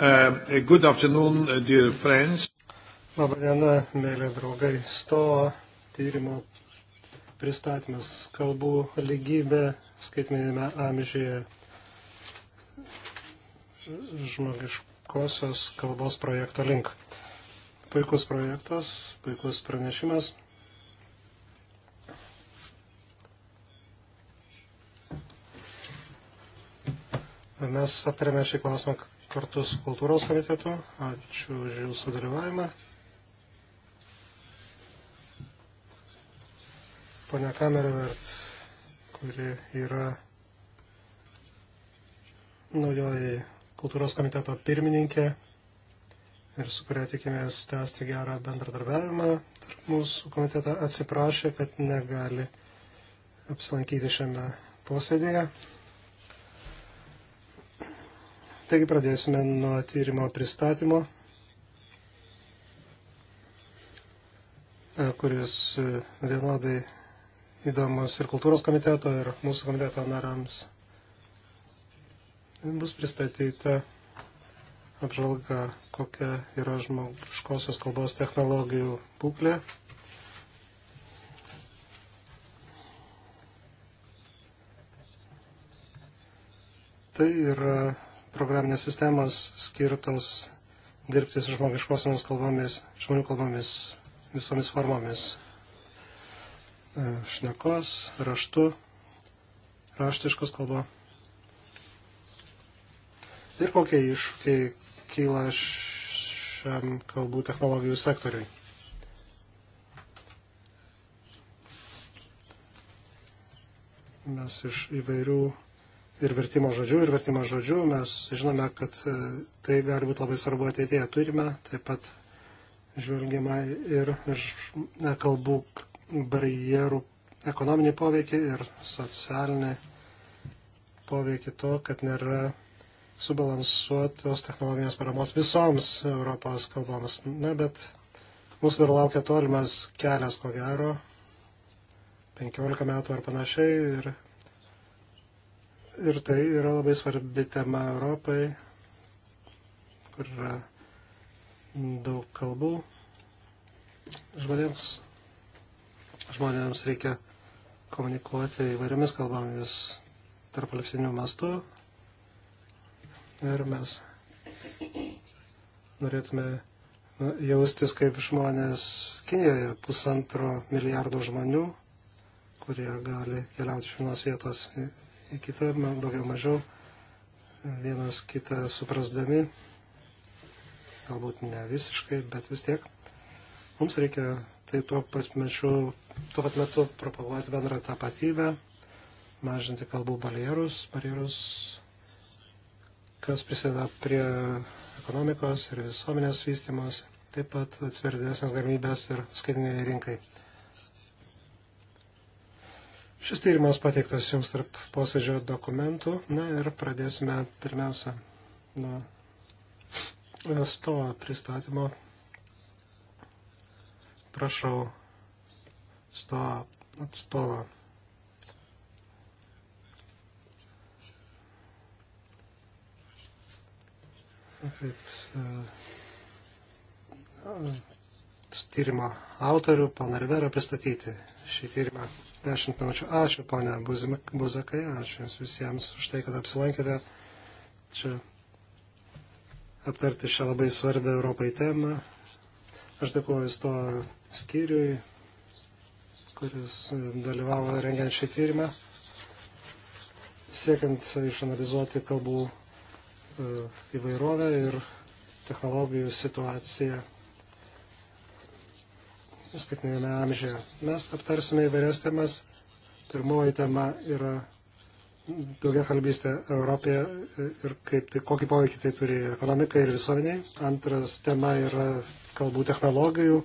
Uh, good afternoon, uh, dear friends. Labadiena, mėly draugai. Stoa tyrimo pristatymas kalbų lygybė skaitmenėme amžiuje žmogiškosios kalbos projekto link. Puikus projektas, puikus pranešimas. Mes aptarėme šį klausimą kartu su kultūros komitetu. Ačiū už jūsų dalyvavimą. Pane Kamervert, kuri yra naujoji kultūros komiteto pirmininkė ir su kuria tikimės tęsti gerą bendradarbiavimą tarp mūsų komitetą, atsiprašė, kad negali apsilankyti šiame posėdėje. Taigi pradėsime nuo tyrimo pristatymo, e, kuris e, vienodai įdomus ir kultūros komiteto, ir mūsų komiteto narams. Bus pristatyta apžvalga, kokia yra žmogiškosios kalbos technologijų būklė. Tai yra programinės sistemos skirtos dirbti su žmogiškosiomis kalbomis, žmonių kalbomis, visomis formomis. E, šnekos, raštu, raštiškos kalba. Ir kokie iššūkiai kyla šiam kalbų technologijų sektoriui. Mes iš įvairių ir vertimo žodžių, ir vertimo žodžių. Mes žinome, kad e, tai gali būti labai svarbu ateityje. Turime taip pat žvelgiama ir kalbų barjerų ekonominį poveikį ir socialinį poveikį to, kad nėra subalansuotos technologinės paramos visoms Europos kalboms. Na, bet mūsų dar laukia tolimas kelias, ko gero, 15 metų ar panašiai, ir ir tai yra labai svarbi tema Europai, kur yra daug kalbų. Žmonėms, žmonėms reikia komunikuoti įvairiomis kalbomis tarp valstybinių mastų. Ir mes norėtume jaustis kaip žmonės Kinijoje, pusantro milijardo žmonių, kurie gali keliauti iš vienos vietos į kitą, daugiau mažiau, vienas kitą suprasdami, galbūt ne visiškai, bet vis tiek. Mums reikia tai tuo pat metu, tuo pat metu propaguoti bendrą tapatybę, mažinti kalbų barjerus, barjerus, kas prisideda prie ekonomikos ir visuomenės vystimos, taip pat atsverdesnės galimybės ir skaitiniai rinkai. Šis tyrimas pateiktas jums tarp posėdžio dokumentų. Na ir pradėsime pirmiausia nuo stovo pristatymo. Prašau stovo atstovą. Kaip e, tyrimo autorių, pana Rivera, pristatyti šį tyrimą. 10 minučių. Ačiū, ponia Buzakai, ačiū Jums visiems už tai, kad apsilankėte čia aptarti šią labai svarbę Europai temą. Aš dėkuoju to skyriui, kuris dalyvavo rengiant šį tyrimą, siekiant išanalizuoti kalbų e, įvairovę ir technologijų situaciją skaitmenėme amžiuje. Mes aptarsime įvairias temas. Pirmoji tema yra daugia kalbystė Europoje ir kaip, tai, kokį poveikį tai turi ekonomikai ir visuomeniai. Antras tema yra kalbų technologijų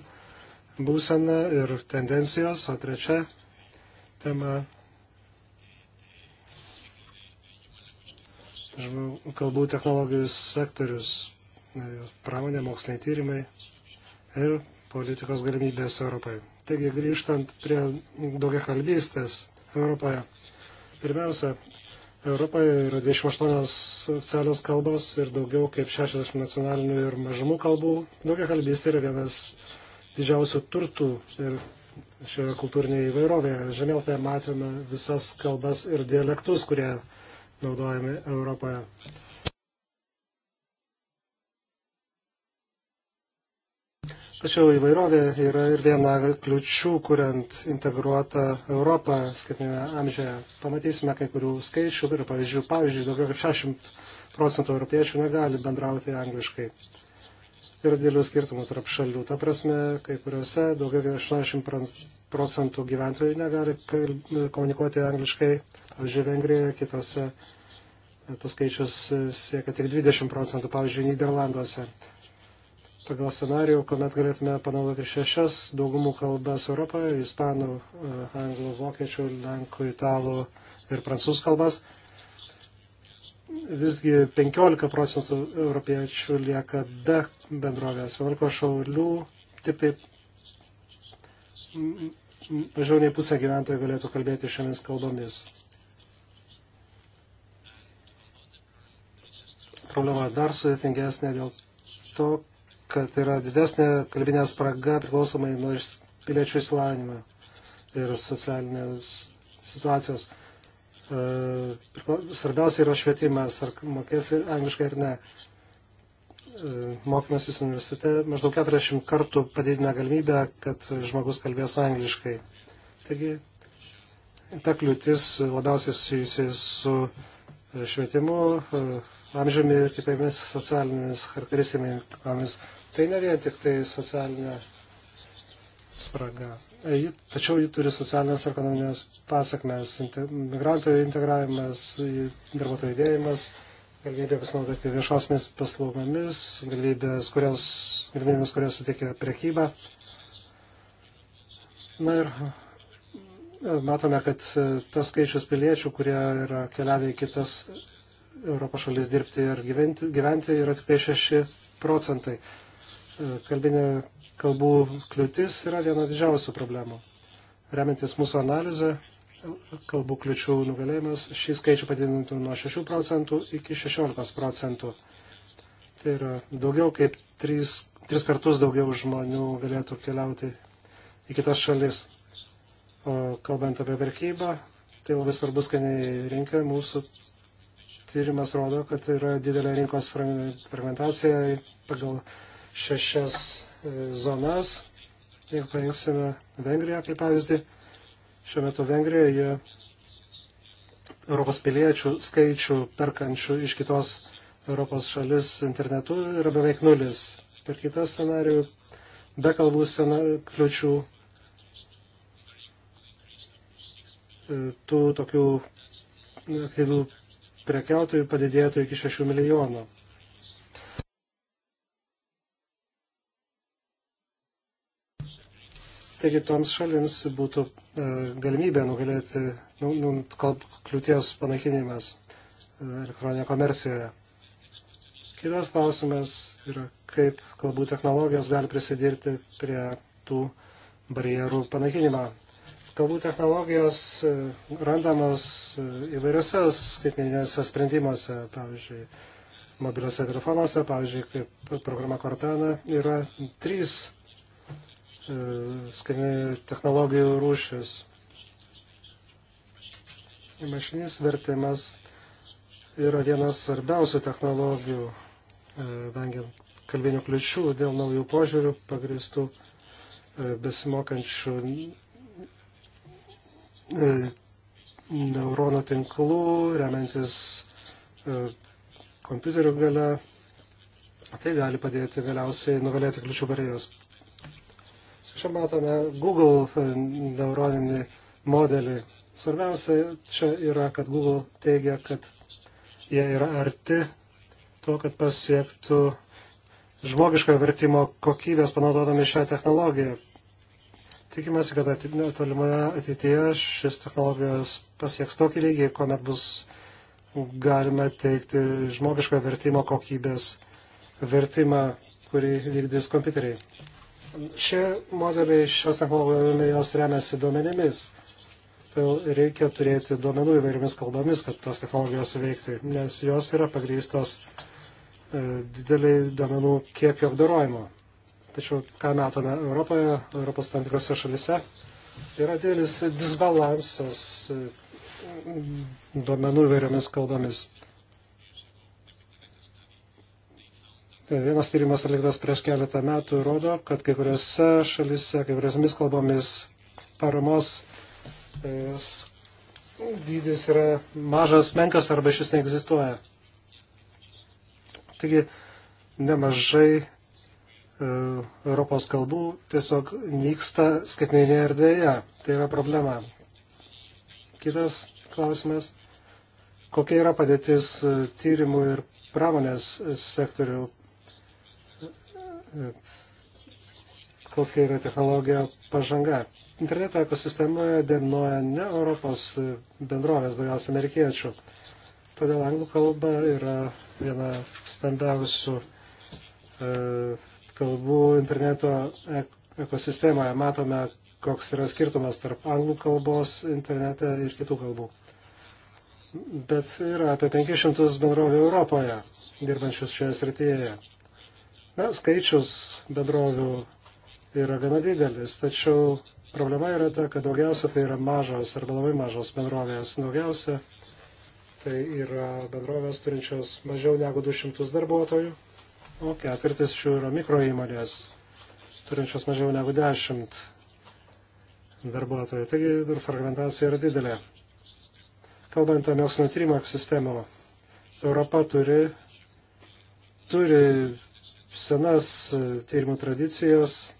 būsena ir tendencijos. O trečia tema kalbų technologijų sektorius, pramonė, moksliniai tyrimai ir politikos galimybės Europoje. Taigi grįžtant prie daugia kalbystės Europoje. Pirmiausia, Europoje yra 28 oficialios kalbos ir daugiau kaip 60 nacionalinių ir mažumų kalbų. Daugia kalbystė yra vienas didžiausių turtų ir šioje kultūrinėje įvairovėje. Žemėlapėje matome visas kalbas ir dialektus, kurie naudojami Europoje. Tačiau įvairovė yra ir viena kliučių, kuriant integruotą Europą skaitminėme amžiuje. Pamatysime kai kurių skaičių ir pavyzdžių. Pavyzdžiui, daugiau kaip 60 procentų europiečių negali bendrauti angliškai. Yra dėlių skirtumų tarp šalių. Ta prasme, kai kuriuose daugiau kaip 80 procentų gyventojų negali komunikuoti angliškai. Pavyzdžiui, Vengrijoje, kitose e, tas skaičius e, siekia tik 20 procentų, pavyzdžiui, Niderlanduose pagal scenarijų, kuomet galėtume panaudoti šešias daugumų kalbas Europoje - ispanų, e, anglų, vokiečių, lenkų, italų ir prancūzų kalbas. Visgi 15 procentų europiečių lieka be bendrovės. 11 šaulių, tik taip mažiau nei pusė gyventojų galėtų kalbėti šiomis kalbomis. Problema dar sudėtingesnė dėl to, kad yra didesnė kalbinė spraga priklausomai nuo piliečių įsilavinimo ir socialinės situacijos. E, svarbiausia yra švietimas, ar mokėsi angliškai ar ne. E, mokymasis universitete maždaug 40 kartų padidina galimybę, kad žmogus kalbės angliškai. Taigi, ta kliūtis labiausiai susijusi su e, švietimu, amžiumi ir kitomis socialinėmis charakteristinėmis. Tai ne vien tik tai socialinė spraga. E, tačiau ji turi socialinės ir ekonominės pasakmes, migrantojų integravimas, darbuotojų judėjimas, galimybė pasinaudoti viešosmis paslaugomis, galimybės, kurios, galimybės, kurias suteikia prekyba. Na ir e, matome, kad e, tas skaičius piliečių, kurie yra keliavę į kitas Europos šalis dirbti ir gyventi, gyventi yra tik tai 6 procentai kalbinė kalbų kliūtis yra viena didžiausių problemų. Remiantis mūsų analizę, kalbų kliučių nugalėjimas šį skaičių padidintų nuo 6 procentų iki 16 procentų. Tai yra daugiau kaip 3, 3 kartus daugiau žmonių galėtų keliauti į kitas šalis. O kalbant apie verkybą, tai labai svarbus, kad rinka mūsų tyrimas rodo, kad yra didelė rinkos fragmentacija pagal šešias e, zonas ir paimsime Vengriją kaip pavyzdį. Šiuo metu Vengrijoje Europos piliečių skaičių perkančių iš kitos Europos šalis internetu yra beveik nulis. Per kitą scenarių be kalbų sena, kliučių e, tų tokių aktyvių prekiautojų padidėtų iki 6 milijonų. Taigi toms šalims būtų e, galimybė nugalėti nu, nu, kliūties panaikinimas e, elektroninėje komercijoje. Kitas klausimas yra, kaip kalbų technologijos gali prisidirti prie tų barjerų panaikinimą. Kalbų technologijos e, randamos įvairiose skaitmeninėse sprendimuose, pavyzdžiui, mobiliuose telefonuose, pavyzdžiui, kaip programa Cortana, yra trys E, skaitmeninių technologijų rūšis. Mašininis vertimas yra vienas svarbiausių technologijų, e, vengiant kalbinių kliučių dėl naujų požiūrių pagristų e, besimokančių neuronų tinklų, remiantis kompiuterių gale. Tai gali padėti galiausiai nugalėti kliučių barjeras. Čia matome Google e, neuroninį modelį. Svarbiausia čia yra, kad Google teigia, kad jie yra arti to, kad pasiektų žmogiškojo vertimo kokybės panaudodami šią technologiją. Tikimasi, kad tolimoje ateityje šis technologijos pasieks tokį lygį, kuomet bus galima teikti žmogiškojo vertimo kokybės vertimą, kurį vykdys kompiuteriai. Šie modeliai, šios technologijos remiasi duomenimis. Tai reikia turėti duomenų įvairiomis kalbomis, kad tos technologijos veiktų, nes jos yra pagrystos e, dideliai duomenų kiekio apdarojimo. Tačiau, ką matome Europoje, Europos tam tikrose šalise, yra didelis disbalansas e, duomenų įvairiomis kalbomis. Vienas tyrimas atliktas prieš keletą metų rodo, kad kai kuriuose šalise, kai kuriuosiomis kalbomis paramos e, dydis yra mažas, menkas arba šis neegzistuoja. Taigi nemažai e, Europos kalbų tiesiog nyksta skaitmeninėje erdvėje. Tai yra problema. Kitas klausimas. Kokia yra padėtis e, tyrimų ir pramonės sektorių kokia yra technologija pažanga. Interneto ekosistema dominuoja ne Europos bendrovės, daugiausia amerikiečių. Todėl anglų kalba yra viena stambiausių e, kalbų interneto ek ekosistemoje. Matome, koks yra skirtumas tarp anglų kalbos internete ir kitų kalbų. Bet yra apie 500 bendrovių Europoje dirbančius šioje srityje. Na, skaičius bendrovių yra gana didelis, tačiau problema yra ta, kad daugiausia tai yra mažos arba labai mažos bendrovės. Daugiausia tai yra bendrovės turinčios mažiau negu 200 darbuotojų, o ketvirtis šių yra mikro įmonės turinčios mažiau negu 10 darbuotojų. Taigi ir fragmentacija yra didelė. Kalbant apie mokslinio tyrimo sistemą, Europa turi, turi senas e, tyrimų tradicijas.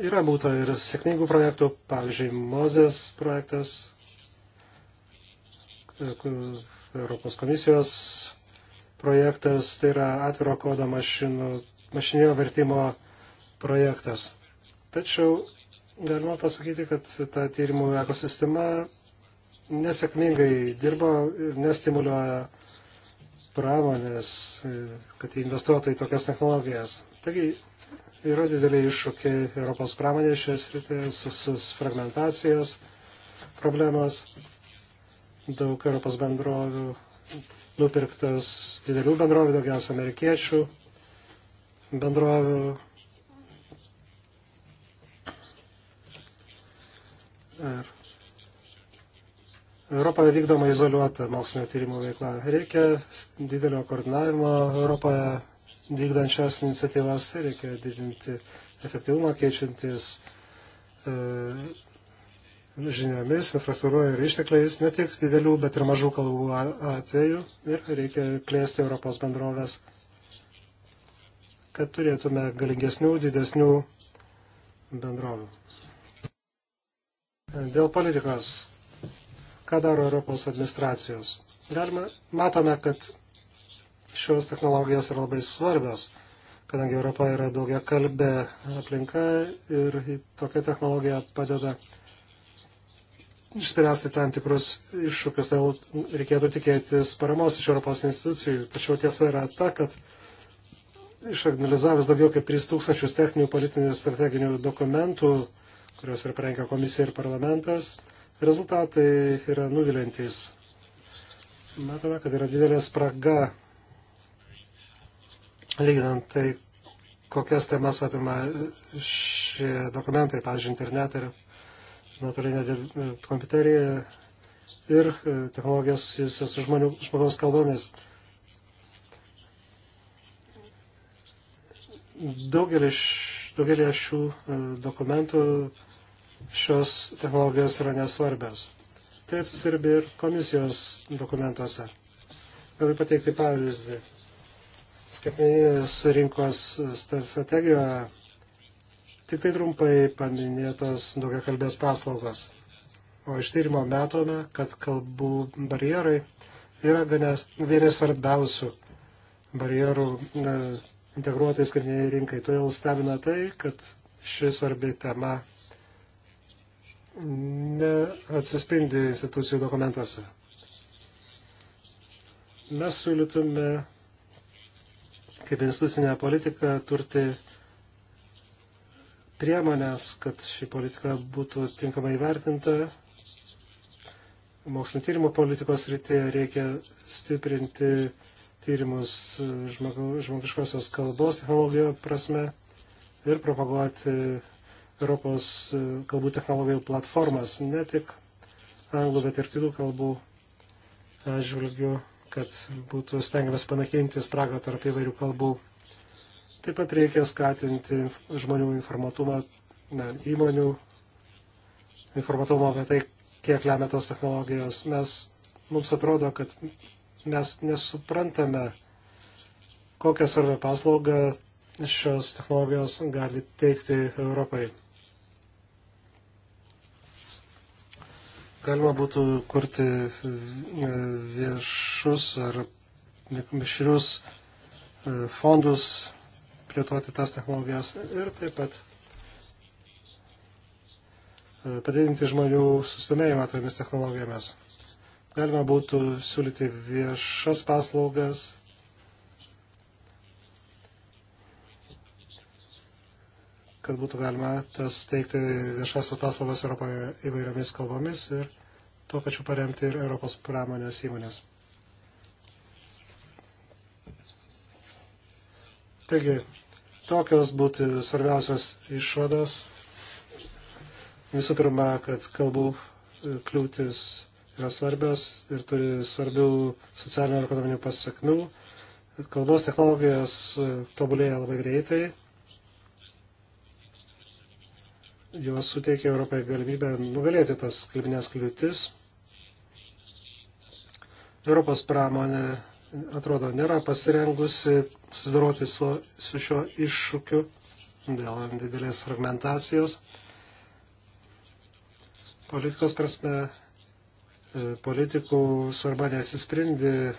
Yra būta ir sėkmingų projektų, pavyzdžiui, Mozės projektas, e, Europos komisijos projektas, tai yra atviro kodo mašinų, mašininio vertimo projektas. Tačiau galima pasakyti, kad ta tyrimų ekosistema nesėkmingai dirbo ir nestimuliuoja pramonės e, kad investuotų į tokias technologijas. Taigi yra dideliai iššūkiai Europos pramonė šioje srityje, susfragmentacijos problemos, daug Europos bendrovių nupirktas didelių bendrovių, daugiausia amerikiečių bendrovių. Ir Europoje vykdoma izoliuota mokslinio tyrimų veikla. Reikia didelio koordinavimo Europoje vykdančias iniciatyvas, reikia didinti efektyvumą, keičiantis e, žiniomis, infrastruktūra ir ištekliais, ne tik didelių, bet ir mažų kalbų atveju. Ir reikia plėsti Europos bendrovės, kad turėtume galingesnių, didesnių bendrovių. Dėl politikos ką daro Europos administracijos. Galime, matome, kad šios technologijos yra labai svarbios, kadangi Europa yra daugia kalbė aplinka ir tokia technologija padeda išspręsti tam tikrus iššūkius, tai reikėtų tikėtis paramos iš Europos institucijų. Tačiau tiesa yra ta, kad išanalizavęs daugiau kaip 3000 techninių, politinių ir strateginių dokumentų, kuriuos ir parengė komisija ir parlamentas, Rezultatai yra nuvilintys. Matome, kad yra didelė spraga, lyginant tai, kokias temas apima šie dokumentai, pavyzdžiui, internetą ir nuotolinę e, kompiuterį ir e, technologijas susijusias su žmonių, žmogaus kalbomis. Daugelis, daugelį šių e, dokumentų šios technologijos yra nesvarbios. Tai atsisirbi ir komisijos dokumentuose. Galiu pateikti pavyzdį. Skaitmeninės rinkos strategijoje tik tai trumpai paminėtos daugia kalbės paslaugos. O iš tyrimo metome, kad kalbų barjerai yra vieni svarbiausių barjerų e, integruotai skaitmeniniai rinkai. Todėl stebina tai, kad ši svarbi tema neatsispindi institucijų dokumentuose. Mes siūlytume kaip institucinę politiką turti priemonės, kad ši politika būtų tinkamai vertinta. Mokslinio tyrimo politikos rytėje reikia stiprinti tyrimus žmogu, žmogiškosios kalbos technologijų prasme ir propaguoti Europos e, kalbų technologijų platformas, ne tik anglų, bet ir kitų kalbų atžvilgių, kad būtų stengiamas panakinti spragą tarp įvairių kalbų. Taip pat reikia skatinti žmonių informatumą, ne, įmonių informatumą apie tai, kiek lemia tos technologijos. Mes, mums atrodo, kad mes nesuprantame, kokią svarbią paslaugą šios technologijos gali teikti Europai. galima būtų kurti e, viešus ar mišrius e, fondus, plėtoti tas technologijas ir taip pat e, padidinti žmonių susidomėjimą tomis technologijomis. Galima būtų siūlyti viešas paslaugas kad būtų galima tas teikti viešasias paslaugas Europoje įvairiomis kalbomis ir tuo pačiu paremti ir Europos pramonės įmonės. Taigi, tokios būtų svarbiausios išvados. Visų pirma, kad kalbų kliūtis yra svarbios ir turi svarbių socialinių ir ekonominių pasakmių. Kalbos technologijos tobulėja labai greitai jos suteikia Europai galimybę nugalėti tas kliminės kliūtis. Europos pramonė, atrodo, nėra pasirengusi susidoroti su, su šiuo iššūkiu dėl didelės fragmentacijos. Politikos prasme, e, politikų svarba nesispindi e,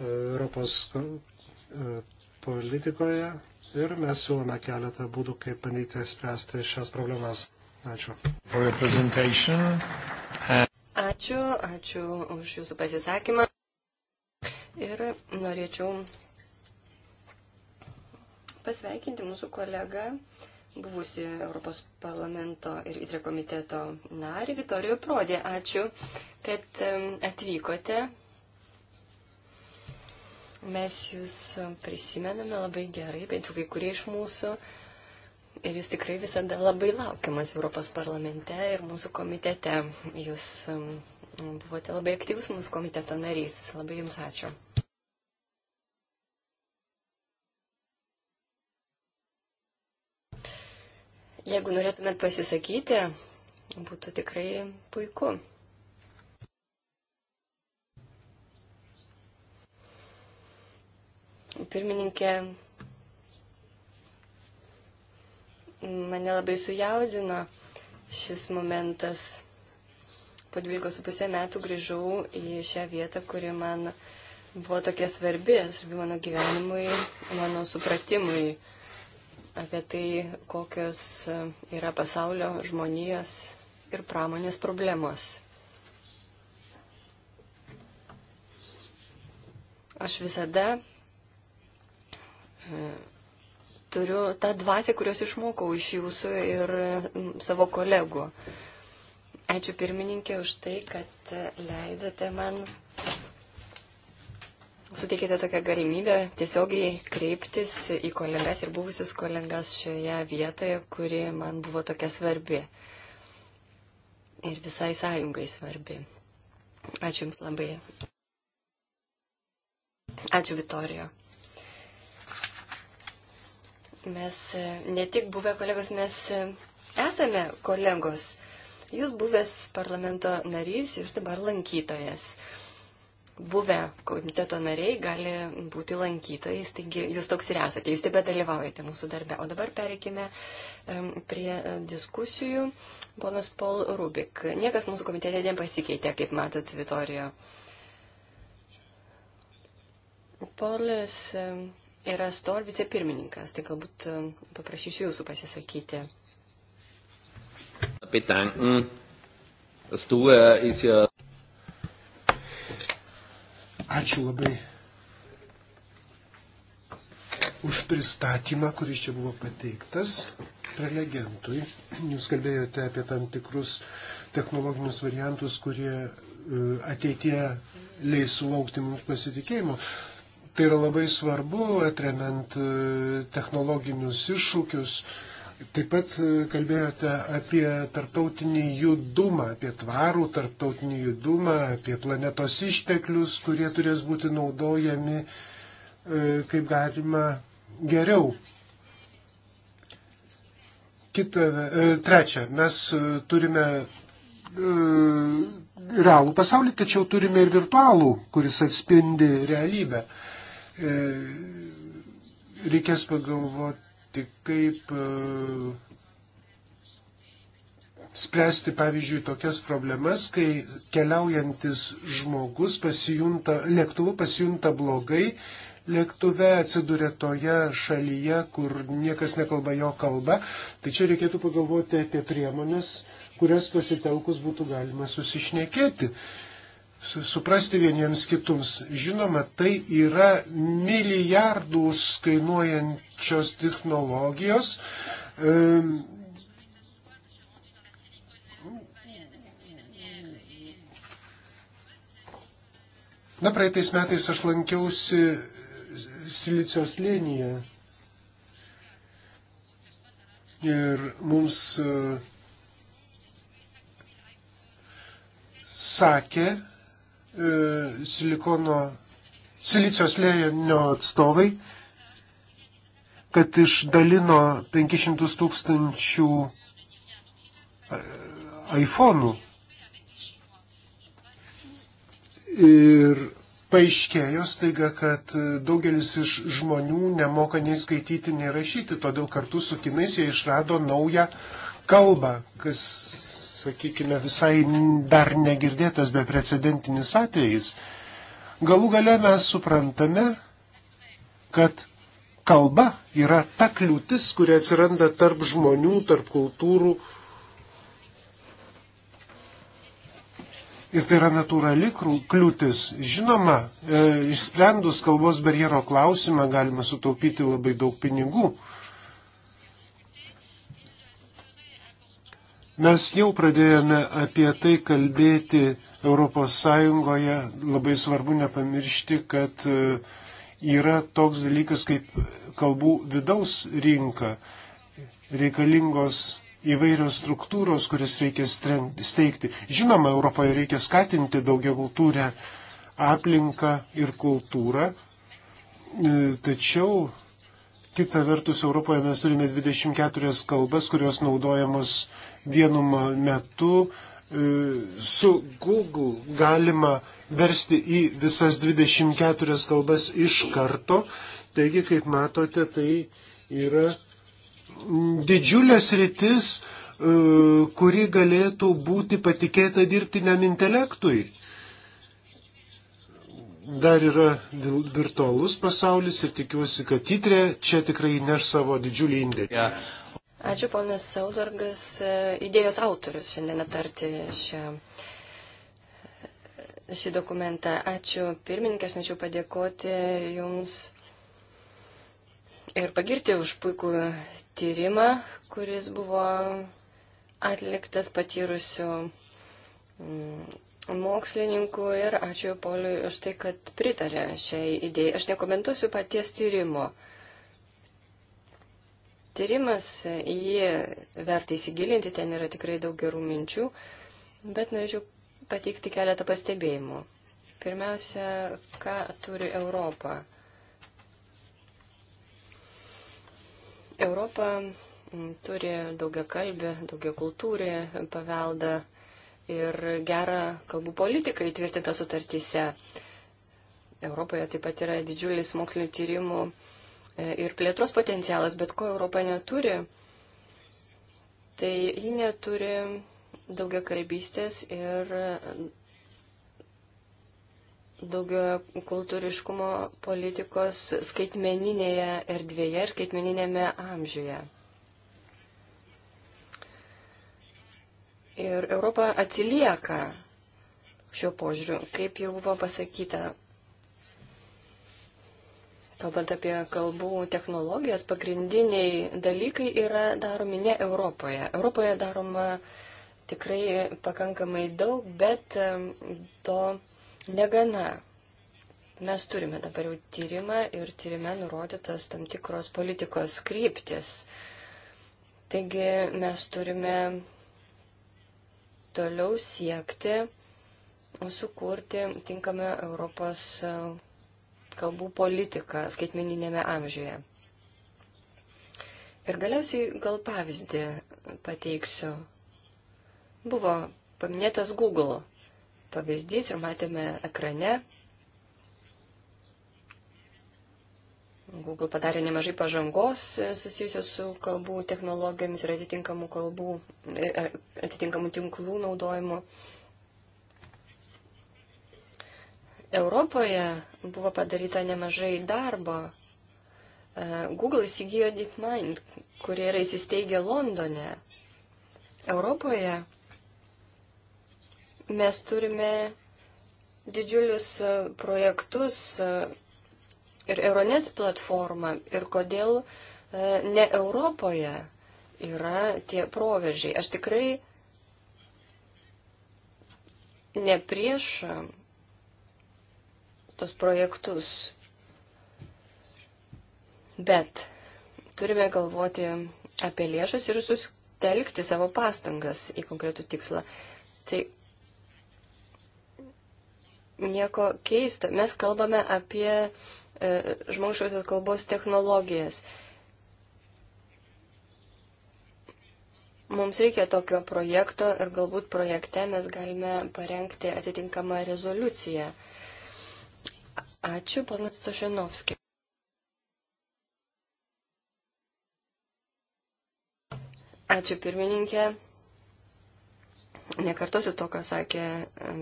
Europos e, politikoje, ir mes siūlome keletą būdų, kaip bandyti spręsti šias problemas. Ačiū. Ačiū, ačiū už Jūsų pasisakymą. Ir norėčiau pasveikinti mūsų kolegą, buvusi Europos parlamento ir įtre komiteto narį Vitorijų Prodė. Ačiū, kad atvykote Mes jūs prisimename labai gerai, bent jau kai kurie iš mūsų. Ir jūs tikrai visada labai laukiamas Europos parlamente ir mūsų komitete. Jūs um, buvote labai aktyvus mūsų komiteto narys. Labai jums ačiū. Jeigu norėtumėt pasisakyti, būtų tikrai puiku. Pirmininkė mane labai sujaudino šis momentas. Po 12,5 metų grįžau į šią vietą, kuri man buvo tokia svarbi, svarbi mano gyvenimui, mano supratimui apie tai, kokios yra pasaulio žmonijos ir pramonės problemos. Aš visada Turiu tą dvasę, kurios išmokau iš jūsų ir savo kolegų. Ačiū pirmininkė už tai, kad e, leidote man suteikėte tokią galimybę tiesiogiai kreiptis į kolegas ir buvusius kolegas šioje vietoje, kuri man buvo tokia svarbi. Ir visai sąjungai svarbi. Ačiū Jums labai. Ačiū Vitorijo. Mes e, ne tik buvę kolegos, mes e, esame kolegos. Jūs buvęs parlamento narys, jūs dabar lankytojas. Buvę komiteto nariai gali būti lankytojais, taigi jūs toks ir esate, jūs tebe dalyvaujate mūsų darbe. O dabar pereikime prie e, diskusijų. Ponas Paul Rubik. Niekas mūsų komitete nepasikeitė, kaip matot, Vitorijo. Polis yra STOR vicepirmininkas, tai galbūt um, paprašysiu jūsų pasisakyti. Bedanken. STOR äh, ist ja. Ačiū labai už pristatymą, kuris čia buvo pateiktas prelegentui. Jūs kalbėjote apie tam tikrus technologinius variantus, kurie e, ateitie leis sulaukti mums pasitikėjimo. Tai yra labai svarbu, atremiant e, technologinius iššūkius. Taip pat e, kalbėjote apie tarptautinį judumą, apie tvarų tarptautinį judumą, apie planetos išteklius, kurie turės būti naudojami e, kaip galima geriau. Kita, trečia, mes turime realų pasaulį, tačiau turime ir virtualų, kuris atspindi realybę. E, reikės pagalvoti, kaip e, spręsti, pavyzdžiui, tokias problemas, kai keliaujantis žmogus pasijunta, lėktuvu pasijunta blogai, lėktuve atsiduria toje šalyje, kur niekas nekalba jo kalba. Tai čia reikėtų pagalvoti apie priemonės, kurias pasitelkus būtų galima susišnekėti. Uh, suprasti vieniems kitums. Žinoma, tai yra milijardus kainuojančios technologijos. Ehm, Na, praeitais metais aš lankiausi Silicio slėnyje. Ir mums e, sakė, E, silikono, silicio slėnio atstovai, kad išdalino 500 tūkstančių e, iPhone'ų. Ir paaiškėjo staiga, kad daugelis iš žmonių nemoka nei skaityti, nei rašyti, todėl kartu su kinais jie išrado naują kalbą, kas sakykime, visai dar negirdėtas beprecedentinis atvejis. Galų gale mes suprantame, kad kalba yra ta kliūtis, kuria atsiranda tarp žmonių, tarp kultūrų. Ir tai yra natūrali kliūtis. Žinoma, e, išsprendus kalbos barjero klausimą galima sutaupyti labai daug pinigų. E, Mes jau pradėjome apie tai kalbėti ES. Labai svarbu nepamiršti, kad e, yra toks dalykas kaip kalbų vidaus rinka. Reikalingos įvairios struktūros, kurias reikia steigti. Žinoma, Europoje reikia skatinti daugia kultūrę aplinką ir kultūrą, e, tačiau Kita vertus, Europoje mes turime 24 kalbas, kurios naudojamos vienu metu. E, su Google galima versti į visas 24 kalbas iš karto. Taigi, kaip matote, tai yra didžiulės rytis, e, kuri galėtų būti patikėta dirbtiniam intelektui dar yra virtualus pasaulis ir tikiuosi, kad titrė čia tikrai neš savo didžiulį indėlį. Yeah. Ačiū, ponas Saudargas, idėjos autorius šiandien aptarti šią, šį dokumentą. Ačiū, pirmininkė, aš norėčiau padėkoti Jums ir pagirti už puikų tyrimą, kuris buvo atliktas patyrusių mm, mokslininkų ir ačiū Poliui už tai, kad pritarė šiai idėjai. Aš nekomentuosiu paties tyrimo. Tyrimas, jį verta įsigilinti, ten yra tikrai daug gerų minčių, bet norėčiau pateikti keletą pastebėjimų. Pirmiausia, ką turi Europa? Europa mm, turi daugia kalbį, daugia kultūrį paveldą ir gerą kalbų politiką įtvirtintą sutartyse. Europoje taip pat yra didžiulis mokslinių tyrimų e, ir plėtros potencialas, bet ko Europa neturi, tai ji neturi daugia kalbystės ir daugia kultūriškumo politikos skaitmeninėje erdvėje ir skaitmeninėme amžiuje. Ir Europa atsilieka šiuo požiūriu, kaip jau buvo pasakyta. Kalbant apie kalbų technologijas, pagrindiniai dalykai yra daromi ne Europoje. Europoje daroma tikrai pakankamai daug, bet to negana. Mes turime dabar jau tyrimą ir tyrime nurodytos tam tikros politikos kryptis. Taigi mes turime toliau siekti sukurti tinkamą Europos e, kalbų politiką skaitmeninėme amžiuje. Ir galiausiai gal pavyzdį pateiksiu. Buvo paminėtas Google pavyzdys ir matėme ekrane Google padarė nemažai pažangos e, susijusios su kalbų technologijomis ir atitinkamų kalbų, e, e, atitinkamų tinklų naudojimu. Europoje buvo padaryta nemažai darbo. Google įsigijo DeepMind, kurie yra įsisteigę Londone. Europoje mes turime didžiulius projektus ir Euronets platformą ir kodėl e, ne Europoje yra tie proveržiai. Aš tikrai ne prieš e, tos projektus, bet turime galvoti apie lėšas ir susitelkti savo pastangas į konkretų tikslą. Tai nieko keisto. Mes kalbame apie E, žmogiškosios kalbos technologijas. Mums reikia tokio projekto ir galbūt projekte mes galime parengti atitinkamą rezoliuciją. Ačiū, panas Tošinovski. Ačiū pirmininkė. Nekartosiu to, ką sakė e,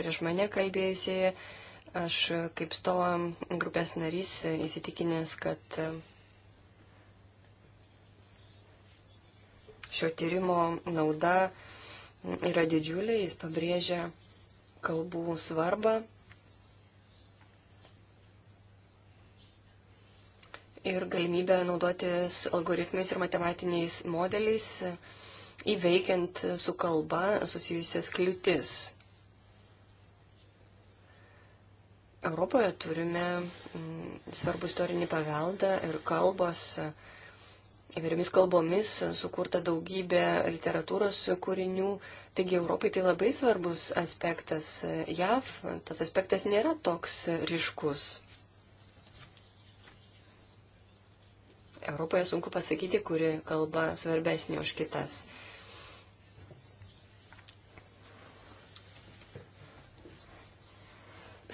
prieš mane kalbėjusieji. Aš kaip stovim grupės narys įsitikinęs, kad e, šio tyrimo nauda yra didžiulė, jis pabrėžia kalbų svarbą. Ir galimybę naudotis algoritmais ir matematiniais modeliais, įveikiant su kalba susijusias kliūtis. Europoje turime mm, svarbų istorinį paveldą ir kalbos. Įvairiomis kalbomis sukurta daugybė literatūros kūrinių. Taigi Europai tai labai svarbus aspektas. JAV tas aspektas nėra toks ryškus. Europoje sunku pasakyti, kuri kalba svarbesnė už kitas.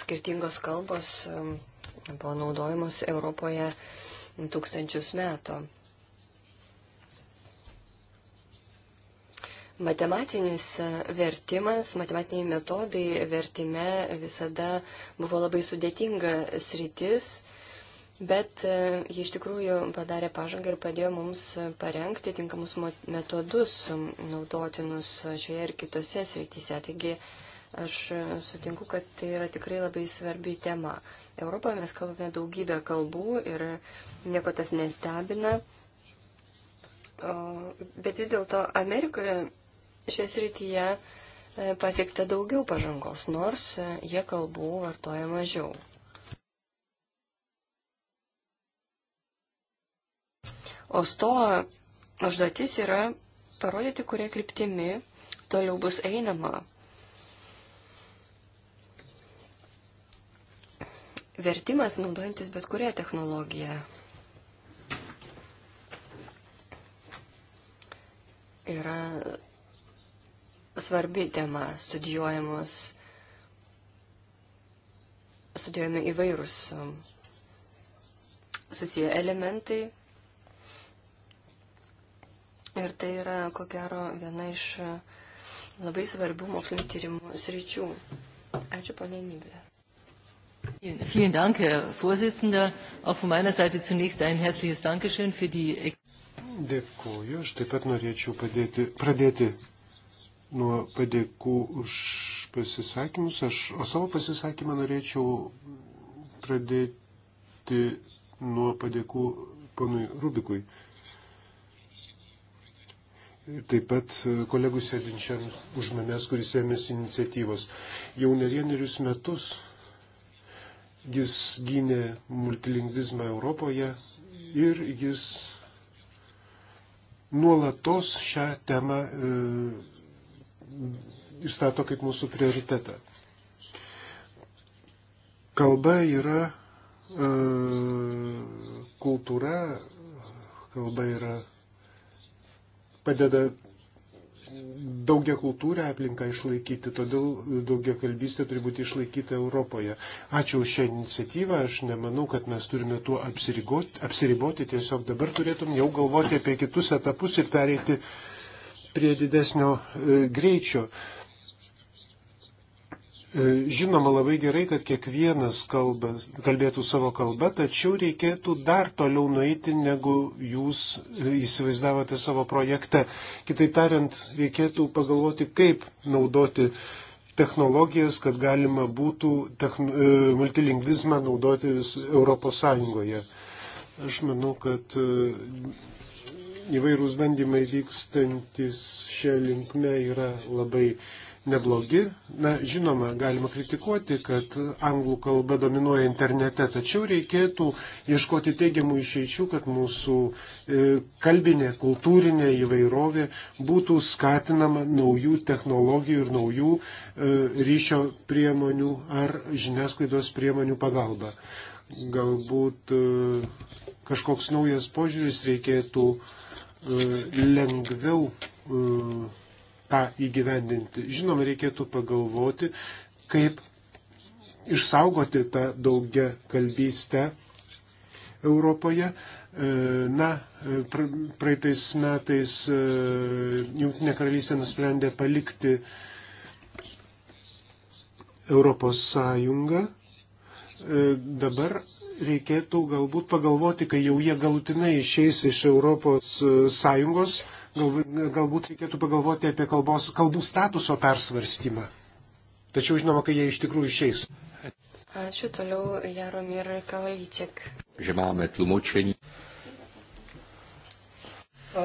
skirtingos kalbos buvo naudojamos Europoje tūkstančius metų. Matematinis vertimas, matematiniai metodai vertime visada buvo labai sudėtinga sritis, bet e, jie iš tikrųjų padarė pažangą ir padėjo mums parengti tinkamus metodus naudotinus šioje ir kitose srityse. Taigi Aš sutinku, kad tai yra tikrai labai svarbi tema. Europoje mes kalbame daugybę kalbų ir nieko tas nestebina. Bet vis dėlto Amerikoje šioje srityje e, pasiekta daugiau pažangos, nors e, jie kalbų vartoja mažiau. O sto užduotis yra parodyti, kurie kryptimi toliau bus einama vertimas naudojantis bet kurią technologiją. Yra svarbi tema, studijuojamos, studijuojami įvairūs um, susiję elementai. Ir tai yra, ko gero, viena iš uh, labai svarbių mokslinio tyrimų sričių. Ačiū, ponė Nyblė. Vielen Dank, Herr Vorsitzender. Auch von meiner Seite zunächst ein herzliches Dankeschön für die. Dėkuoju. Aš taip pat norėčiau padėti, pradėti nuo padėkų už pasisakymus. Aš, o savo pasisakymą norėčiau pradėti nuo padėkų ponui Rubikui. Ir taip pat kolegų sėdinčiam už manęs, kuris ėmėsi iniciatyvos. Jau ne vienerius metus Jis gynė multilingvizmą Europoje ir jis nuolatos šią temą e, įstato kaip mūsų prioritetą. Kalba yra e, kultūra, kalba yra padeda daugia kultūrę aplinką išlaikyti, todėl daugia kalbystė turi būti išlaikyta Europoje. Ačiū už šią iniciatyvą, aš nemanau, kad mes turime tuo apsiriboti, tiesiog dabar turėtum jau galvoti apie kitus etapus ir pereiti prie didesnio e, greičio. E, žinoma, labai gerai, kad kiekvienas kalba, kalbėtų savo kalbą, tačiau reikėtų dar toliau nueiti, negu jūs e, įsivaizdavote savo projekte. Kitaip tariant, reikėtų pagalvoti, kaip naudoti technologijas, kad galima būtų techn... E, multilingvizmą naudoti vis Europos Sąjungoje. Aš manau, kad įvairūs bandymai vykstantis šią linkmę yra labai neblogi. Na, žinoma, galima kritikuoti, kad anglų kalba dominuoja internete, tačiau reikėtų ieškoti teigiamų išeičių, kad mūsų e, kalbinė, kultūrinė įvairovė būtų skatinama naujų technologijų ir naujų e, ryšio priemonių ar žiniasklaidos priemonių pagalba. Galbūt e, kažkoks naujas požiūris reikėtų lengviau tą įgyvendinti. Žinoma, reikėtų pagalvoti, kaip išsaugoti tą daugia kalbystę Europoje. E, na, e, praeitais metais e, Junktinė karalystė nusprendė palikti Europos Sąjungą. Dabar reikėtų galbūt pagalvoti, kai jau jie galutinai išeis iš Europos e, Sąjungos, gal, galbūt reikėtų pagalvoti apie kalbos, kalbų statuso persvarstymą. Tačiau žinoma, kai jie iš tikrųjų išeis. Ačiū toliau Jaromir Kavalyčiak. Žemame tlumočenį.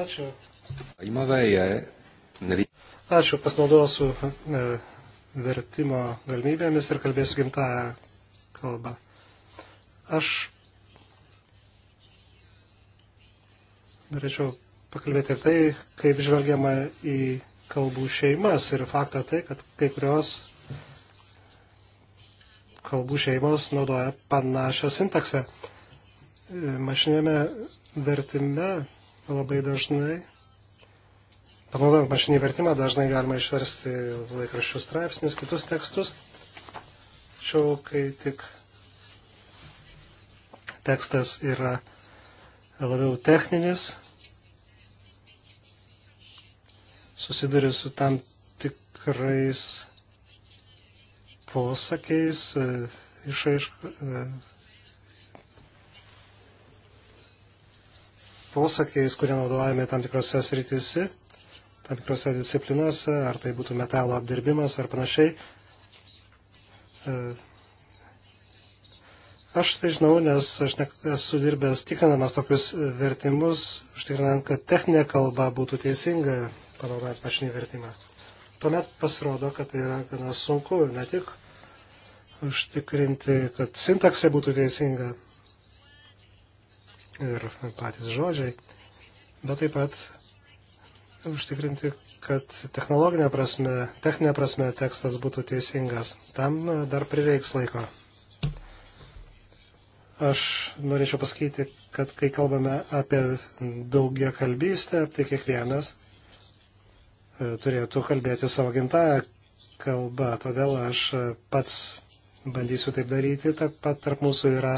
Ačiū. Ačiū, pasinaudosiu e, vertimo galimybėmis ir kalbėsiu gimtąją kalbą. Aš norėčiau pakalbėti ir tai, kaip žvelgiama į kalbų šeimas ir faktą tai, kad kai kurios kalbų šeimos naudoja panašią sintaksę. Mašinėme vertime labai dažnai, panaudojant mašinį vertimą, dažnai galima išversti laikraščių straipsnius, kitus tekstus. Tačiau, kai tik tekstas yra labiau techninis, susiduri su tam tikrais posakiais, e, išaiškai e, posakiais, kurie naudojami tam tikrose srityse, tam tikrose disciplinose, ar tai būtų metalo apdirbimas ar panašiai. E, Aš tai žinau, nes aš ne, esu dirbęs tikrinamas tokius e, vertimus, užtikrinant, kad techninė kalba būtų teisinga, panaudojant mašinį vertimą. Tuomet pasirodo, kad tai yra gana sunku ne tik užtikrinti, kad sintaksė būtų teisinga ir patys žodžiai, bet taip pat užtikrinti, kad technologinė prasme, techninė prasme tekstas būtų teisingas. Tam dar prireiks laiko. Aš norėčiau pasakyti, kad kai kalbame apie daugia kalbystę, tai kiekvienas e, turėtų kalbėti savo gimtają kalbą. Todėl aš e, pats bandysiu taip daryti. Taip pat tarp mūsų yra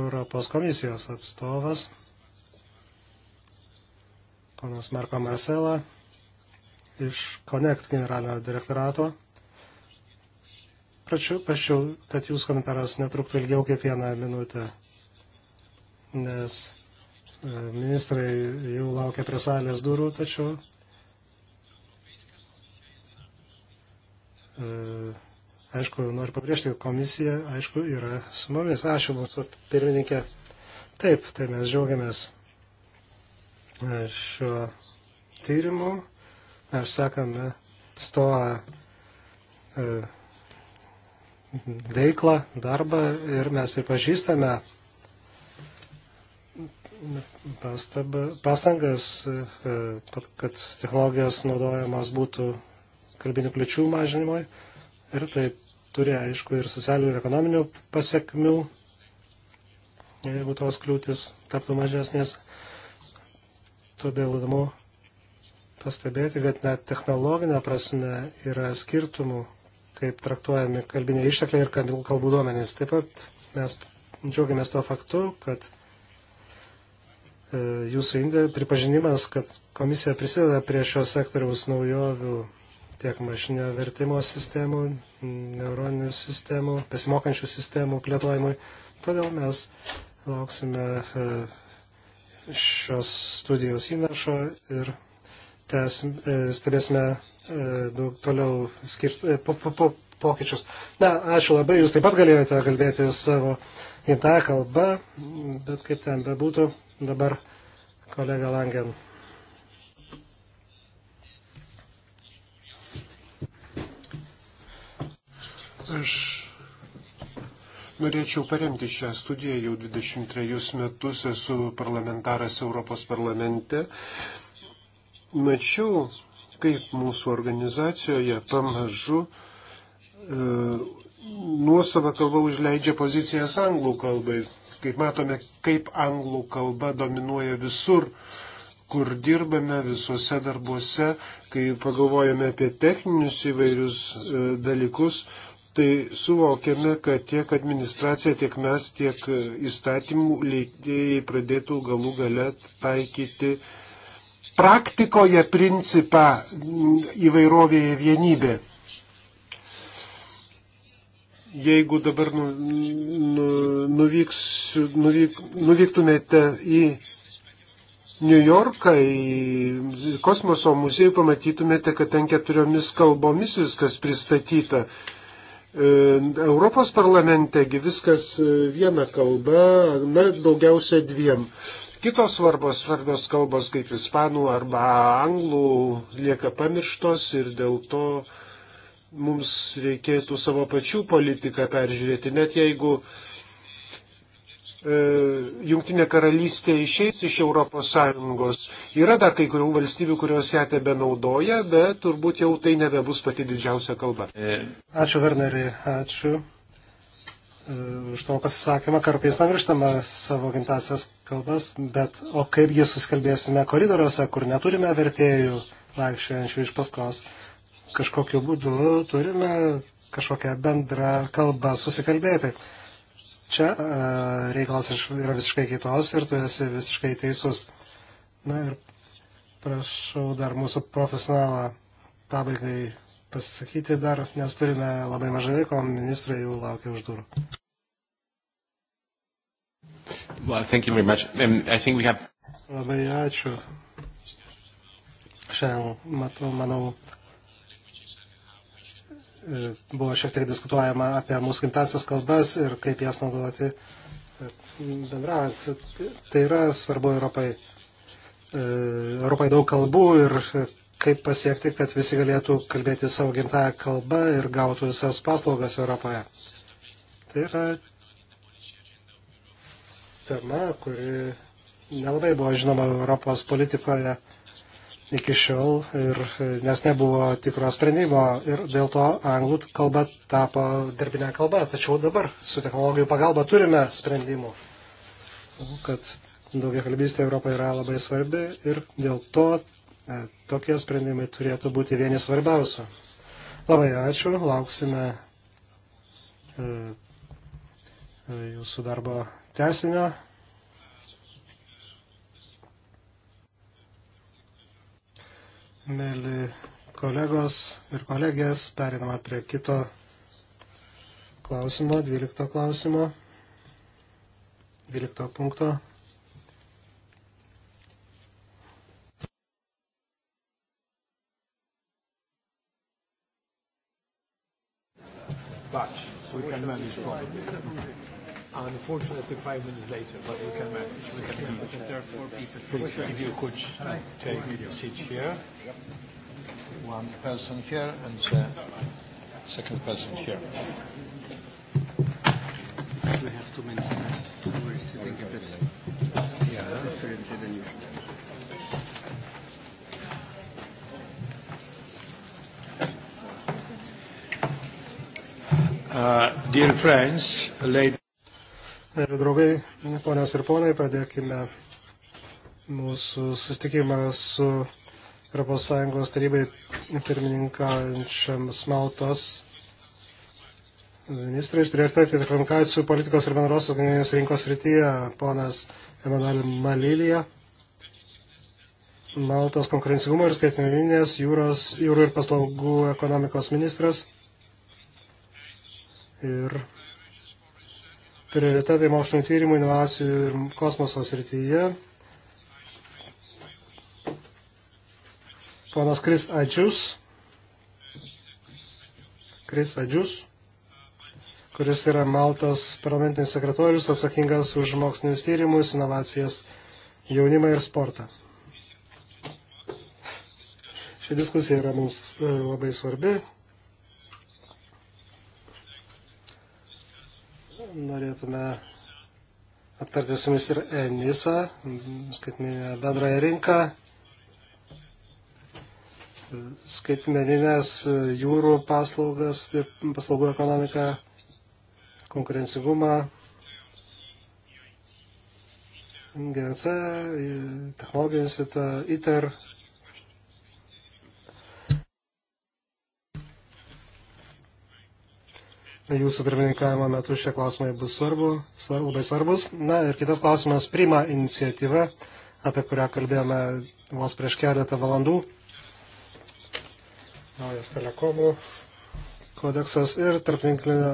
Europos komisijos atstovas, ponas Marko Marcela iš Connect generalinio direktorato. Prašiau, prašiau, kad jūs komentaras netruktų ilgiau kaip vieną minutę, nes e, ministrai jau laukia prie salės durų, tačiau e, aišku, noriu pabrėžti, kad komisija, aišku, yra su mumis. Ačiū mūsų pirmininkė. Taip, tai mes džiaugiamės e, šiuo tyrimu. Aš sakome, stoa veiklą, darbą ir mes pripažįstame pastabą, pastangas, kad, e, kad technologijos naudojamos būtų kalbinių kliučių mažinimui ir tai turi, aišku, ir socialinių ir ekonominių pasiekmių, jeigu tos kliūtis taptų mažesnės. Todėl įdomu pastebėti, kad net technologinė prasme yra skirtumų kaip traktuojami kalbiniai ištekliai ir kalbų duomenys. Taip pat mes džiaugiamės tuo faktu, kad e, jūsų indėlio pripažinimas, kad komisija prisideda prie šios sektoriaus naujovių tiek mašinio vertimo sistemų, neuroninių sistemų, pasimokančių sistemų plėtojimui. Todėl mes lauksime e, šios studijos įnašo ir tęs, e, stebėsime E, daug toliau skirt, e, po, po, po, pokyčius. Na, ačiū labai, jūs taip pat galėjote kalbėti savo gimtąją kalbą, bet kaip ten bebūtų, dabar kolega Langen. Aš norėčiau paremti šią studiją, jau 23 metus esu parlamentaras Europos parlamente. Mačiau kaip mūsų organizacijoje pamažu e, nuosavą kalbą užleidžia pozicijas anglų kalbai. Kaip matome, kaip anglų kalba dominuoja visur, kur dirbame, visuose darbuose, kai pagalvojame apie techninius įvairius e, dalykus, tai suvokiame, kad tiek administracija, tiek mes, tiek e, įstatymų leidėjai pradėtų galų gale taikyti e, praktikoje principą įvairovėje vienybė. Jeigu dabar nu, nu, nuvyks, nuvyk, nuvyktumėte į New Yorką, į kosmoso muziejų, pamatytumėte, kad ten keturiomis kalbomis viskas pristatyta. E, Europos parlamentegi viskas e, viena kalba, na, daugiausia dviem. Kitos svarbos, svarbios kalbos kaip ispanų arba anglų lieka pamirštos ir dėl to mums reikėtų savo pačių politiką peržiūrėti, net jeigu e, Jungtinė karalystė išeis iš ES. Yra dar kai kurių valstybių, kurios ją tebe naudoja, bet turbūt jau tai nebebus pati didžiausia kalba. Ačiū, Verneri, ačiū. E, už tavo pasisakymą. Kartais pamirštame savo gimtasias kalbas, bet o kaipgi suskalbėsime koridoriuose, kur neturime vertėjų vaikščiojančių iš paskos. Kažkokiu būdu turime kažkokią bendrą kalbą susikalbėti. Čia e, reikalas yra visiškai kitos ir tu esi visiškai teisus. Na ir prašau dar mūsų profesionalą pabaigai pasisakyti dar, nes turime labai mažai laiko, ministrai jau laukia už durų. Well, thank you very much. Um, I think we have... Labai ačiū. Šiandien, matau, manau, e, buvo šiek tiek diskutuojama apie mūsų gimtasias kalbas ir kaip jas naudoti e, bendraujant. Tai yra svarbu Europai. E, Europai daug kalbų ir kaip pasiekti, kad visi galėtų kalbėti savo gimtąją kalbą ir gautų visas paslaugas Europoje. Tai yra tema, kuri nelabai buvo žinoma Europos politikoje iki šiol, ir, nes nebuvo tikro sprendimo ir dėl to anglų kalba tapo darbinė kalba. Tačiau dabar su technologijų pagalba turime sprendimų, kad daugia kalbystė Europoje yra labai svarbi ir dėl to E, tokie sprendimai turėtų būti vieni svarbiausių. Labai ačiū, lauksime e, e, jūsų darbo tesinio. Mėly kolegos ir kolegės, perinama prie kito klausimo, 12 klausimo, 12 punkto. batch, so we can manage problems. Unfortunately, five minutes later, but we can manage. We can manage. Because there are four people. Please, if you could uh, take a seat here. One person here and the second person here. We have two ministers, so we're sitting a bit yeah. differently than usual. Uh, friends, late... Mėly draugai, ponios ir ponai, pradėkime mūsų sustikimą su ES tarybai pirmininkaujančiams Maltos ministrais prioritetai komunikacijų politikos ir bendros organinės rinkos rytyje, ponas Emanuel Malilija, Maltos konkurencingumo ir skaitmeninės jūros, jūrų ir paslaugų ekonomikos ministras ir prioritetai mokslinio tyrimų, inovacijų ir kosmoso srityje. Ponas Kris Adžius, Kris Adžius, kuris yra Maltos parlamentinis sekretorius, atsakingas už mokslinius tyrimus, inovacijas, jaunimą ir sportą. Ši diskusija yra mums e, labai svarbi, norėtume aptarti su jumis ir ENISA, skaitminę bendrąją rinką, skaitmeninės jūrų paslaugas, paslaugų ekonomiką, konkurencingumą, GNC, technologinį institutą, ITER jūsų pirmininkavimo metu šie klausimai bus svarbu, svarbu, labai svarbus. Na ir kitas klausimas, prima iniciatyva, apie kurią kalbėjome vos prieš keletą valandų. Naujas telekomų kodeksas ir tarptinklinio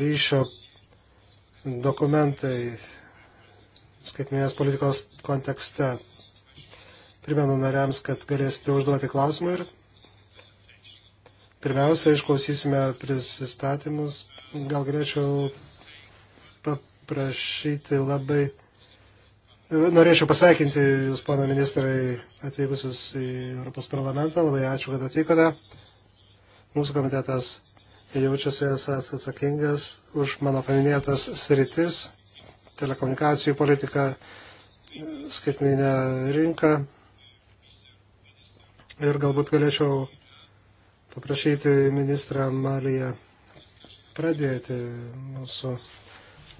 ryšio dokumentai skaitminės politikos kontekste. Primenu nariams, kad galėsite užduoti klausimą ir Pirmiausia, išklausysime prisistatymus. Gal galėčiau paprašyti labai. Norėčiau pasveikinti Jūs, pana ministrai, atvykusius į Europos parlamentą. Labai ačiū, kad atvykote. Mūsų komitetas jaučiasi esas atsakingas už mano paminėtas sritis - telekomunikacijų politiką, skaitminę rinką. Ir galbūt galėčiau paprašyti ministrą Malyje pradėti mūsų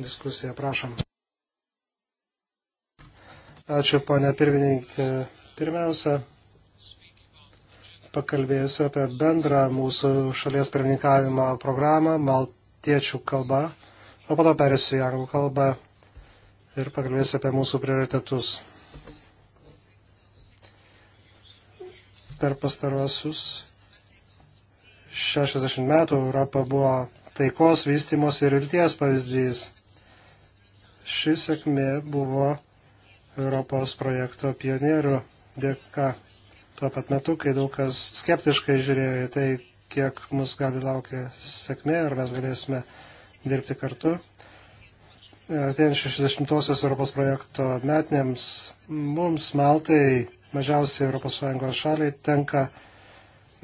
diskusiją. Prašom. Ačiū, ponė pirmininkė. Pirmiausia, pakalbėsiu apie bendrą mūsų šalies pirmininkavimo programą maltiečių kalba, o po to perėsiu į anglų kalbą ir pakalbėsiu apie mūsų prioritetus. Per pastaruosius 60 metų Europa buvo taikos vystimos ir vilties pavyzdys. Ši sėkmė buvo Europos projekto pionierių dėka. Tuo pat metu, kai daug kas skeptiškai žiūrėjo į tai, kiek mus gali laukia sėkmė, ar mes galėsime dirbti kartu. Artėjant 60-osios Europos projekto metnėms, mums Maltai, mažiausiai ES šaliai, tenka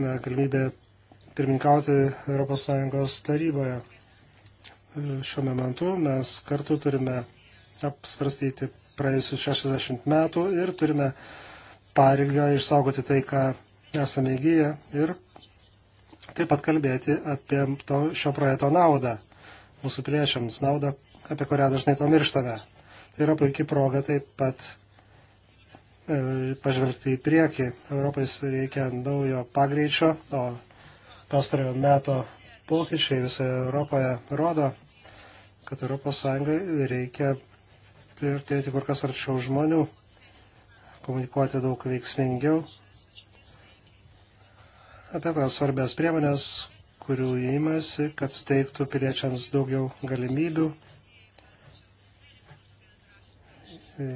na, galimybė pirminkauti ES taryboje. Šiuo momentu mes kartu turime apsvarstyti praėjusius 60 metų ir turime pareigą išsaugoti tai, ką esame įgyję ir taip pat kalbėti apie to, šio projekto naudą mūsų piliečiams, naudą, apie kurią dažnai pamirštame. Tai yra puikia proga taip pat e, pažvelgti į priekį. Europai reikia naujo pagreičio, o pastarojo meto pokyčiai visoje Europoje rodo, kad ES reikia priartėti kur kas arčiau žmonių, komunikuoti daug veiksmingiau apie tas svarbias priemonės, kurių įmasi, kad suteiktų piliečiams daugiau galimybių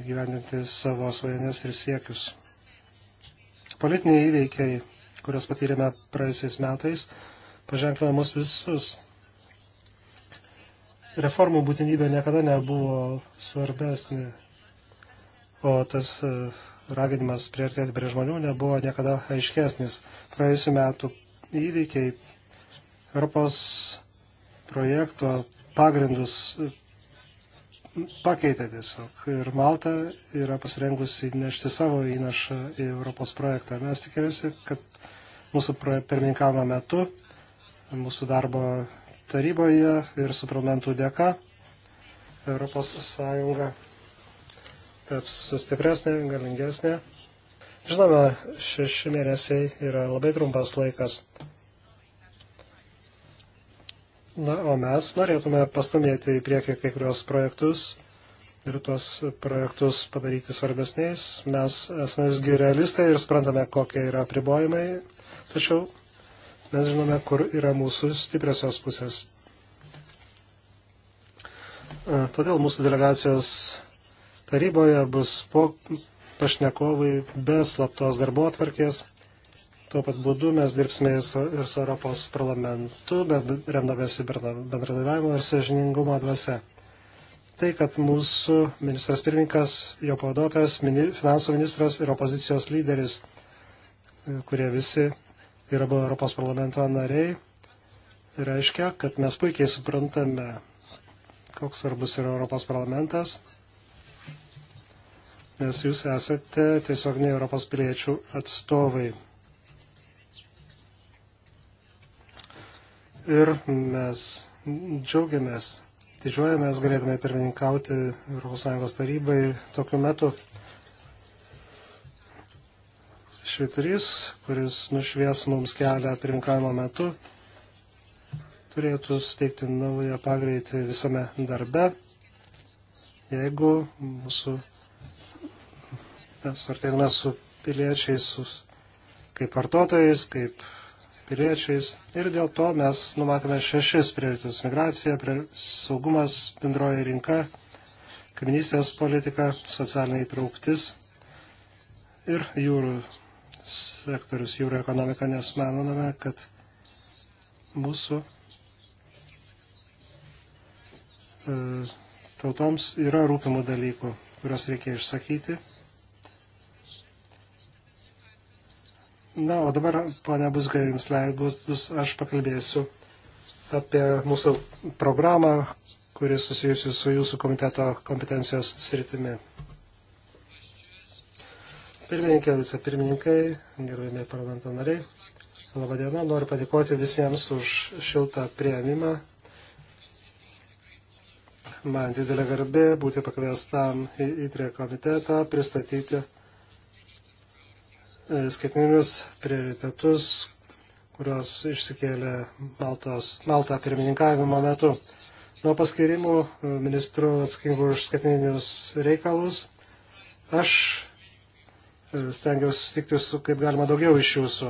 gyveninti savo svajonės ir siekius. Politiniai įveikiai kurias patyrėme praėjusiais metais, paženklina mus visus. Reformų būtinybė niekada nebuvo svarbesnė, o tas e, raginimas priartėti prie žmonių nebuvo niekada aiškesnis. Praėjusiu metu įvykiai Europos projekto pagrindus e, pakeitė tiesiog. Ir Malta yra pasirengusi nešti savo įnašą į Europos projektą. Mes tikėjusi, kad mūsų pirmininkavimo metu, mūsų darbo taryboje ir su parlamentų dėka Europos Sąjunga taps stipresnė, galingesnė. Žinoma, šeši mėnesiai yra labai trumpas laikas. Na, o mes norėtume pastumėti į priekį kai kurios projektus ir tuos projektus padaryti svarbesniais. Mes esame visgi realistai ir suprantame, kokie yra pribojimai Tačiau mes žinome, kur yra mūsų stipriosios pusės. Todėl mūsų delegacijos taryboje bus po pašnekovai be slaptos darbo atvarkės. Tuo pat būdu mes dirbsime ir su Europos parlamentu, bet remdamėsi bendradarbiavimo ir sažiningumo dvasia. Tai, kad mūsų ministras pirmininkas, jo pavaduotojas, finansų ministras ir opozicijos lyderis, kurie visi ir abu Europos parlamento nariai, tai reiškia, kad mes puikiai suprantame, koks svarbus yra Europos parlamentas, nes jūs esate tiesioginiai Europos piliečių atstovai. Ir mes džiaugiamės, didžiuojamės galėdami pirmininkauti ES tarybai tokiu metu šviturys, kuris nušvies mums kelią pirmkavimo metu, turėtų suteikti naują pagreitį visame darbe, jeigu mūsų mes artėjame su piliečiais, su, kaip vartotojais, kaip piliečiais. Ir dėl to mes numatėme šešis prioritetus - migracija, saugumas, bendroji rinka, kaiminystės politika, socialinė įtrauktis ir jūrų sektorius jūrų ekonomika, nes manome, kad mūsų e, tautoms yra rūpimų dalykų, kuriuos reikia išsakyti. Na, o dabar, ponia Busga, jums leidus, aš pakalbėsiu apie mūsų programą, kuris susijusi su jūsų komiteto kompetencijos sritimi. Pirmininkė, vicepirmininkai, gerbėmiai parlamento nariai. Labadiena, noriu padėkoti visiems už šiltą prieimimą. Man didelė garbė būti pakviestam į įtrė komitetą, pristatyti e, skaitminius prioritetus, kurios išsikėlė Maltos, Malta pirmininkavimo metu. Nuo paskirimų ministrų atsakingų už skaitminius reikalus aš stengiausi susitikti su kaip galima daugiau iš jūsų.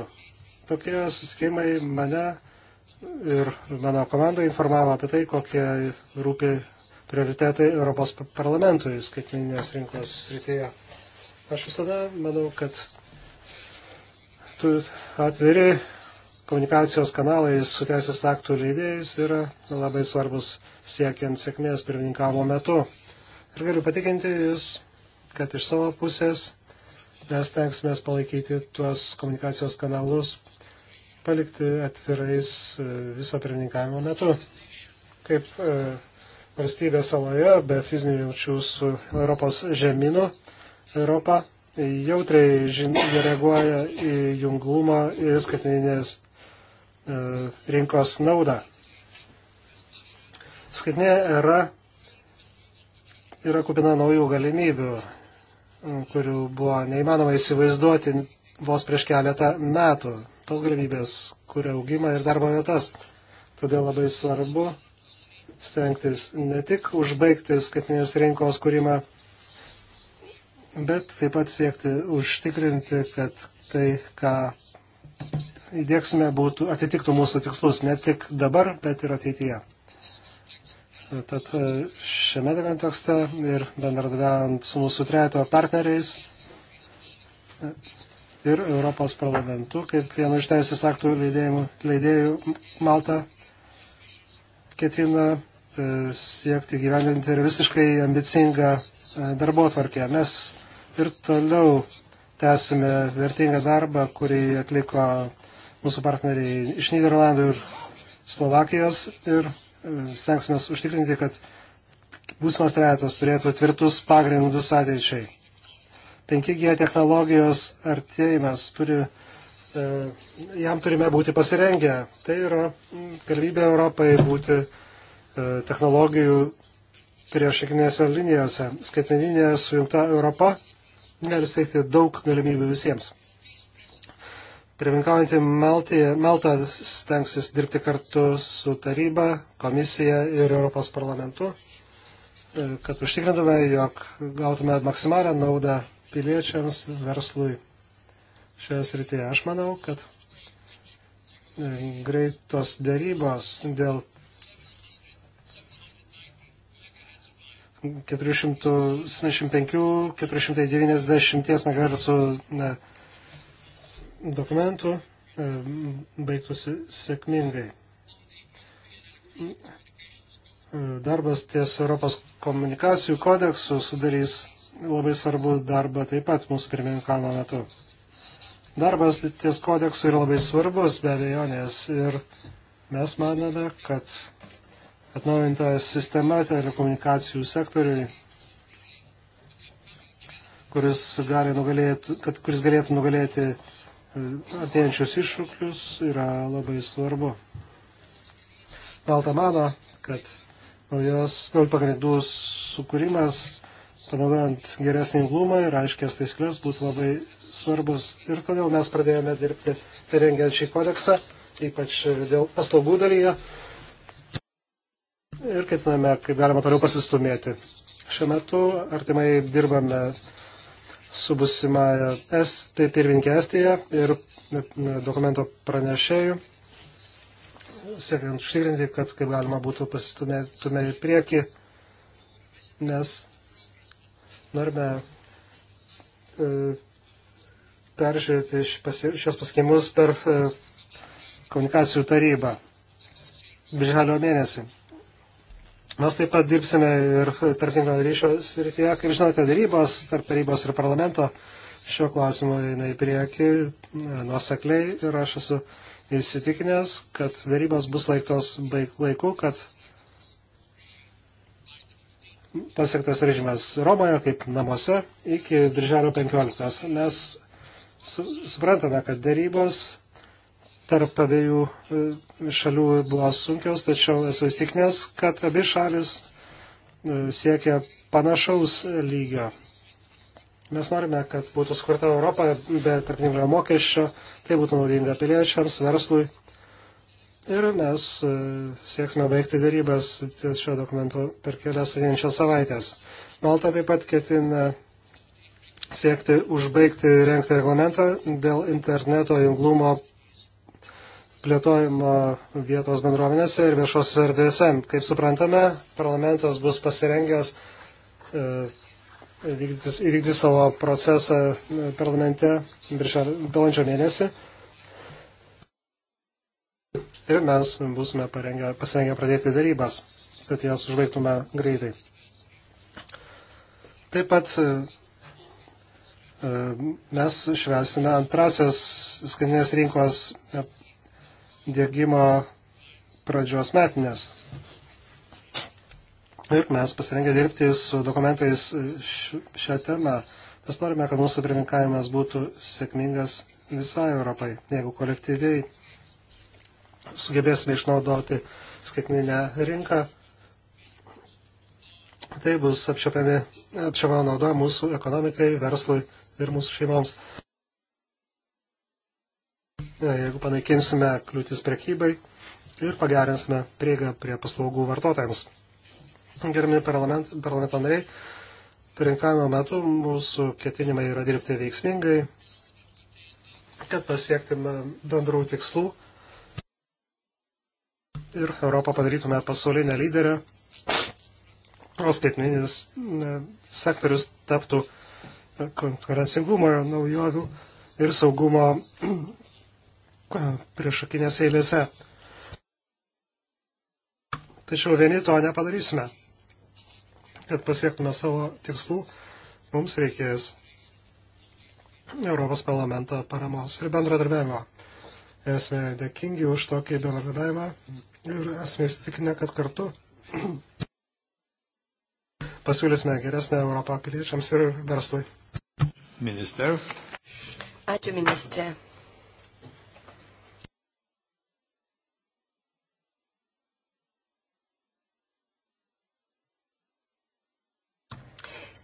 Tokie susitikimai mane ir mano komanda informavo apie tai, kokie rūpi prioritetai Europos parlamentui skaitmeninės rinkos srityje. Aš visada manau, kad atviri komunikacijos kanalai su teisės aktų leidėjais yra labai svarbus siekiant sėkmės pirmininkavimo metu. Ir galiu patikinti Jūs, kad iš savo pusės mes tenksime palaikyti tuos komunikacijos kanalus, palikti atvirais e, viso pirmininkavimo metu. Kaip e, valstybė saloje, be fizinių jungčių su Europos žemynu, Europa jautriai žin, reaguoja į junglumą ir skaitmeninės e, rinkos naudą. Skaitinė era yra kupina naujų galimybių kurių buvo neįmanoma įsivaizduoti vos prieš keletą metų. Tos galimybės, kuria augimą ir darbo vietas. Todėl labai svarbu stengtis ne tik užbaigti skaitinės rinkos kūrimą, bet taip pat siekti užtikrinti, kad tai, ką įdėksime, būtų, atitiktų mūsų tikslus ne tik dabar, bet ir ateityje. Tad e, šiame kontekste ir bendradarbiavant su mūsų trejato partneriais e, ir Europos parlamentu, kaip vienu iš teisės aktų leidėjų, leidėjų Malta ketina e, siekti gyvendinti ir visiškai ambicingą darbo tvarkę. Mes ir toliau tęsime vertingą darbą, kurį atliko mūsų partneriai iš Niderlandų ir Slovakijos. Ir stengsime užtikrinti, kad būsimas trejatas turėtų tvirtus pagrindus ateičiai. 5G technologijos artėjimas turi, e, jam turime būti pasirengę. Tai yra galimybė Europai būti e, technologijų priešakinėse linijose. Skaitmeninė sujungta Europa gali steigti daug galimybių visiems. Pirminkaujantį Maltą stengsis dirbti kartu su taryba, komisija ir Europos parlamentu, e, kad užtikrintume, jog gautume maksimalią naudą piliečiams, verslui šioje srityje. Aš manau, kad e, greitos dėrybos dėl 475-490 MHz dokumentų e, baigtųsi sėkmingai. E, darbas ties Europos komunikacijų kodeksų sudarys labai svarbu darbą taip pat mūsų pirmininkavimo metu. Darbas ties kodeksu yra labai svarbus be abejonės ir mes manome, kad atnaujinta sistema telekomunikacijų sektoriui, kuris, gali nugalėti, kad, kuris galėtų nugalėti artėjančius iššūkius yra labai svarbu. Malta mano, kad naujos, naujų pagrindų sukūrimas, panaudojant geresnį glumą ir aiškės taisyklės, būtų labai svarbus. Ir todėl mes pradėjome dirbti tai rengiant šį kodeksą, ypač dėl paslaugų dalyje. Ir ketiname, kaip galima toliau pasistumėti. Šiuo metu artimai dirbame su busimąją S, tai pirmininkė Estija ir e, e, dokumento pranešėjų, siekiant užtikrinti, kad kaip galima būtų pasistumėtume į priekį, nes norime e, peržiūrėti šios pasakymus per e, komunikacijų tarybą birželio mėnesį. Mes taip pat dirbsime ir tarptinklo ryšio srityje. Kaip žinote, darybos tarp tarybos ir parlamento šio klausimo eina į priekį e, nuosekliai ir aš esu įsitikinęs, kad darybos bus laikos baig, laiku, kad pasiektas režimas Romoje kaip namuose iki birželio 15. Mes su, suprantame, kad darybos tarp abiejų e, šalių buvo sunkios, tačiau esu įstikinęs, kad abi šalis e, siekia panašaus lygio. Mes norime, kad būtų skurta Europa be tarpininkų mokesčio, tai būtų naudinga piliečiams, verslui. Ir mes e, sieksime baigti darybas ties šio dokumentu per kelias ateinančias savaitės. Malta taip pat ketina siekti užbaigti renkti reglamentą dėl interneto junglumo plėtojimo vietos bendruomenėse ir viešos erdvėse. Kaip suprantame, parlamentas bus pasirengęs e, įvykdyti savo procesą e, parlamente balandžio mėnesį. Ir mes būsime parengę, pasirengę pradėti darybas, kad jas užbaigtume greitai. Taip pat e, mes švesime antrasias skandinės rinkos dėgymo pradžios metinės. Ir mes pasirengę dirbti su dokumentais šią temą. Mes norime, kad mūsų pirmininkavimas būtų sėkmingas visai Europai, jeigu kolektyviai sugebėsime išnaudoti skaitminę rinką. Tai bus apčiopiama nauda mūsų ekonomikai, verslui ir mūsų šeimoms jeigu panaikinsime kliūtis prekybai ir pagerinsime prieigą prie paslaugų vartotojams. Gerimi parlament, parlamento nariai, pirinkavimo metu mūsų ketinimai yra dirbti veiksmingai, kad pasiektume bendrų tikslų ir Europą padarytume pasaulinę lyderę, o skaitmeninis sektorius taptų konkurencingumo naujovių ir saugumo priešakinėse eilėse. Tačiau vieni to nepadarysime. Kad pasiektume savo tikslų, mums reikės Europos parlamento paramos ir bendradarbiavimo. Esame dėkingi už tokį bendradarbiavimą ir esame įsitikinę, kad kartu pasiūlysime geresnę Europą piliečiams ir verslui. Minister. Ačiū ministrė.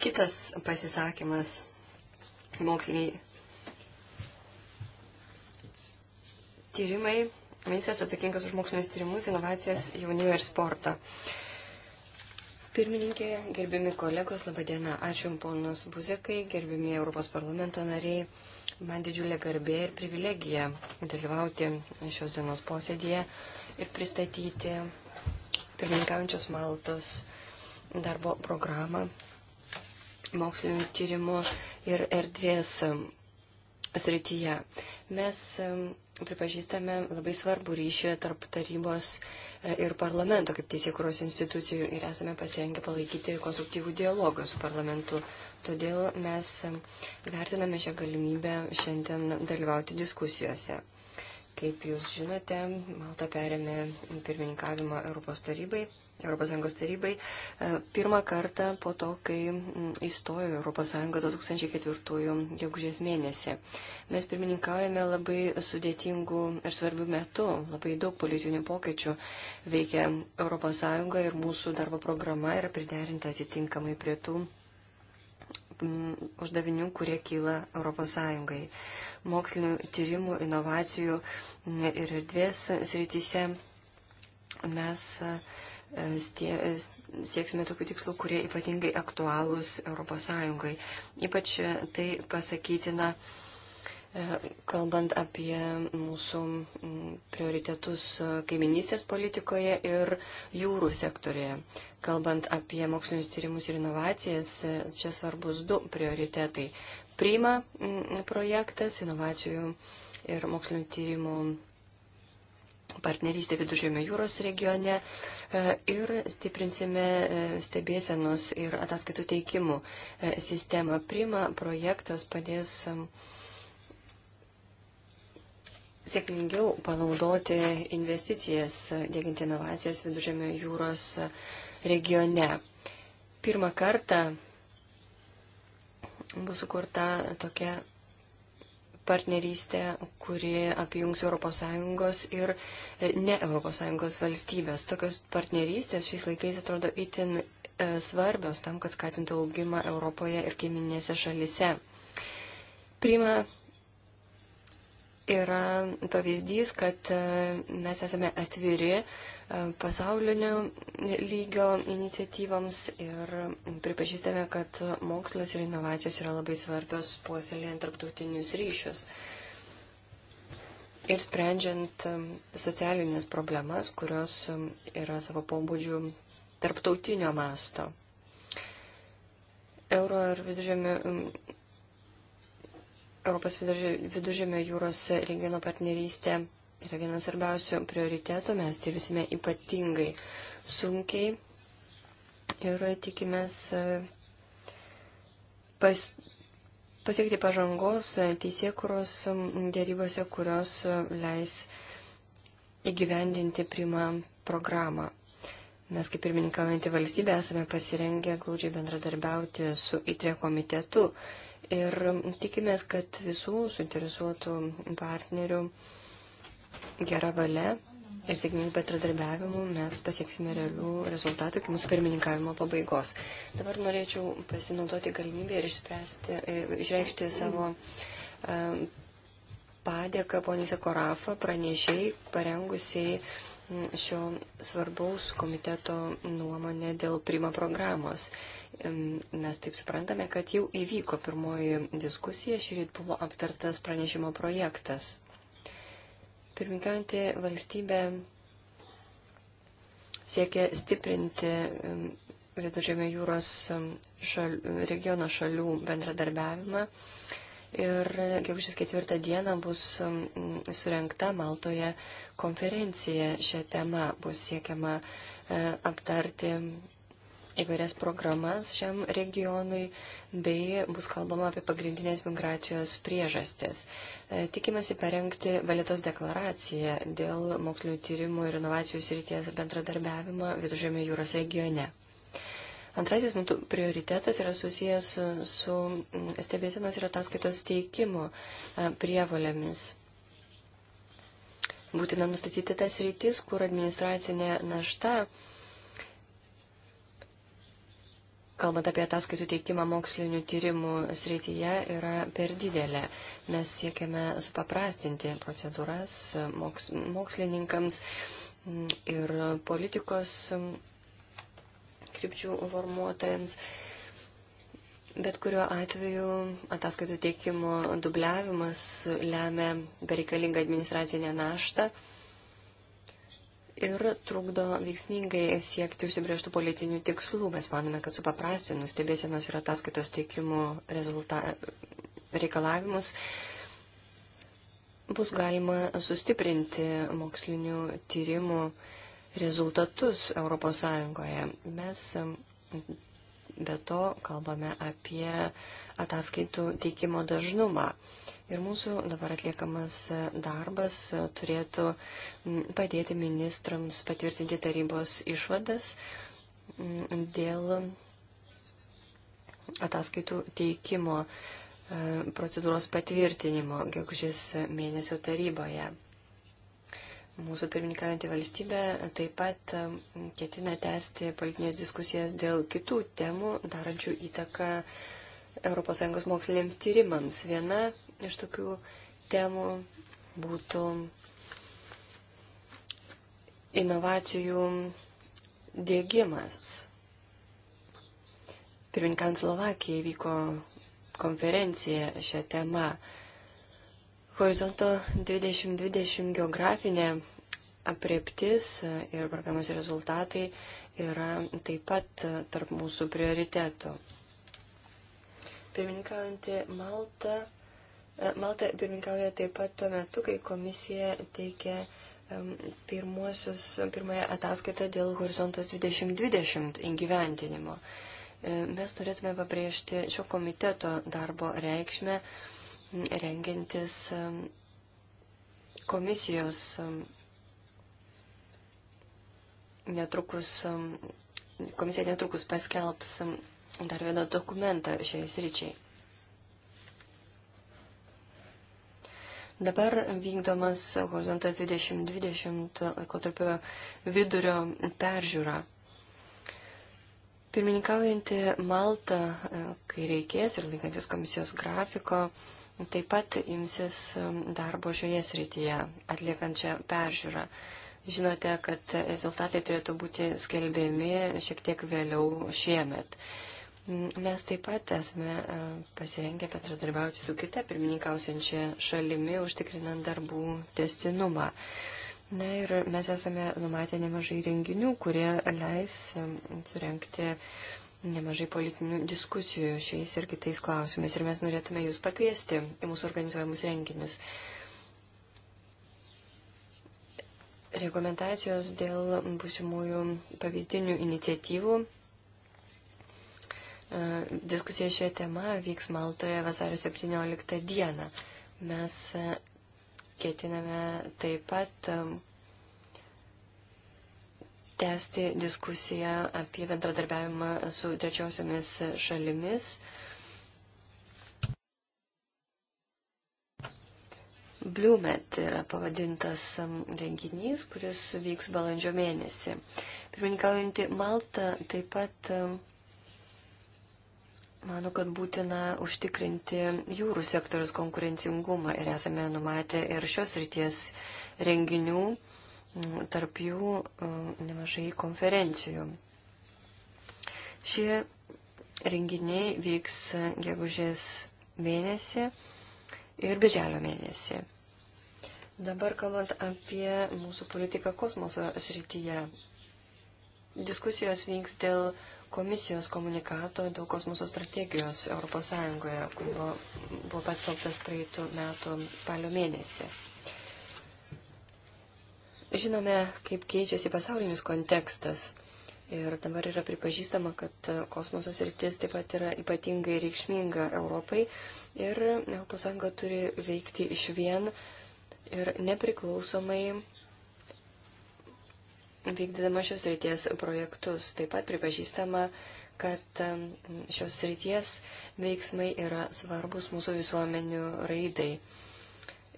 kitas pasisakymas moksliniai tyrimai. Ministras atsakingas už mokslinius tyrimus, inovacijas, jaunimą ir sportą. Pirmininkė, gerbiami kolegos, laba diena. Ačiū Jums, ponas Buzekai, gerbiami Europos parlamento nariai. Man didžiulė garbė ir privilegija dalyvauti šios dienos posėdėje ir pristatyti pirmininkaujančios Maltos darbo programą mokslinių tyrimų ir erdvės um, srityje. Mes um, pripažįstame labai svarbu ryšį tarp tarybos e, ir parlamento kaip teisėkuros institucijų ir esame pasirengę palaikyti konstruktyvų dialogą su parlamentu. Todėl mes um, vertiname šią galimybę šiandien dalyvauti diskusijose. Kaip jūs žinote, Malta perėmė pirmininkavimą Europos tarybai ES tarybai e, pirmą kartą po to, kai įstojo ES 2004 gegužės mėnesį. Mes pirmininkaujame labai sudėtingų ir svarbių metų, labai daug politinių pokyčių veikia ES ir mūsų darbo programa yra priderinta atitinkamai prie tų uždavinių, kurie kyla ES. Mokslinių tyrimų, inovacijų ir erdvės srityse mes uh, sieksime tokių tikslų, kurie ypatingai aktualūs ES. Ypač e, tai pasakytina, e, kalbant apie mūsų prioritetus e, kaiminystės politikoje ir jūrų sektorėje. Kalbant apie mokslinius tyrimus ir inovacijas, čia svarbus du prioritetai. Prima projektas, inovacijų ir mokslinio tyrimų partnerystę Viduržėmio jūros regione e, ir stiprinsime e, stebėsenos ir ataskaitų teikimų e, sistemą. Prima projektas padės sėkmingiau panaudoti investicijas, dėginti inovacijas Viduržėmio jūros regione. Pirmą kartą bus sukurta tokia partnerystę, kuri apjungs ES ir e, ne ES valstybės. Tokios partnerystės šiais laikais atrodo itin e, svarbios tam, kad skatintų augimą Europoje ir kaiminėse šalise. Prima yra pavyzdys, kad e, mes esame atviri e, pasaulinio lygio iniciatyvams ir pripažįstame, kad mokslas ir inovacijos yra labai svarbios puoselėjant tarptautinius ryšius ir sprendžiant e, socialinės problemas, kurios yra savo pobūdžių tarptautinio masto. Euro ir viduržėmio Europos viduržėmio jūros regiono partnerystė yra vienas svarbiausių prioritetų. Mes dirbsime ypatingai sunkiai ir tikimės e, pas, pasiekti pažangos teisėkuros dėrybose, kurios e, leis įgyvendinti primą programą. Mes kaip pirmininkaujantį valstybę esame pasirengę glaudžiai bendradarbiauti su ITRE komitetu Ir tikimės, kad visų suinteresuotų partnerių gera valia ir sėkmingų bendradarbiavimų mes pasieksime realių rezultatų iki mūsų pirmininkavimo pabaigos. Dabar norėčiau pasinaudoti galimybę ir išreikšti savo e, padėką poniai Sakorafa, pranešiai, parengusiai šio svarbaus komiteto nuomonę dėl prima programos. Mes taip suprantame, kad jau įvyko pirmoji diskusija, šįryt buvo aptartas pranešimo projektas. Pirminkiaujantį valstybę siekia stiprinti Viduržėmio jūros šal, regiono šalių bendradarbiavimą Ir gegužės ketvirtą dieną bus surenkta Maltoje konferencija šią temą. Bus siekiama e, aptarti įvairias programas šiam regionui bei bus kalbama apie pagrindinės migracijos priežastis. E, tikimasi parengti valitos deklaraciją dėl mokslinių tyrimų ir inovacijų srities bendradarbiavimo Viduržėmio jūros regione. Antrasis mūsų prioritetas yra susijęs su, su stebėsinos ir ataskaitos teikimo prievolėmis. Būtina nustatyti tas rytis, kur administracinė našta kalbant apie ataskaitų teikimą mokslinių tyrimų srityje, yra per didelė. Mes siekiame supaprastinti procedūras moks, mokslininkams ir politikos krypčių formuotojams. Bet kuriuo atveju ataskaitų teikimo dubliavimas lemia bereikalingą administracinę naštą ir trukdo veiksmingai siekti užsibrieštų politinių tikslų. Mes manome, kad supaprastinus stebėsienos ir ataskaitos teikimo rezulta... reikalavimus bus galima sustiprinti mokslinių tyrimų rezultatus ES. Mes be to kalbame apie ataskaitų teikimo dažnumą. Ir mūsų dabar atliekamas darbas turėtų padėti ministrams patvirtinti tarybos išvadas dėl ataskaitų teikimo e, procedūros patvirtinimo gegužės mėnesio taryboje. Mūsų pirmininkavinti valstybė taip pat um, ketina tęsti politinės diskusijas dėl kitų temų, darančių įtaką ES moksliniams tyrimams. Viena iš tokių temų būtų inovacijų dėgymas. Pirmininkant Slovakijai vyko konferencija šią temą. Horizonto 2020 geografinė apreptis ir programos rezultatai yra taip pat tarp mūsų prioritetų. Pirmininkaujantį Maltą. E, Malta pirmininkauja taip pat tuo metu, kai komisija teikia pirmuosius, pirmąją ataskaitą dėl Horizontas 2020 įgyventinimo. E, mes norėtume pabrėžti šio komiteto darbo reikšmę rengiantis um, komisijos um, netrukus, um, komisija netrukus paskelbs dar vieną dokumentą šiai sričiai. Dabar vykdomas horizontas 2020 laikotarpio vidurio peržiūra. Pirmininkaujanti Malta, e, kai reikės ir laikantis komisijos grafiko, taip pat imsis um, darbo šioje srityje, atliekančią peržiūrą. Žinote, kad rezultatai turėtų būti skelbiami šiek tiek vėliau šiemet. Mm, mes taip pat esame e, pasirengę bendradarbiauti su kita pirmininkausiančia šalimi, užtikrinant darbų testinumą. Na ir mes esame numatę nemažai renginių, kurie leis e, surenkti nemažai politinių diskusijų šiais ir kitais klausimais ir mes norėtume jūs pakviesti į mūsų organizuojamus renginius. Rekomendacijos dėl būsimųjų pavyzdinių iniciatyvų. E, diskusija šią temą vyks Maltoje vasario 17 dieną. Mes e, ketiname taip pat tęsti diskusiją apie bendradarbiavimą su trečiosiomis šalimis. Bliumet yra pavadintas um, renginys, kuris vyks balandžio mėnesį. Pirmininkaujantį Maltą taip pat um, mano, kad būtina užtikrinti jūrų sektorius konkurencingumą ir esame numatę ir šios ryties renginių tarp jų e, nemažai konferencijų. Šie renginiai vyks gegužės mėnesį ir birželio mėnesį. Dabar kalbant apie mūsų politiką kosmoso srityje. Diskusijos vyks dėl komisijos komunikato dėl kosmoso strategijos ES, kurio buvo paskelbtas praeitų metų spalio mėnesį. Žinome, kaip keičiasi pasaulinis kontekstas. Ir dabar yra pripažįstama, kad e, kosmosos rytis taip pat yra ypatingai reikšminga Europai. Ir ES turi veikti iš vien ir nepriklausomai vykdydama šios ryties projektus. Taip pat pripažįstama, kad e, šios ryties veiksmai yra svarbus mūsų visuomenių raidai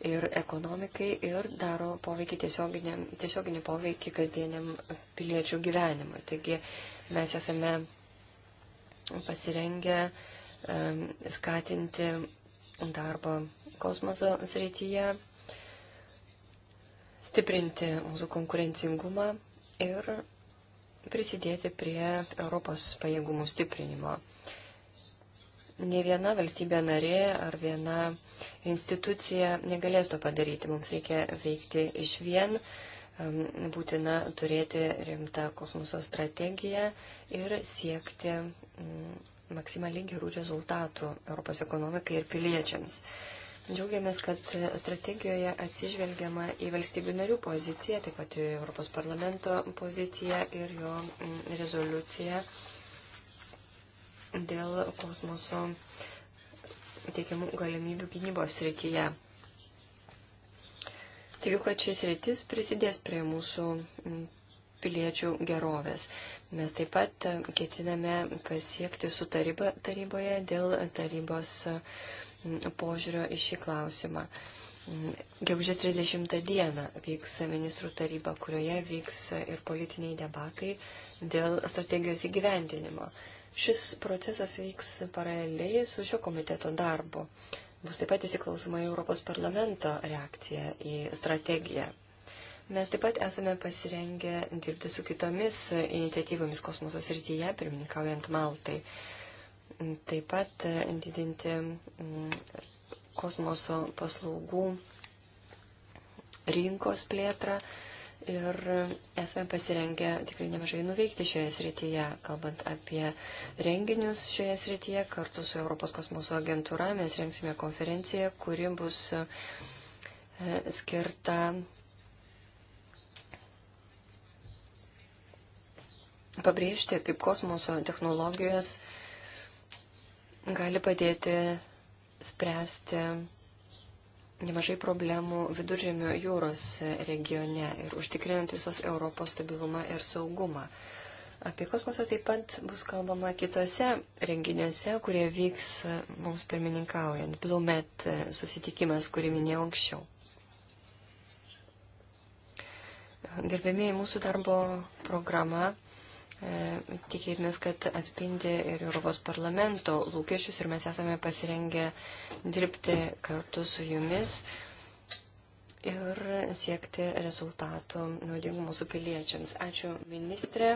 ir ekonomikai ir daro poveikį tiesioginį poveikį kasdieniam piliečių gyvenimui. Taigi mes esame pasirengę um, skatinti darbą kosmoso srityje, stiprinti mūsų konkurencingumą ir prisidėti prie Europos pajėgumų stiprinimo. Uh, ne viena valstybė narė ar viena institucija negalės to padaryti. Mums reikia veikti iš vien, būtina turėti rimtą kosmoso strategiją ir siekti maksimaliai gerų rezultatų Europos ekonomikai ir piliečiams. Džiaugiamės, kad strategijoje atsižvelgiama į valstybių narių poziciją, taip pat į Europos parlamento poziciją ir jo rezoliuciją dėl kosmoso teikiamų galimybių gynybos srityje. Tikiu, kad šis rytis prisidės prie mūsų mm, piliečių gerovės. Mes taip pat ketiname pasiekti su taryba, taryboje dėl tarybos mm, požiūrio į šį klausimą. Mm, gegužės 30 dieną vyks ministrų taryba, kurioje vyks ir politiniai debatai dėl strategijos įgyvendinimo. Šis procesas vyks paraleliai su šio komiteto darbu. Bus taip pat įsiklausoma Europos parlamento reakcija į strategiją. Mes taip pat esame pasirengę dirbti su kitomis iniciatyvomis kosmoso srityje, pirmininkaujant Maltai. Taip pat didinti mm, kosmoso paslaugų rinkos plėtrą ir esame pasirengę tikrai nemažai nuveikti šioje srityje, kalbant apie renginius šioje srityje. Kartu su Europos kosmoso agentūra mes rengsime konferenciją, kuri bus e, skirta pabrėžti, kaip kosmoso technologijos gali padėti spręsti nemažai problemų viduržėmio jūros regione ir užtikrinant visos Europos stabilumą ir saugumą. Apie kosmosą taip pat bus kalbama kitose renginiuose, kurie vyks mums pirmininkaujant. Blumet susitikimas, kurį minėjau anksčiau. Gerbėmiai, mūsų darbo programa E, tikėkimės, kad atspindi ir Europos parlamento lūkesčius ir mes esame pasirengę dirbti kartu su jumis ir siekti rezultatų naudingų mūsų piliečiams. Ačiū ministrė.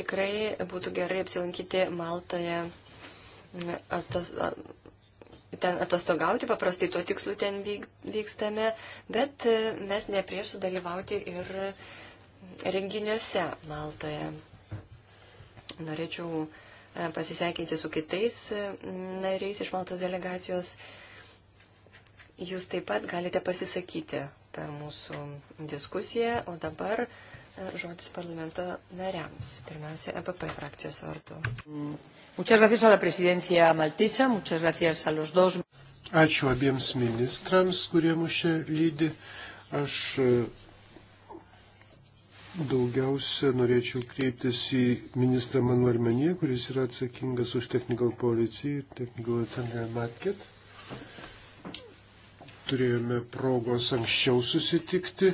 Tikrai būtų gerai apsilankyti Maltoje. Atos, ten atostogauti, paprastai tuo tikslu ten vykstame, bet e, mes ne prieš sudalyvauti ir uh, renginiuose Maltoje. Norėčiau e, pasisekinti su kitais e, nariais iš Maltos delegacijos. Jūs taip pat galite pasisakyti per mūsų diskusiją, o dabar e, žodis parlamento nariams. Pirmiausia, EPP frakcijos vardu. Ačiū abiems ministrams, kurie mus čia lydi. Aš Daugiausia norėčiau kreiptis į ministrą Manuelmeniją, kuris yra atsakingas už Technical Policy ir Technical Attendant Market. Turėjome progos anksčiau susitikti,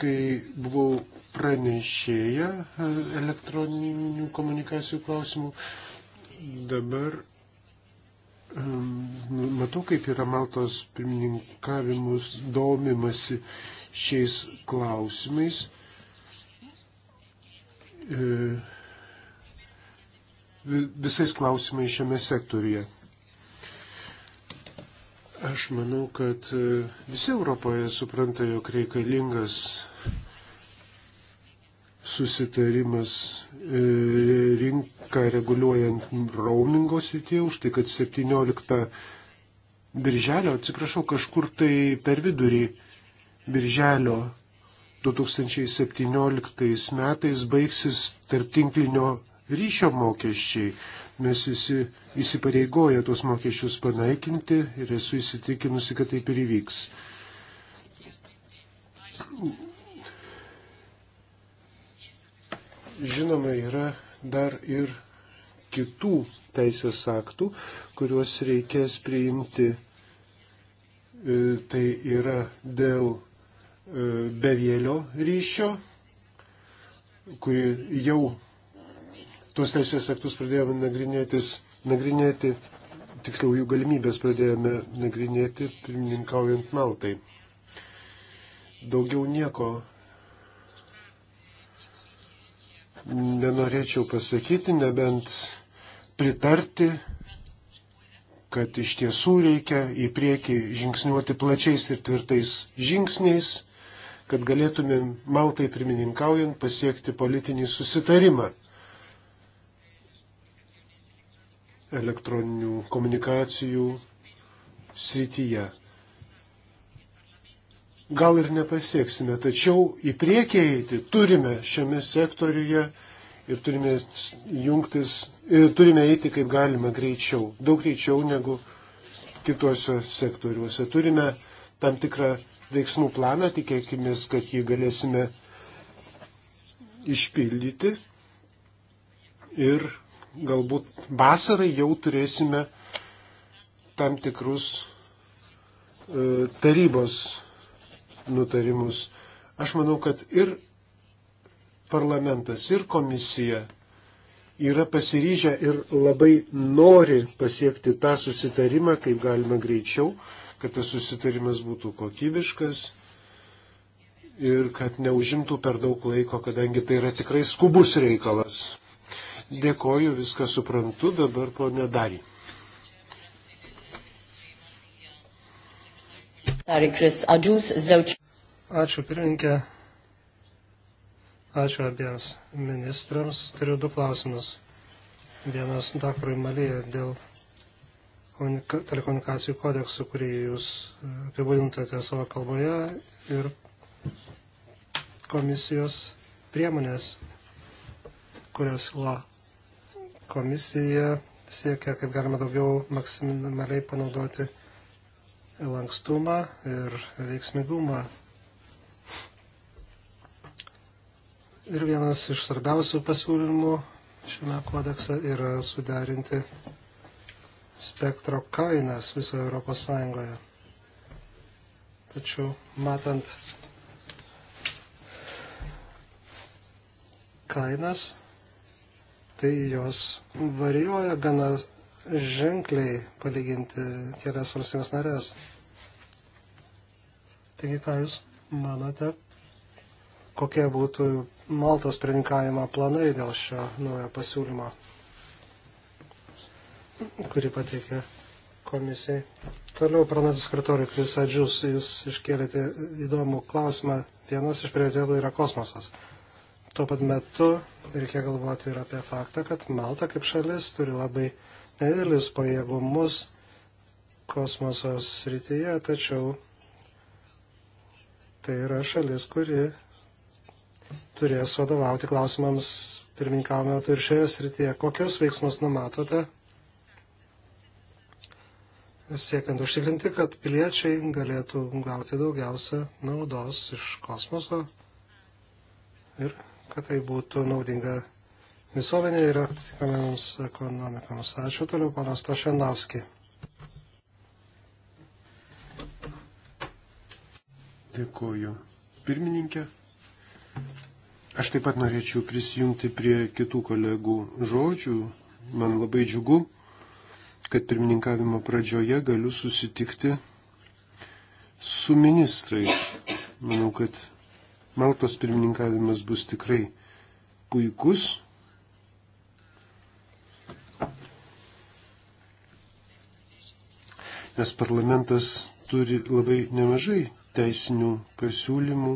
kai buvau pranešėja e, elektroninių komunikacijų klausimų. Dabar matau, kaip yra Maltos pirmininkavimus domimasi šiais klausimais E, visais klausimais šiame sektoriuje. Aš manau, kad e, visi Europoje supranta, jog reikalingas susitarimas e, rinką reguliuojant roamingo srityje už tai, kad 17 birželio, atsiprašau, kažkur tai per vidurį birželio 2017 metais baigsis tarptinklinio ryšio mokesčiai. Mes visi įsipareigoja tuos mokesčius panaikinti ir esu įsitikinusi, kad taip ir įvyks. Žinoma, yra dar ir kitų teisės aktų, kuriuos reikės priimti. E, tai yra dėl E, bevėlio ryšio, kuri jau tuos teisės aktus pradėjome nagrinėti, tiksliau jų galimybės pradėjome nagrinėti, pirmininkaujant Maltai. Daugiau nieko nenorėčiau pasakyti, nebent pritarti, kad iš tiesų reikia į priekį žingsniuoti plačiais ir tvirtais žingsniais kad galėtumėm Maltai pirmininkaujant pasiekti politinį susitarimą elektroninių komunikacijų srityje. Gal ir nepasieksime, tačiau į priekį eiti turime šiame sektoriuje ir turime jungtis, ir turime eiti kaip galima greičiau, daug greičiau negu kituose sektoriuose. Turime tam tikrą veiksmų planą, tikėkime, kad jį galėsime išpildyti ir galbūt vasarai jau turėsime tam tikrus e, tarybos nutarimus. Aš manau, kad ir parlamentas, ir komisija yra pasiryžę ir labai nori pasiekti tą susitarimą, kaip galima greičiau kad tas susitarimas būtų kokybiškas ir kad neužimtų per daug laiko, kadangi tai yra tikrai skubus reikalas. Dėkoju, viską suprantu, dabar ponė Dari. Ačiū pirmininkė. Ačiū abiems ministrams. Turiu du klausimus. Vienas daktarui Malija dėl telekomunikacijų kodeksu, kurį jūs e, apibūdintate savo kalboje ir komisijos priemonės, kurias la komisija siekia, kaip galima daugiau maksimaliai panaudoti lankstumą ir veiksmigumą. Ir vienas iš svarbiausių pasiūlymų šiame kodekse yra suderinti spektro kainas visoje Europos Sąjungoje. Tačiau matant kainas, tai jos varijuoja gana ženkliai palyginti kelias valstybės narės. Taigi, ką Jūs manote, kokie būtų Maltos prinkavimo planai dėl šio naujo pasiūlymo? kurį pateikė komisijai. Toliau pranasis kartorius Krisadžius, jūs iškėlėte įdomų klausimą. Vienas iš prioritėtų yra kosmosas. Tuo pat metu reikia galvoti ir apie faktą, kad Malta kaip šalis turi labai nedidelius pajėgumus kosmosos srityje, tačiau tai yra šalis, kuri turės vadovauti klausimams pirmininkavimo metu ir šioje srityje. Kokius veiksmus numatote? siekiant užtikrinti, kad piliečiai galėtų gauti daugiausia naudos iš kosmoso ir kad tai būtų naudinga visuomenė ir atitinkamiems ekonomikams. Ačiū toliau, panas Tošenovski. Dėkuoju. Pirmininkė, aš taip pat norėčiau prisijungti prie kitų kolegų žodžių. Man labai džiugu, kad pirmininkavimo pradžioje galiu susitikti su ministrais. Manau, kad Maltos pirmininkavimas bus tikrai puikus. Nes parlamentas turi labai nemažai teisinių pasiūlymų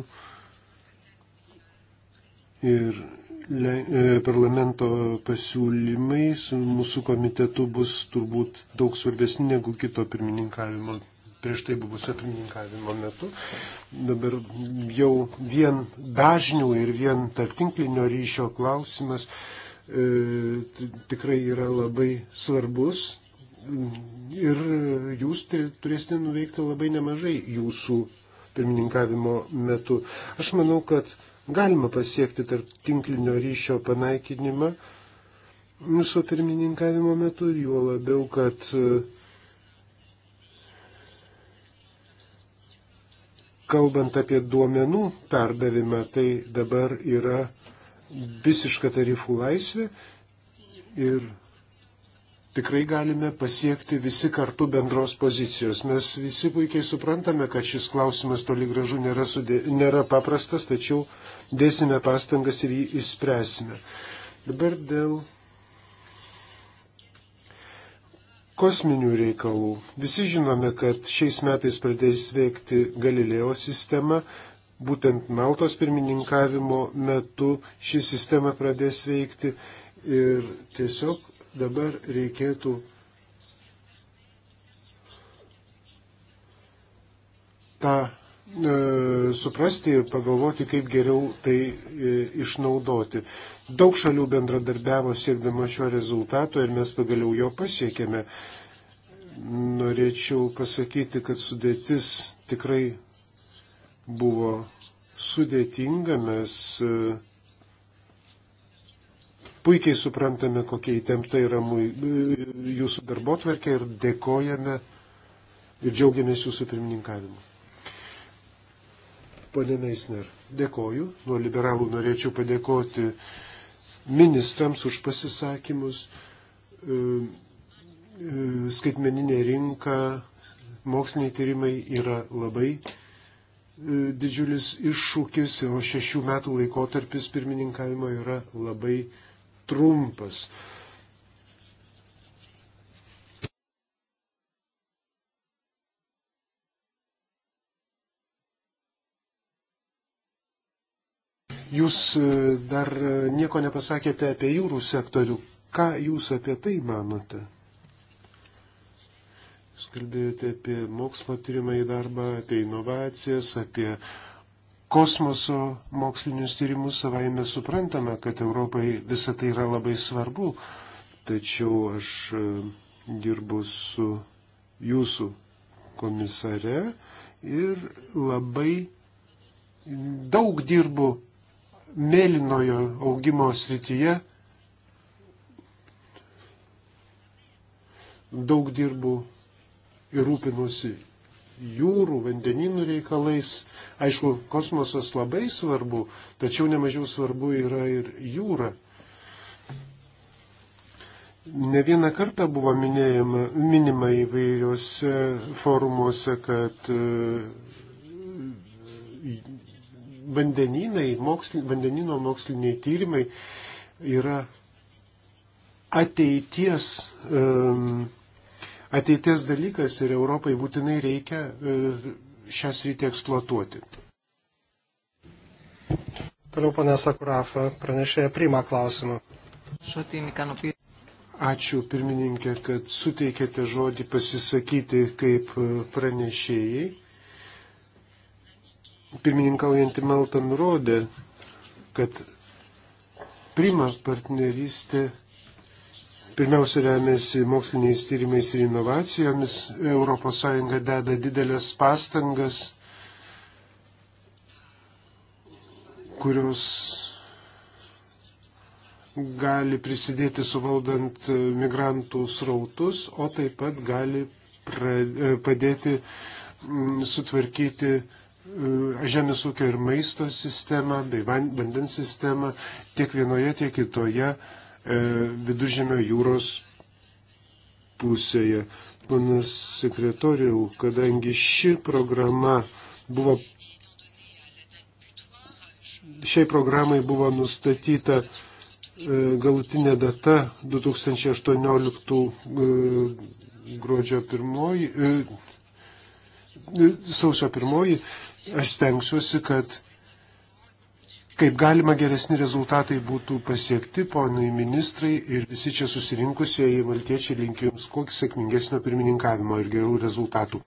ir E, parlamento pasiūlymai su mūsų komitetu bus turbūt daug svarbesni negu kito pirmininkavimo, prieš tai buvusio pirmininkavimo metu. Dabar jau vien dažnių ir vien tarptinklinio ryšio klausimas e, tikrai yra labai svarbus ir jūs turėsite nuveikti labai nemažai jūsų pirmininkavimo metu. Aš manau, kad Galima pasiekti tarp tinklinio ryšio panaikinimą mūsų pirmininkavimo metu ir juo labiau, kad e, kalbant apie duomenų perdavimą, tai dabar yra visiška tarifų laisvė ir tikrai galime pasiekti visi kartu bendros pozicijos. Mes visi puikiai suprantame, kad šis klausimas toli gražu nėra, sudė, nėra paprastas, tačiau dėsime pastangas ir jį išspręsime. Dabar dėl kosminių reikalų. Visi žinome, kad šiais metais pradės veikti Galilėjo sistema. Būtent Maltos pirmininkavimo metu ši sistema pradės veikti ir tiesiog dabar reikėtų tą e, suprasti ir pagalvoti, kaip geriau tai e, išnaudoti. Daug šalių bendradarbiavo siekdama šio rezultato ir mes pagaliau jo pasiekėme. Norėčiau pasakyti, kad sudėtis tikrai buvo sudėtinga, mes e, Puikiai suprantame, kokia įtempta yra jūsų darbo tvarkė ir dėkojame ir džiaugiamės jūsų pirmininkavimu. Pane Meisner, dėkoju. Nuo liberalų norėčiau padėkoti ministrams už pasisakymus. E, e, skaitmeninė rinka, moksliniai tyrimai yra labai e, didžiulis iššūkis, o šešių metų laikotarpis pirmininkavimo yra labai didžiulis trumpas. Jūs e, dar e, nieko nepasakėte apie jūrų sektorių. Ką jūs apie tai manote? Jūs kalbėjote apie mokslo tyrimą į darbą, apie inovacijas, apie uh, kosmoso mokslinius tyrimus savaime suprantame, kad Europai visa tai yra labai svarbu, tačiau aš e, dirbu su jūsų komisare ir labai daug dirbu mėlynojo augimo srityje, daug dirbu ir rūpinuosi jūrų, vandeninų reikalais. Aišku, kosmosas labai svarbu, tačiau nemažiau svarbu yra ir jūra. Ne vieną kartą buvo minėjama, minima įvairiuose forumuose, kad e, vandeninai, moksl, vandenino moksliniai tyrimai yra ateities um, ateities dalykas ir Europai būtinai reikia e, šią sritį eksploatuoti. Toliau ponė Sakurafa pranešėja priima klausimą. Ačiū pirmininkė, kad suteikėte žodį pasisakyti kaip e, pranešėjai. Pirmininkaujantį Maltą nurodė, kad prima partnerystė pirmiausia remiasi moksliniais tyrimais ir inovacijomis. ES deda didelės pastangas, kurios gali prisidėti suvaldant migrantų srautus, o taip pat gali pra, padėti mm, sutvarkyti e, žemės ūkio ir maisto sistemą bei vandens sistemą tiek vienoje, tiek kitoje E, viduržėmio jūros pusėje. Panas sekretoriau, kadangi ši programa buvo, šiai programai buvo nustatyta e, galutinė data 2018 e, gruodžio pirmoji, sausio pirmoji, aš stengsiuosi, kad kaip galima geresni rezultatai būtų pasiekti, ponai ministrai ir visi čia susirinkusieji valtiečiai linkiu Jums kokį sėkmingesnio pirmininkavimo ir gerų rezultatų.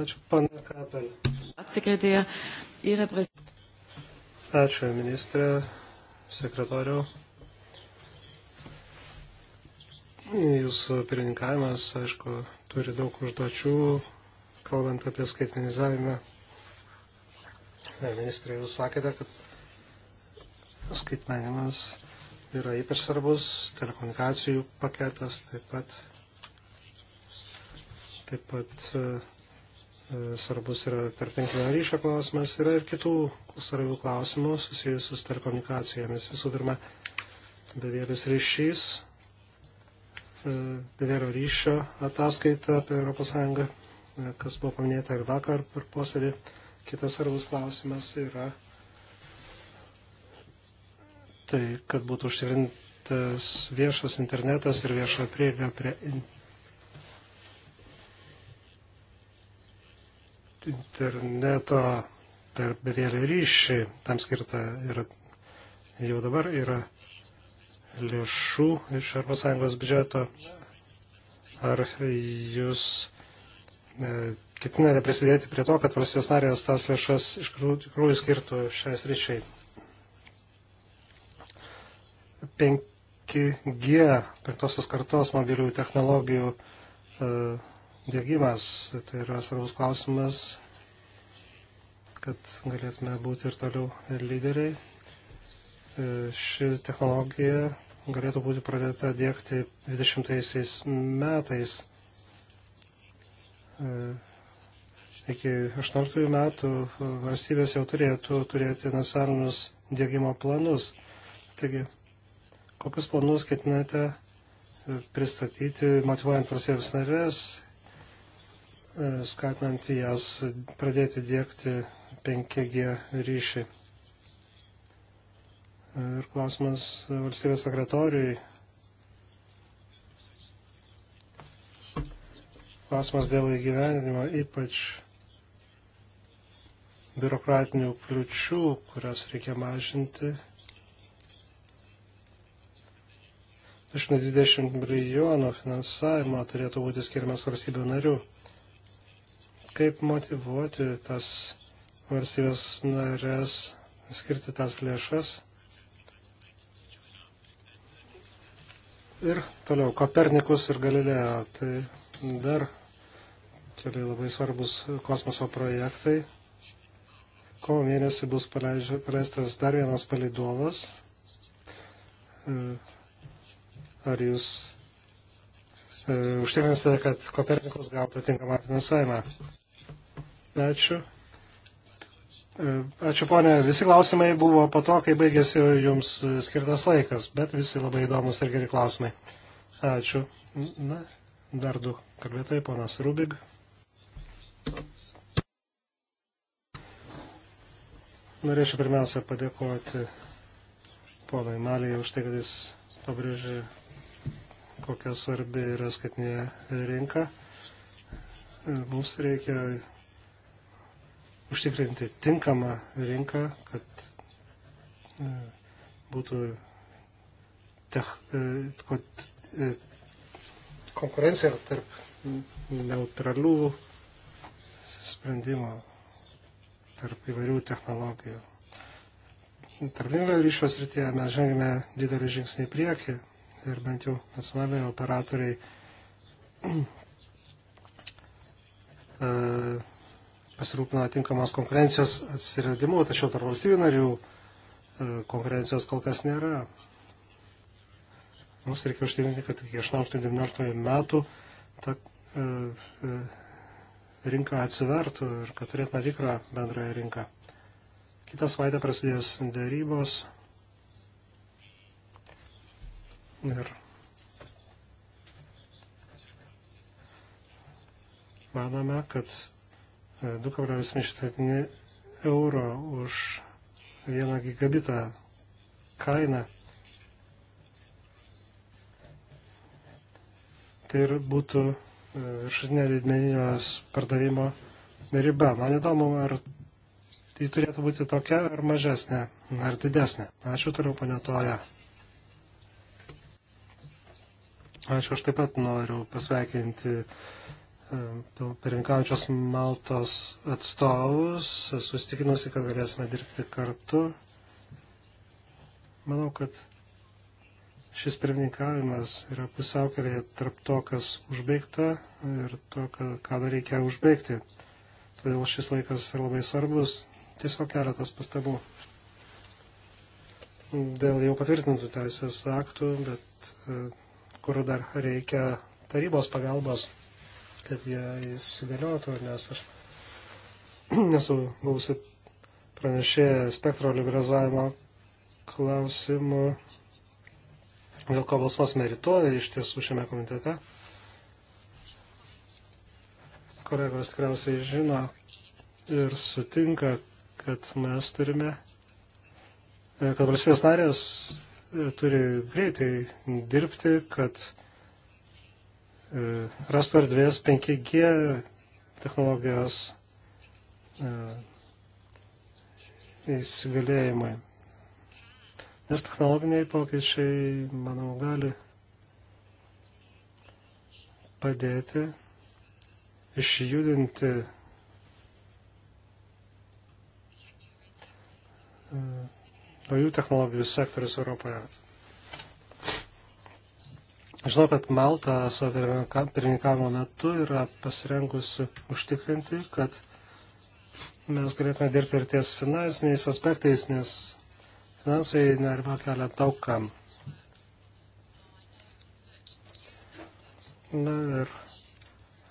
Ačiū, pana Kapel. Atsikretėje yra prezidentė. Ačiū, ministrė, sekretoriau. Jūsų pirmininkavimas, aišku, turi daug užduočių, kalbant apie skaitmenizavimą Ministrai, jūs sakėte, kad skaitmenimas yra ypač svarbus, telekomunikacijų paketas taip pat, taip pat e, e, svarbus yra tarptinklinio ryšio klausimas, yra ir kitų svarbių klausimų susijusių su telekomunikacijomis. Visų pirma, bevėlis ryšys, bevėlio e, ryšio ataskaita apie ES, kas buvo paminėta ir vakar per posėdį. Kitas svarbus klausimas yra tai, kad būtų užtikrintas viešas internetas ir vieša prieiga prie in... interneto per bevėlį ryšį. Tam skirta yra, jau dabar yra lėšų iš ES biudžeto. Ar jūs e, ketinate prisidėti prie to, kad valstybės narės tas lėšas iš tikrųjų skirtų šiais ryčiai. 5G, penktosios kartos mobilių technologijų e, dėgymas, tai yra svarbus klausimas, kad galėtume būti ir toliau lyderiai. E, ši technologija galėtų būti pradėta dėkti 20 metais e, iki 18 metų uh, valstybės jau turėtų turėti nacionalinius dėgymo planus. Taigi, kokius planus ketinate uh, pristatyti, motivuojant valstybės narės, uh, skatinant jas pradėti dėkti 5G ryšį. Ir klausimas valstybės sekretoriui. Klausimas dėl įgyvendinimo, ypač biurokratinių kliučių, kurias reikia mažinti. 120 milijonų finansavimo turėtų būti skiriamas valstybių narių. Kaip motivuoti tas valstybės narės skirti tas lėšas? Ir toliau Kopernikus ir Galileo. Tai dar keli labai svarbus kosmoso projektai. Kovo mėnesį bus paleistas dar vienas palidovas. E, ar jūs e, užtikrinsite, kad Kopernikus gautų tinkamą finansavimą? Ačiū. E, ačiū ponė, visi klausimai buvo po to, kai baigėsi jums skirtas laikas, bet visi labai įdomus ir geri klausimai. Ačiū. Na, dar du kalbėtojai, ponas Rubig. Thank you. Norėčiau pirmiausia padėkoti ponui Malijai už tai, kad jis pabrėžė, kokia svarbi yra skaitinė rinka. Mums reikia užtikrinti tinkamą rinką, kad e, būtų tech, e, kad e, konkurencija tarp neutralių sprendimo tarp įvairių technologijų. Tarpinio ryšio srityje mes žengėme didelį žingsnį į priekį ir bent jau nacionaliniai operatoriai e, pasirūpino tinkamos konkurencijos atsiradimu, tačiau tarp valstybių narių e, konkurencijos kol kas nėra. Mums reikia užtikrinti, kad iki 18-19 metų ta, e, e, rinka atsivertų ir kad turėtume tikrą bendrąją rinką. Kitą savaitę prasidės dėrybos ir manome, kad 2,7 e, euro už vieną gigabitą kainą tai ir būtų viršutinė didmeninio pardavimo riba. Man įdomu, ar tai turėtų būti tokia ar mažesnė, ar didesnė. Ačiū toliau, ponė Toja. Ačiū, aš taip pat noriu pasveikinti e, pirinkaujančios Maltos atstovus. Esu įstikinusi, kad galėsime dirbti kartu. Manau, kad šis pirmininkavimas yra pusiaukelėje tarp to, kas užbaigta ir to, ką dar reikia užbaigti. Todėl šis laikas yra labai svarbus. Tiesiog keletas pastabų. Dėl jau patvirtintų teisės aktų, bet e, kur dar reikia tarybos pagalbos, kad jie įsigaliotų, nes aš nesu buvusi pranešėję spektro liberalizavimo klausimų dėl ko balsuosime rytoj iš tiesų šiame komitete. Kolegos tikriausiai žino ir sutinka, kad mes turime, kad valstybės narės turi greitai dirbti, kad e, rastų erdvės 5G technologijos e, įsigalėjimai. Nes technologiniai pokyčiai, manau, gali padėti išjudinti e, naujų technologijų sektorius Europoje. Žinau, kad Malta savo pirmininkavimo metu yra pasirengusi užtikrinti, kad mes galėtume dirbti ir ties finansiniais aspektais, nes Finansai e nerima kelia daugam. Na ir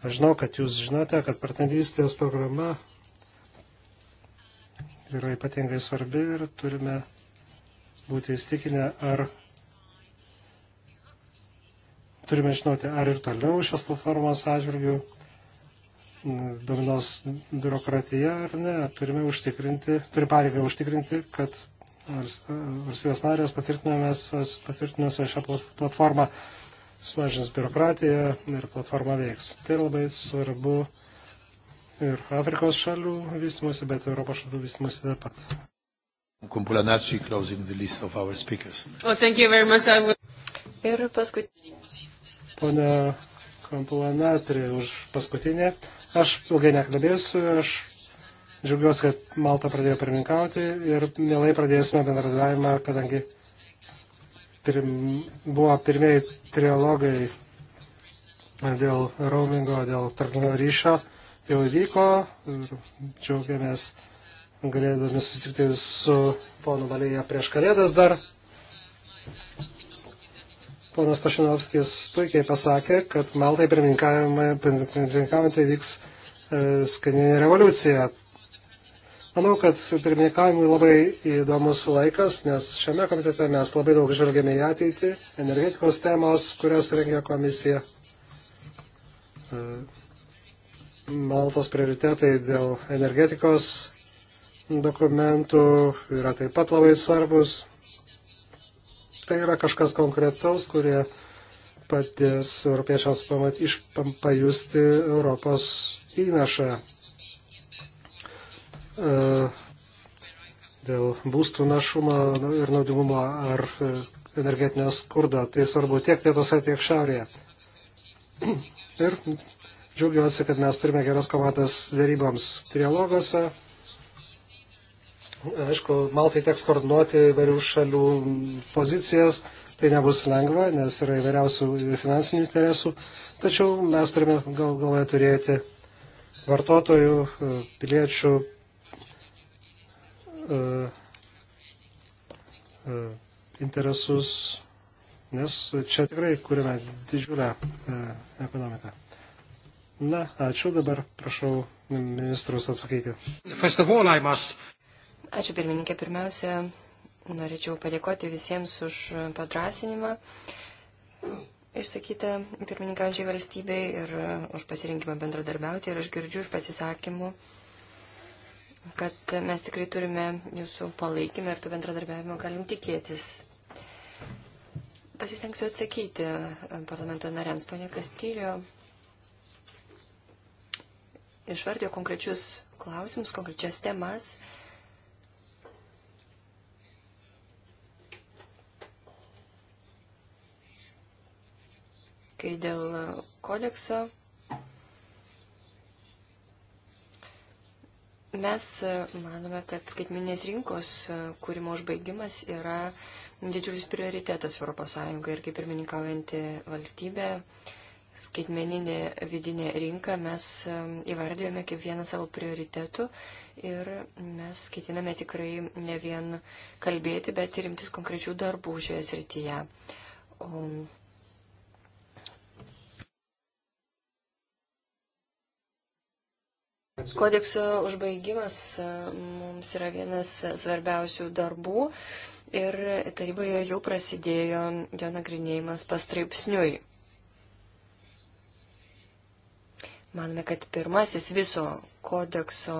aš žinau, kad jūs žinote, kad partnerystės programa yra ypatingai svarbi ir turime būti įstikinę, ar turime žinoti, ar ir toliau šios platformos atžvilgių dominos biurokratija ar ne. Turime užtikrinti, turi pareigą užtikrinti, kad valstybės narės patvirtinusios šią platformą sumažins biurokratiją ir platforma veiks. Tai labai svarbu ir Afrikos šalių vystimuose, bet ir Europos šalių vystimuose taip pat. Kumpulanačiai, closing the list of our speakers. Oh, thank you very much. I will... Ir paskutinė. Pone Kumpulanatriai už paskutinę. Aš ilgai nekalbėsiu, aš Džiaugiuosi, kad Malta pradėjo pirmininkauti ir mielai pradėsime bendradarbiavimą, kadangi pirm, buvo pirmieji trialogai dėl roamingo, dėl tarptautinio ryšio jau įvyko ir džiaugiamės galėdami susitikti su ponu Valėje prieš kalėdas dar. Ponas Tašinovskis puikiai pasakė, kad Maltai pirmininkaujant tai įvyks e, skaninė revoliucija. Manau, kad pirmininkavimui labai įdomus laikas, nes šiame komitete mes labai daug žvelgiame į ateitį, energetikos temos, kurias rengia komisija, maltos prioritetai dėl energetikos dokumentų yra taip pat labai svarbus. Tai yra kažkas konkretaus, kurie padės europiečiams pamat, iš, pajusti Europos įnašą E, dėl būstų našumo ir naudingumo ar e, energetinio skurdo. Tai svarbu tiek pietuose, tiek šiaurėje. Ir džiaugiuosi, kad mes turime geras komandas dėryboms trialogose. Aišku, Maltai teks koordinuoti įvairių šalių pozicijas. Tai nebus lengva, nes yra įvairiausių finansinių interesų. Tačiau mes turime gal galvoje turėti vartotojų, piliečių E, e, interesus, nes čia tikrai kūrėme didžiulę e, ekonomiką. Na, ačiū dabar, prašau ministrus atsakyti. Ačiū pirmininkė. Pirmiausia, norėčiau padėkoti visiems už padrasinimą išsakytą pirmininkaujančiai valstybei ir už pasirinkimą bendradarbiauti. Ir aš girdžiu iš pasisakymų, kad mes tikrai turime jūsų palaikymą ir to bendradarbiavimo galim tikėtis. Pasistengsiu atsakyti e, parlamento nariams, ponia Kastyrio. Išvardėjo konkrečius klausimus, konkrečias temas. Kai dėl kodekso Mes e, manome, kad skaitminės rinkos e, kūrimo užbaigimas yra didžiulis prioritetas ES ir kaip pirmininkaujanti valstybė skaitmeninė vidinė rinka mes e, įvardėjome kaip vieną savo prioritetų ir mes skaitiname tikrai ne vien kalbėti, bet ir imtis konkrečių darbų šioje srityje. O Kodekso užbaigimas e, mums yra vienas svarbiausių darbų ir taryboje jau prasidėjo jo nagrinėjimas pastraipsniui. Manome, kad pirmasis viso kodekso,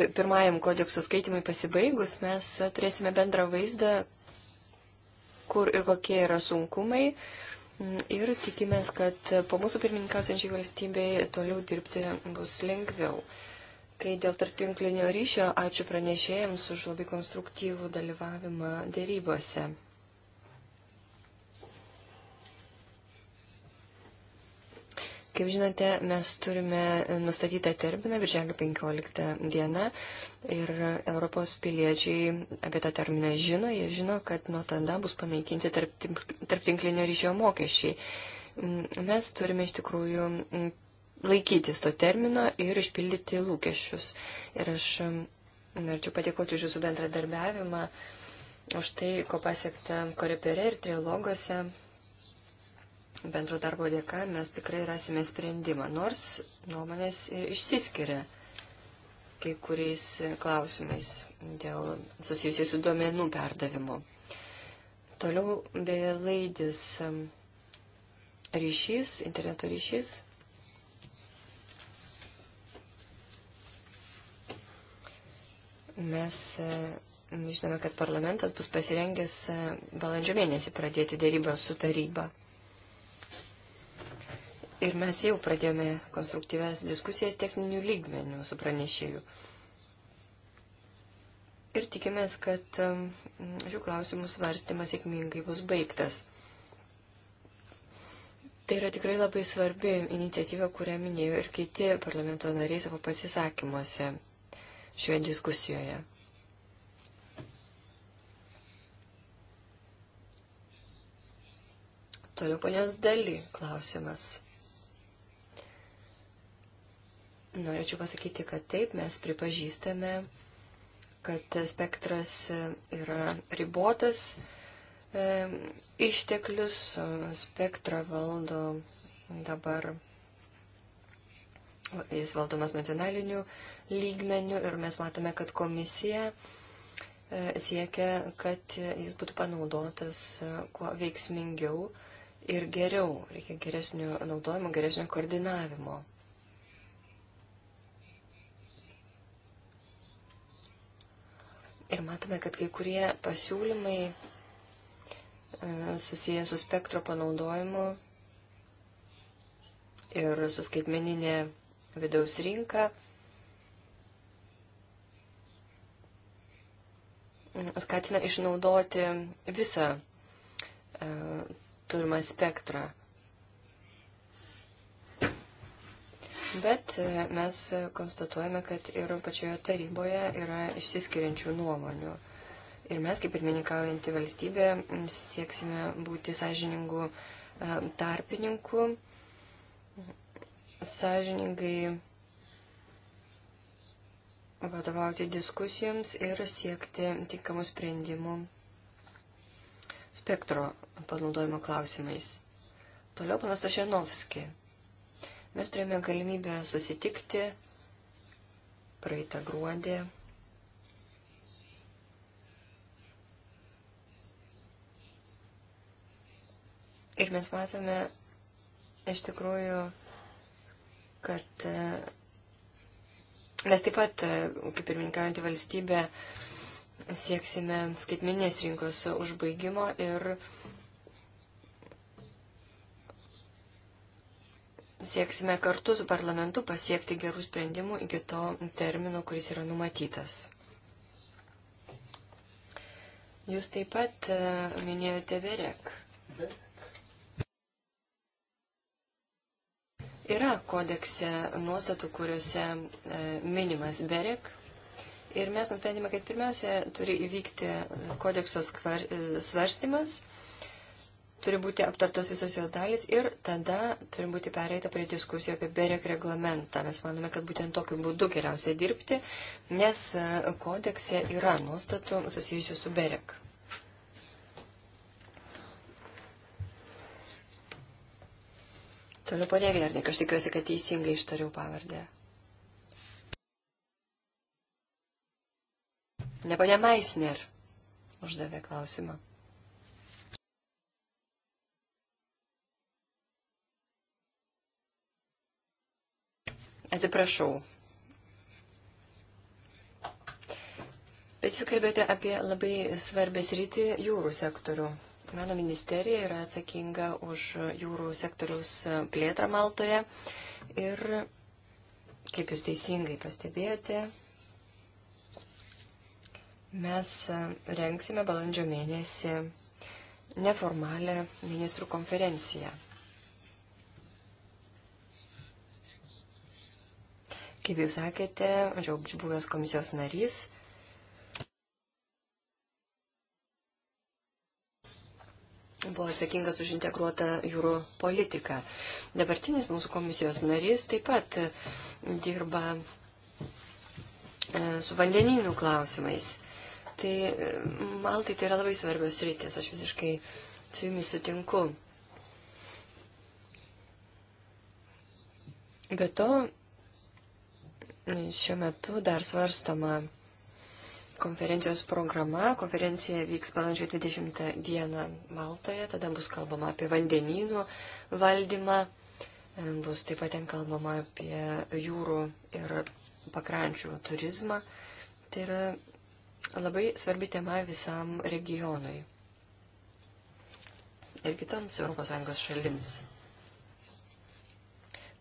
pirmajam kodekso skaitimui pasibaigus, mes turėsime bendrą vaizdą, kur ir kokie yra sunkumai, Ir tikimės, kad po mūsų pirmininkausiančiai valstybei toliau dirbti bus lengviau. Kai dėl tarptinklinio ryšio, ačiū pranešėjams už labai konstruktyvų dalyvavimą dėrybose. Kaip žinote, mes turime nustatytą terminą, virželio 15 diena, ir Europos piliečiai apie tą terminą žino, jie žino, kad nuo tada bus panaikinti tarptinklinio ryšio mokesčiai. Mm, mes turime iš tikrųjų mm, laikytis to termino ir išpildyti lūkesčius. Ir aš mm, norėčiau padėkoti už jūsų bendradarbiavimą, už tai, ko pasiekta korepere ir trilogose bendro darbo dėka mes tikrai rasime sprendimą, nors nuomonės ir išsiskiria kai kuriais klausimais dėl susijusiai su duomenų perdavimu. Toliau vėlaidis um, ryšys, interneto ryšys. Mes um, žinome, kad parlamentas bus pasirengęs um, balandžio mėnesį pradėti dėrybą su taryba. Ir mes jau pradėjome konstruktyves diskusijas techninių lygmenių su pranešėjų. Ir tikimės, kad um, šių klausimų svarstymas sėkmingai bus baigtas. Tai yra tikrai labai svarbi iniciatyva, kurią minėjo ir kiti parlamento nariai savo pasisakymuose šioje diskusijoje. Toliau ponios daly klausimas. Norėčiau pasakyti, kad taip, mes pripažįstame, kad spektras e, yra ribotas e, išteklius, spektrą valdo dabar, jis valdomas nacionaliniu lygmeniu ir mes matome, kad komisija e, siekia, kad jis būtų panaudotas e, kuo veiksmingiau ir geriau. Reikia geresnio naudojimo, geresnio koordinavimo. Ir matome, kad kai kurie pasiūlymai e, susiję su spektro panaudojimu ir su skaitmeninė vidaus rinka skatina išnaudoti visą e, turimą spektrą. Bet e, mes konstatuojame, kad ir pačioje taryboje yra išsiskiriančių nuomonių. Ir mes, kaip pirmininkaujanti valstybė, sieksime būti sąžiningų e, tarpininkų, sąžiningai vadovauti diskusijoms ir siekti tinkamų sprendimų spektro panaudojimo klausimais. Toliau panas Tošenovski. Mes turėjome galimybę susitikti praeitą gruodį. Ir mes matome iš tikrųjų, kad e, mes taip pat, e, kaip pirmininkaujantį valstybę, sieksime skaitminės rinkos užbaigimo ir sieksime kartu su parlamentu pasiekti gerų sprendimų iki to termino, kuris yra numatytas. Jūs taip pat e, minėjote Verek. Yra kodekse nuostatų, kuriuose e, minimas Berek. Ir mes nusprendėme, kad pirmiausia turi įvykti kodekso skvar, e, svarstymas. Skvar, turi būti aptartos visos jos dalys ir tada turi būti pereita prie diskusijų apie BEREK reglamentą. Mes manome, kad būtent tokiu būdu geriausia dirbti, nes e, kodekse yra nuostatų susijusių su BEREK. Toliau ponia Vernik, aš tikiuosi, kad teisingai ištariau pavardę. Ne ponia Meisner uždavė klausimą. Atsiprašau. Bet jūs kalbėjote apie labai svarbės rytį jūrų sektorių. Mano ministerija yra atsakinga už jūrų sektoriaus plėtrą Maltoje ir, kaip jūs teisingai pastebėjote, mes rengsime balandžio mėnesį neformalią ministrų konferenciją Kaip jūs sakėte, jau buvęs komisijos narys. buvo atsakingas už integruotą jūrų politiką. Dabartinis mūsų komisijos narys taip pat dirba e, su vandenynų klausimais. Tai e, Maltai tai yra labai svarbios rytis, aš visiškai su jumis sutinku. Be to, Šiuo metu dar svarstoma konferencijos programa. Konferencija vyks balandžio 20 dieną Maltoje, tada bus kalbama apie vandenynų valdymą, e, bus taip pat ten kalbama apie jūrų ir pakrančių turizmą. Tai yra labai svarbi tema visam regionui ir kitoms ES šalims.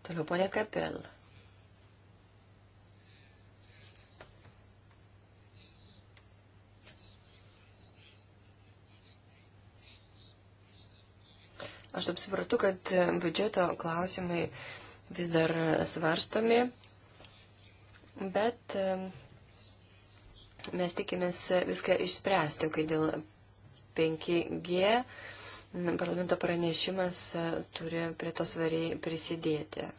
Toliau ponia Kapel. Aš taip supratau, kad e, biudžeto klausimai vis dar svarstomi, bet e, mes tikimės viską išspręsti, kai dėl 5G parlamento pranešimas e, turi prie to svariai prisidėti.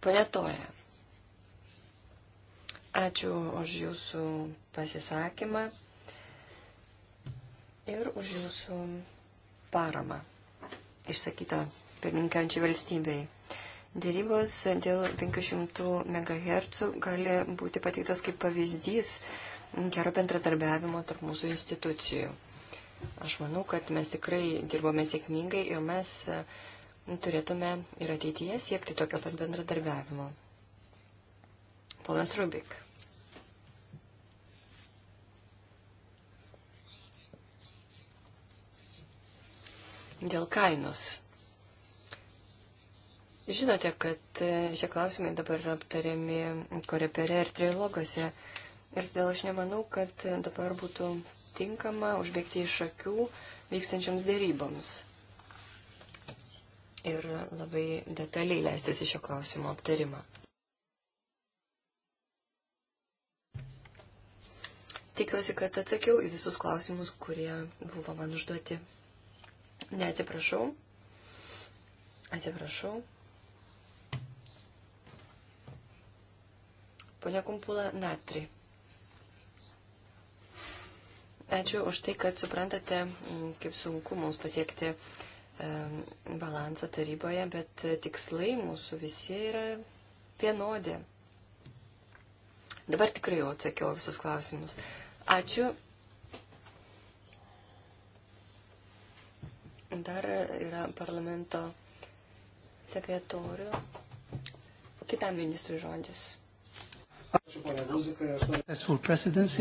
Pane Toja. Ačiū už jūsų pasisakymą ir už jūsų paramą išsakytą pirmininkiančiai valstybei. Dėrybos dėl 500 MHz gali būti pateiktas kaip pavyzdys gero bendradarbiavimo tarp mūsų institucijų. Aš manau, kad mes tikrai dirbome sėkmingai ir mes turėtume ir ateityje siekti tokio pat bendradarbiavimo. Ponas Rubik. dėl kainos. Žinote, kad e, šie klausimai dabar yra aptariami korepere ir trilogose. Ir todėl aš nemanau, kad dabar būtų tinkama užbėgti iš akių vykstančiams dėryboms. Ir labai detaliai leistis į šio klausimo aptarimą. Tikiuosi, kad atsakiau į visus klausimus, kurie buvo man užduoti. Ne, atsiprašau. Atsiprašau. Pone Kumpula Natri. Ačiū už tai, kad suprantate, mm, kaip sunku mums pasiekti balansą taryboje, bet tikslai mūsų visi yra vienodi. Dabar tikrai jau atsakiau visus klausimus. Ačiū Dar yra parlamento sekretorių. Kitam ministrui žodis. Ačiū, ponia Guzikai. Aš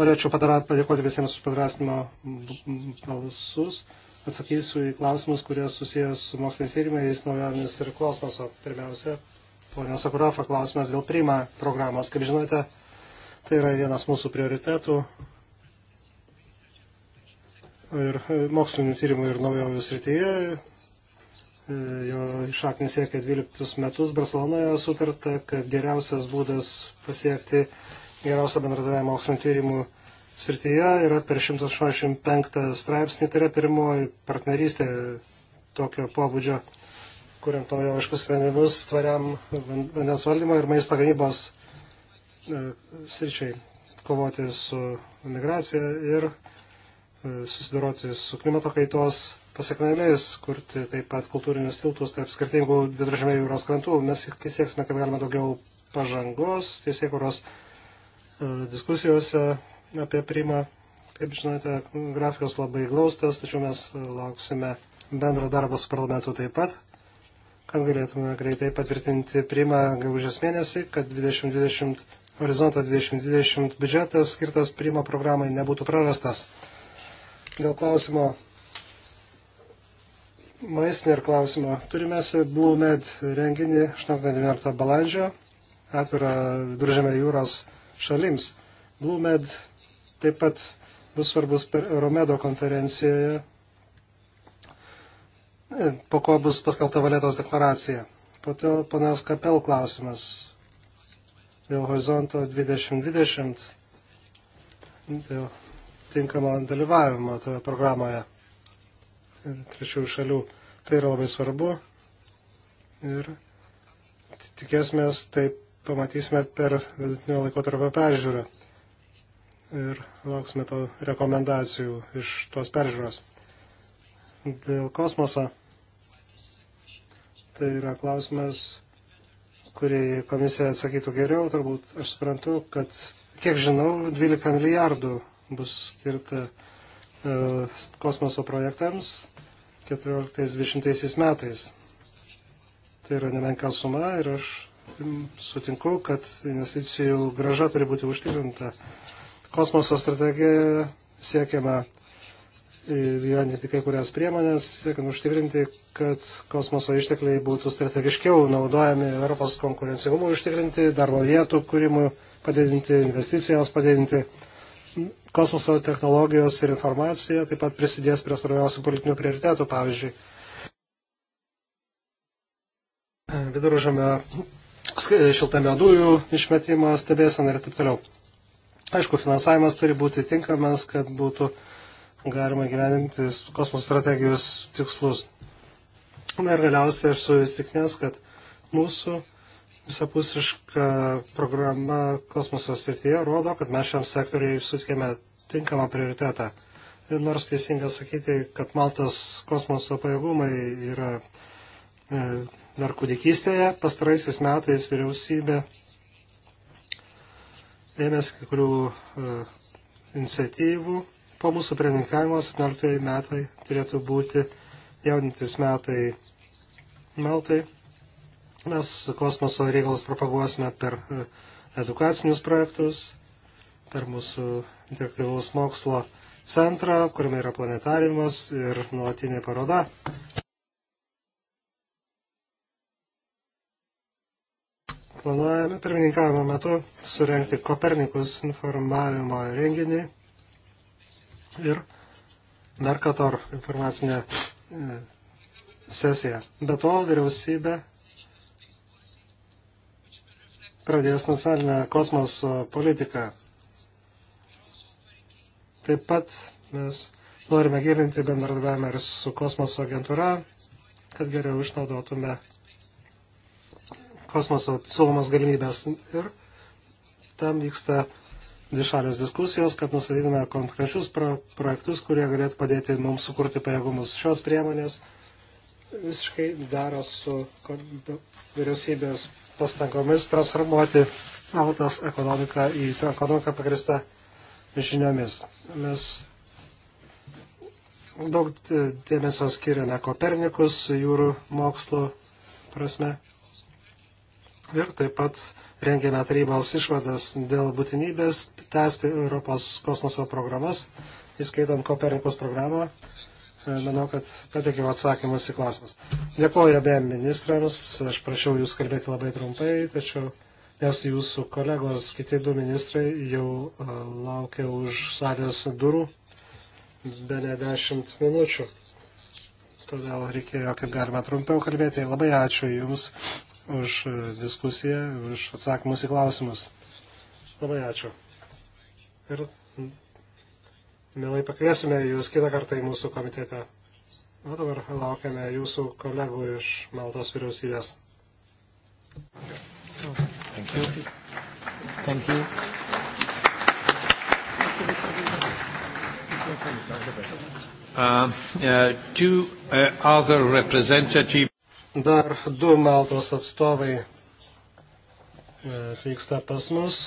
norėčiau padėkoti visiems už padrasnimo balsus. Atsakysiu į klausimus, kurie susijęs su moksliniais tyrimais, naujomis ir kosmoso. Pirmiausia, ponia Sakurafa, klausimas dėl priima programos. Kaip žinote, tai yra vienas mūsų prioritetų ir e, mokslinių tyrimų ir naujovių srityje. E, jo išaknis siekia 12 metus. Barcelonoje sutarta, kad geriausias būdas pasiekti geriausią bendradarbiavimą mokslinių tyrimų srityje yra per 185 straipsnį, tai yra pirmoji partnerystė tokio pobūdžio, kuriant naujoviškus sprendimus tvariam vandens valdymo ir maisto gamybos e, sričiai kovoti su migracija ir E, susidoroti su klimato kaitos pasiekmėmis, kurti taip pat kultūrinius tiltus tarp skirtingų viduržėmė jūros krantų. Mes sieksime, kad galima daugiau pažangos, teisėkuros e, diskusijose apie primą. Kaip žinote, grafikas labai glaustas, tačiau mes lauksime bendro darbo su parlamentu taip pat, kad galėtume greitai patvirtinti primą gegužės mėnesį, kad 2020 horizonto 2020 biudžetas skirtas primo programai nebūtų prarastas. Dėl klausimo, maisner klausimo, turime su BlueMed renginį 18 balandžio atvirą viduržėmė jūros šalims. BlueMed taip pat bus svarbus per Euromedo konferencijoje, e, po ko bus paskelbta valėtos deklaracija. Po to panas Kapel klausimas dėl horizonto 2020, dėl tinkamo dalyvavimo toje programoje trečiųjų šalių. Tai yra labai svarbu ir tikėsime taip pamatysime per vidutinio laikotarpio peržiūrą ir lauksime to rekomendacijų iš tos peržiūros. Dėl kosmoso tai yra klausimas, kurį komisija atsakytų geriau, turbūt aš suprantu, kad kiek žinau, 12 milijardų bus skirta e, kosmoso projektams 14-20 metais. Tai yra nemenka suma ir aš sutinku, kad investicijų graža turi būti užtikrinta. Kosmoso strategija siekiama e, įgyvendinti kai kurias priemonės, siekiant užtikrinti, kad kosmoso ištekliai būtų strategiškiau naudojami Europos konkurencingumui užtikrinti, darbo vietų kūrimui padidinti, investicijoms padidinti kosmoso technologijos ir informacija taip pat prisidės prie svarbiausių politinių prioritetų, pavyzdžiui, viduržame šiltame dujų išmetimą, stebėseną ir taip toliau. Aišku, finansavimas turi būti tinkamas, kad būtų galima gyveninti kosmoso strategijos tikslus. Na ir galiausiai aš esu įstiknęs, kad mūsų visapusiška programa kosmoso srityje rodo, kad mes šiam sektoriai sutikėme tinkamą prioritetą. Ir nors teisinga sakyti, kad Maltos kosmoso pajėgumai yra e, dar kūdikystėje, pastaraisiais metais vyriausybė ėmėsi kai kurių e, iniciatyvų. Po mūsų pirmininkavimo 17 metai turėtų būti jaunintis metai Maltai. Mes kosmoso reikalus propaguosime per e, edukacinius projektus, per mūsų interaktyvaus mokslo centrą, kuriame yra planetariumas ir nuolatinė paroda. Planuojame pirmininkavimo metu surenkti Kopernikus informavimo renginį ir Merkator informacinę e, sesiją. Be to, vyriausybė pradės nacionalinę kosmoso politiką. Taip pat mes norime gilinti bendradarbiavimą ir su kosmoso agentūra, kad geriau išnaudotume kosmoso siūlomas galimybės. Ir tam vyksta dvišalės diskusijos, kad nustatytume konkrečius pro projektus, kurie galėtų padėti mums sukurti pajėgumus. Šios priemonės visiškai daro su vyriausybės pastangomis transformuoti Maltos ekonomiką į ekonomiką pagristą žiniomis. Mes daug dėmesio skiriame Kopernikus jūrų mokslo prasme ir taip pat rengėme tarybos išvadas dėl būtinybės tęsti Europos kosmoso programas, įskaitant Kopernikus programą E, manau, kad patikėjau atsakymus į klausimus. Dėkuoju abiem ministrams, aš prašiau jūs kalbėti labai trumpai, tačiau nes jūsų kolegos, kiti du ministrai jau e, laukia už salės durų be ne dešimt minučių. Todėl reikėjo, kaip galima trumpiau kalbėti. Labai ačiū Jums už e, diskusiją, už atsakymus į klausimus. Labai ačiū. Ir Mielai pakviesime jūs kitą kartą į mūsų komitetą. O dabar laukiame jūsų kolegų iš Maltos vyriausybės. Thank you. Thank you. Uh, uh, two, uh, other representative... Dar du Maltos atstovai uh, atvyksta pas mus.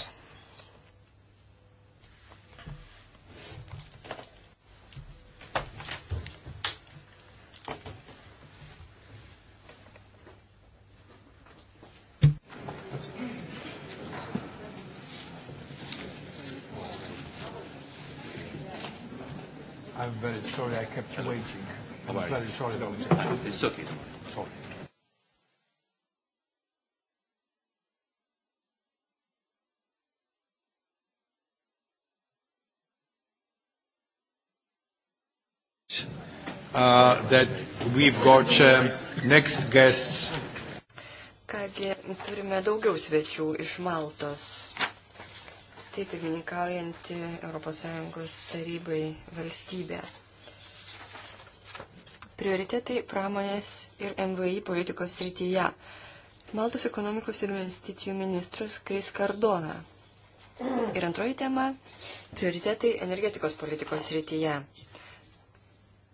very sorry I kept you waiting. I'm right. very sorry about no, this. It's okay. Sorry. Uh, that we've got uh, next guests. Kągi, turime daugiau svečių iš Maltos tai pirmininkaujanti ES tarybai valstybė. Prioritetai pramonės ir MVI politikos srityje. Maltos ekonomikos ir investicijų ministras Kris Kardona. Ir antroji tema - prioritetai energetikos politikos srityje.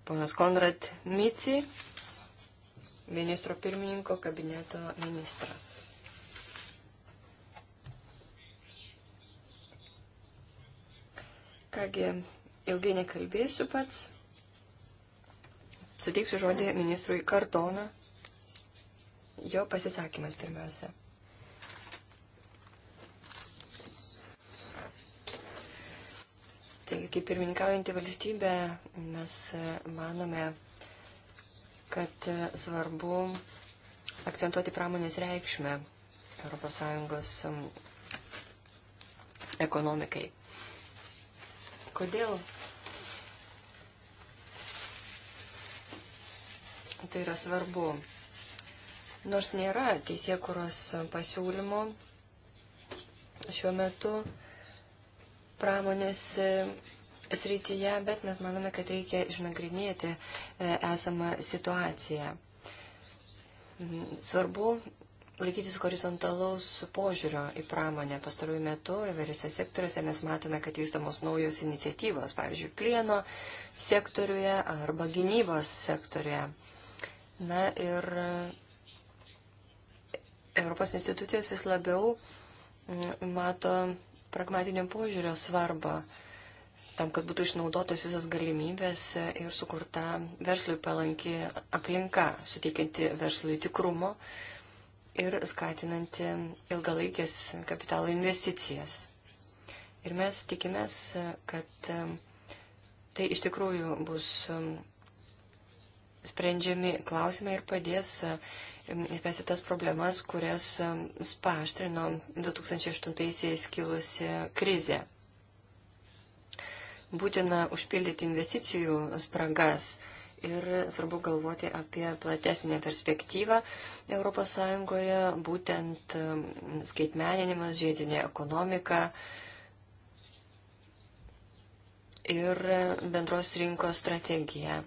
Ponas Konrad Mici, ministro pirmininko kabineto ministras. Kągi, ilgai nekalbėsiu pats. Suteiksiu žodį ministrui Kartoną. Jo pasisakymas pirmiausia. Taigi, kaip pirmininkaujantį valstybę, mes manome, kad svarbu akcentuoti pramonės reikšmę ES ekonomikai. Kodėl tai yra svarbu? Nors nėra teisėkuros pasiūlymo šiuo metu pramonės e, srityje, bet mes manome, kad reikia išnagrinėti e, esamą situaciją. Mm, svarbu laikytis horizontalaus požiūrio į pramonę. Pastarųjų metų įvairiuose sektoriuose mes matome, kad vystomos naujos iniciatyvos, pavyzdžiui, plieno sektoriuje arba gynybos sektoriuje. Na ir Europos institucijos vis labiau mm, mato pragmatinio požiūrio svarbą tam, kad būtų išnaudotos visos galimybės ir sukurta verslui palanki aplinka, suteikianti verslui tikrumo ir skatinanti ilgalaikės kapitalo investicijas. Ir mes tikimės, kad um, tai iš tikrųjų bus um, sprendžiami klausimai ir padės įpėsti um, tas problemas, kurias spaaštrino 2008-aisiais kilusi krizė. Būtina užpildyti investicijų spragas ir svarbu galvoti apie platesnę perspektyvą ES, būtent um, skaitmeninimas, žiedinė ekonomika ir bendros rinkos strategija.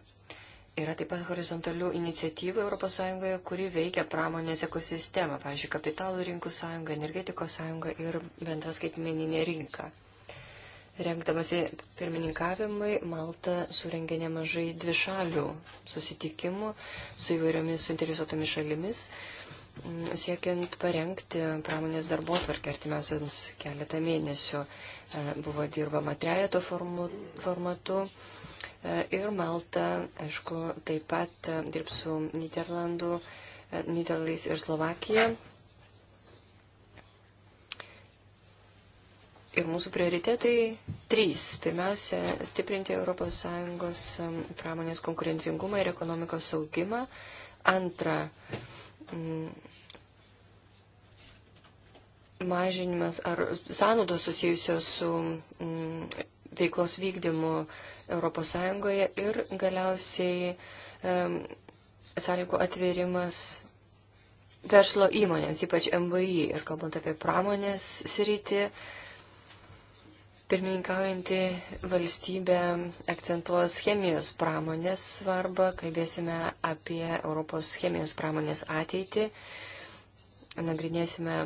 Yra taip pat horizontalių iniciatyvų ES, kuri veikia pramonės ekosistemą, pavyzdžiui, kapitalų rinkų sąjunga, energetikos sąjunga ir bendra skaitmeninė rinka. Renkdamasi pirmininkavimui, Malta surengė nemažai dvišalių susitikimų su įvairiomis suinteresuotomis šalimis, mm, siekiant parengti pramonės darbo tvarkę artimiausiams keletą mėnesių. E, buvo dirbama trejato formatu e, ir Malta, aišku, taip pat e, dirbs su Niderlandų, Niderlandais ir Slovakija Ir mūsų prioritetai trys. Pirmiausia, stiprinti ES um, pramonės konkurencingumą ir ekonomikos saugimą. Antra, mm, mažinimas ar sąnaudos susijusios su mm, veiklos vykdymu ES ir galiausiai um, sąlygų atvėrimas verslo įmonėms, ypač MVI. Ir kalbant apie pramonės sritį, Pirmininkaujantį valstybę akcentuos chemijos pramonės svarbą, kalbėsime apie Europos chemijos pramonės ateitį, nagrinėsime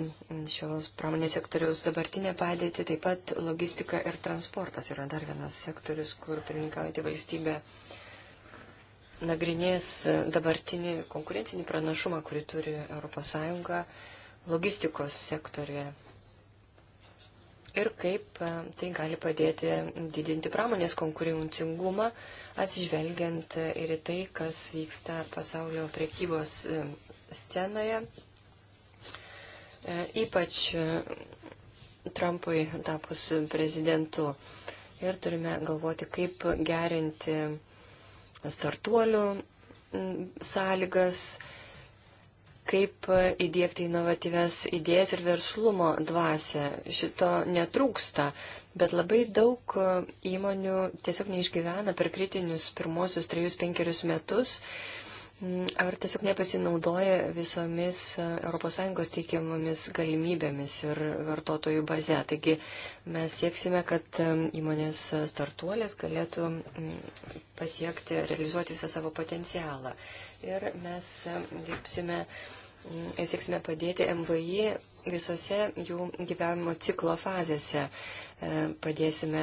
šios pramonės sektoriaus dabartinę padėtį, taip pat logistika ir transportas yra dar vienas sektorius, kur pirmininkaujantį valstybę nagrinės dabartinį konkurencinį pranašumą, kurį turi ES logistikos sektorėje ir kaip e, tai gali padėti didinti pramonės konkurencingumą, atsižvelgiant e, ir į tai, kas vyksta pasaulio prekybos e, scenoje. Ypač Trumpui tapus prezidentu. Ir turime galvoti, kaip gerinti startuolių sąlygas, kaip įdėkti inovatyves idėjas ir verslumo dvasę. Šito netrūksta, bet labai daug e, įmonių tiesiog neišgyvena per kritinius pirmosius 3-5 metus. Mm, ar tiesiog nepasinaudoja visomis ES teikiamomis galimybėmis ir vartotojų baze. Taigi mes sieksime, kad e, įmonės startuolės galėtų mm, pasiekti, realizuoti visą savo potencialą. Ir mes e, dirbsime uh, sieksime padėti MVI visose jų gyvenimo ciklo fazėse. E, padėsime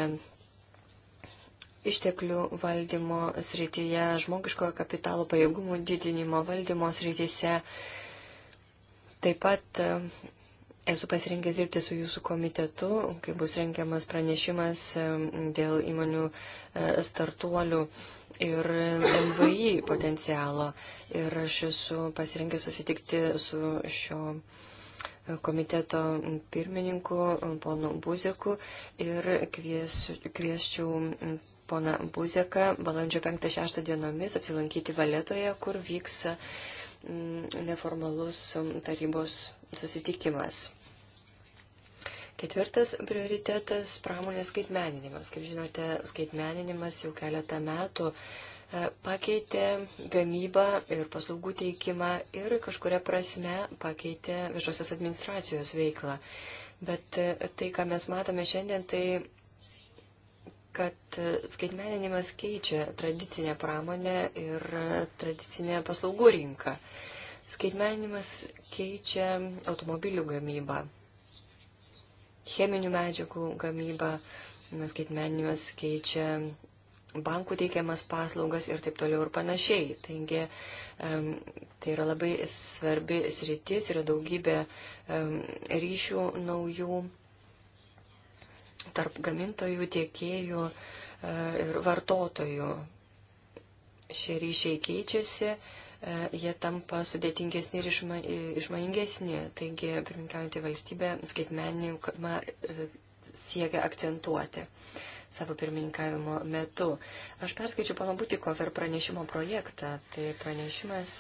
išteklių valdymo srityje, žmogiškojo kapitalo pajėgumų didinimo valdymo srityse. Taip pat e, esu pasirinkęs dirbti su jūsų komitetu, kai bus rengiamas pranešimas e, dėl įmonių startuolių ir MVI potencialo. Ir aš esu pasirinkęs susitikti su šio komiteto pirmininku, ponu Buzeku, ir kvies, kvieščiau poną Buzeką balandžio 5-6 dienomis apsilankyti valetoje, kur vyks neformalus tarybos susitikimas. Ketvirtas prioritetas - pramonės skaitmeninimas. Kaip žinote, skaitmeninimas jau keletą metų e, pakeitė gamybą ir paslaugų teikimą ir kažkuria prasme pakeitė viešosios administracijos veiklą. Bet e, tai, ką mes matome šiandien, tai kad e, skaitmeninimas keičia tradicinę pramonę ir tradicinę paslaugų rinką. Skaitmeninimas keičia automobilių gamybą, cheminių medžiagų gamybą, skaitmeninimas keičia bankų teikiamas paslaugas ir taip toliau ir panašiai. Taigi um, tai yra labai svarbi sritis, yra daugybė um, ryšių naujų tarp gamintojų, tiekėjų uh, ir vartotojų. Šie ryšiai keičiasi E, jie tampa sudėtingesni ir išma, e, išmaningesni. Taigi, pirminkaujantį valstybę skaitmenininkama e, siekia akcentuoti savo pirmininkavimo metu. Aš perskaičiu pana Butikofer pranešimo projektą. Tai pranešimas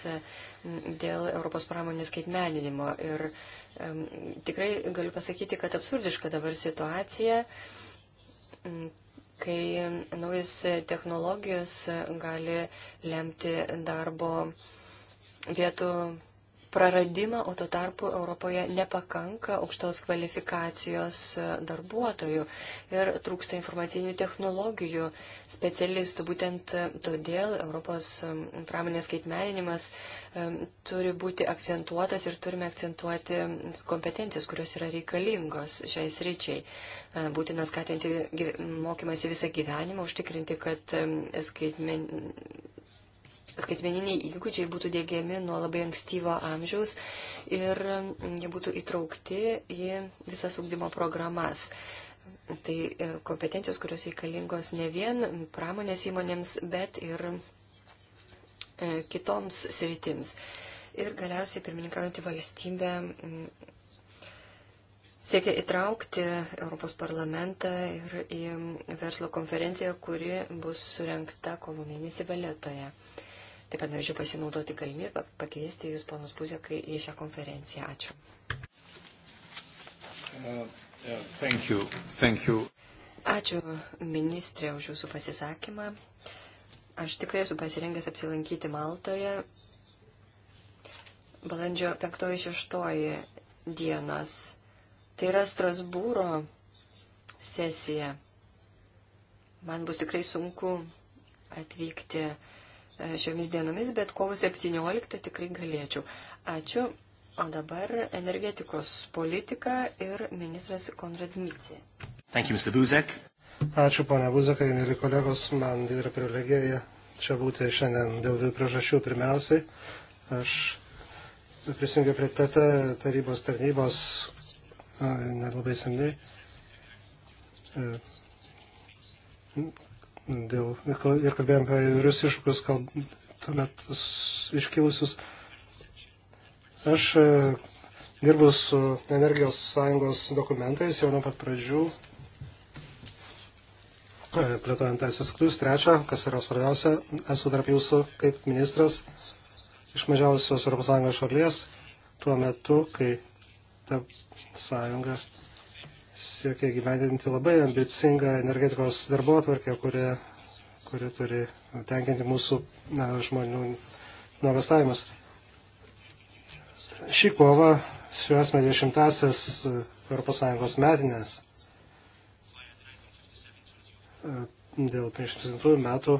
dėl Europos pramonės skaitmeninimo. Ir um, tikrai galiu pasakyti, kad absurdiška dabar situacija kai naujas technologijos gali lemti darbo vietų praradimą, o tuo tarpu Europoje nepakanka aukštos kvalifikacijos e, darbuotojų ir trūksta informacinių technologijų specialistų. Būtent e, todėl Europos e, pramonės skaitmeninimas turi būti akcentuotas ir turime akcentuoti kompetencijas, kurios yra reikalingos šiai sričiai. Būtina skatinti mokymasi visą gyvenimą, užtikrinti, kad skaitmen skaitmeniniai įgūdžiai būtų dėgiami nuo labai ankstyvo amžiaus ir jie būtų įtraukti į visas ugdymo programas. Tai e, kompetencijos, kurios reikalingos ne vien pramonės įmonėms, bet ir e, kitoms sritims. Ir galiausiai pirmininkaujantį valstybę siekia įtraukti Europos parlamentą ir į verslo konferenciją, kuri bus surenkta kovo mėnesį Valetoje. Taip pat norėčiau pasinaudoti galimybę pakviesti Jūs, ponas Buzekai, į šią konferenciją. Ačiū. Uh, uh, thank you. Thank you. Ačiū, ministrė, už Jūsų pasisakymą. Aš tikrai esu pasirengęs apsilankyti Maltoje balandžio 5-6 dienas. Tai yra Strasbūro sesija. Man bus tikrai sunku atvykti šiomis dienomis, bet kovo 17 tikrai galėčiau. Ačiū. O dabar energetikos politika ir ministras Konrad Mici. Ačiū, ponia Buzekai, mėly kolegos, man didelė privilegija čia būti šiandien dėl dviejų priežasčių. Pirmiausiai, aš prisijungiau prie TT tarybos tarnybos nelabai seniai e, dėl, ir kalbėjom apie įvairius iššūkius, kalb, tuomet iškilusius. Aš e, dirbu su Energijos sąjungos dokumentais jau nuo pat pradžių, e, plėtojant teisės aktus. Trečia, kas yra svarbiausia, esu tarp jūsų kaip ministras iš mažiausios ES šalies tuo metu, kai ta sąjunga siekia gyvendinti labai ambicingą energetikos darbo atvarkę, kuri, kuri turi tenkinti mūsų na, žmonių nuogastavimus. Šį kovą švesime 10-asias ES metinės e, dėl 57 metų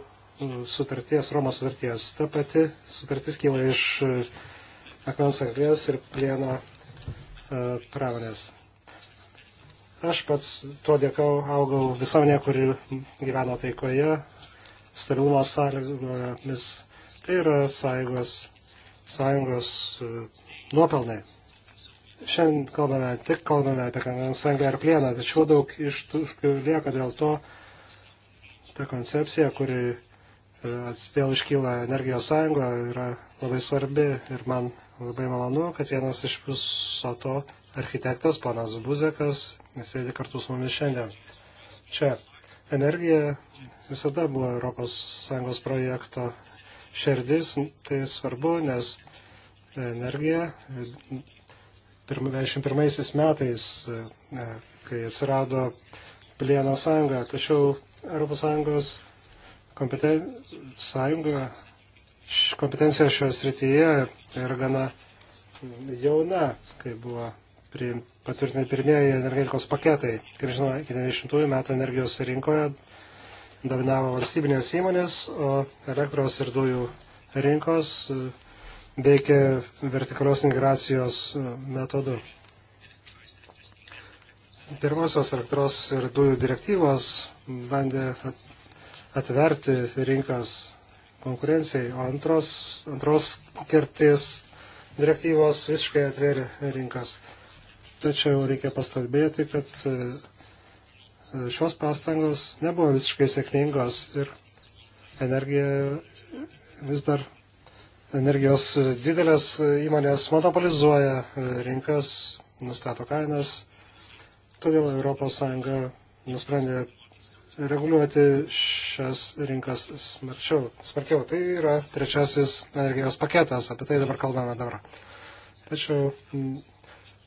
sutarties, Romos sutarties. Ta pati sutartis kyla iš e, akmens anglės ir plieno e, pramonės. Aš pats tuo dėka augau visuomenė, kuri gyveno taikoje, stabilumo sąlygomis. Tai yra sąjungos, sąjungos e, nuopelnai. Šiandien kalbame tik kalbame apie kandens anglę ir plieną, tačiau daug ištuškių lieka dėl to, ta koncepcija, kuri e, vėl iškyla energijos sąjunga, yra labai svarbi ir man labai malonu, kad vienas iš viso to architektas, ponas Buzekas, sėdi kartu su mumis šiandien. Čia energija visada buvo ES projekto šerdis, tai svarbu, nes energija 91 metais, e, kai atsirado plieno sąjunga, tačiau ES kompeten... sąjunga kompetencija šioje srityje yra gana jauna, kai buvo priimta patvirtinti pirmieji energetikos paketai. Kaip žinoma, iki 90-ųjų metų energijos rinkoje dominavo valstybinės įmonės, o elektros ir dujų rinkos e, veikė vertikalios integracijos e, metodu. Pirmosios elektros ir dujų direktyvos bandė atverti rinkas konkurencijai, o antros, antros kertės direktyvos visiškai atvėrė rinkas. Tačiau reikia pastebėti, kad e, šios pastangos nebuvo visiškai sėkmingos ir energija vis dar energijos didelės įmonės monopolizuoja e, rinkas, nustato kainas. Todėl ES nusprendė reguliuoti šias rinkas smarčiau. smarkiau. Tai yra trečiasis energijos paketas, apie tai dabar kalbame dabar. Tačiau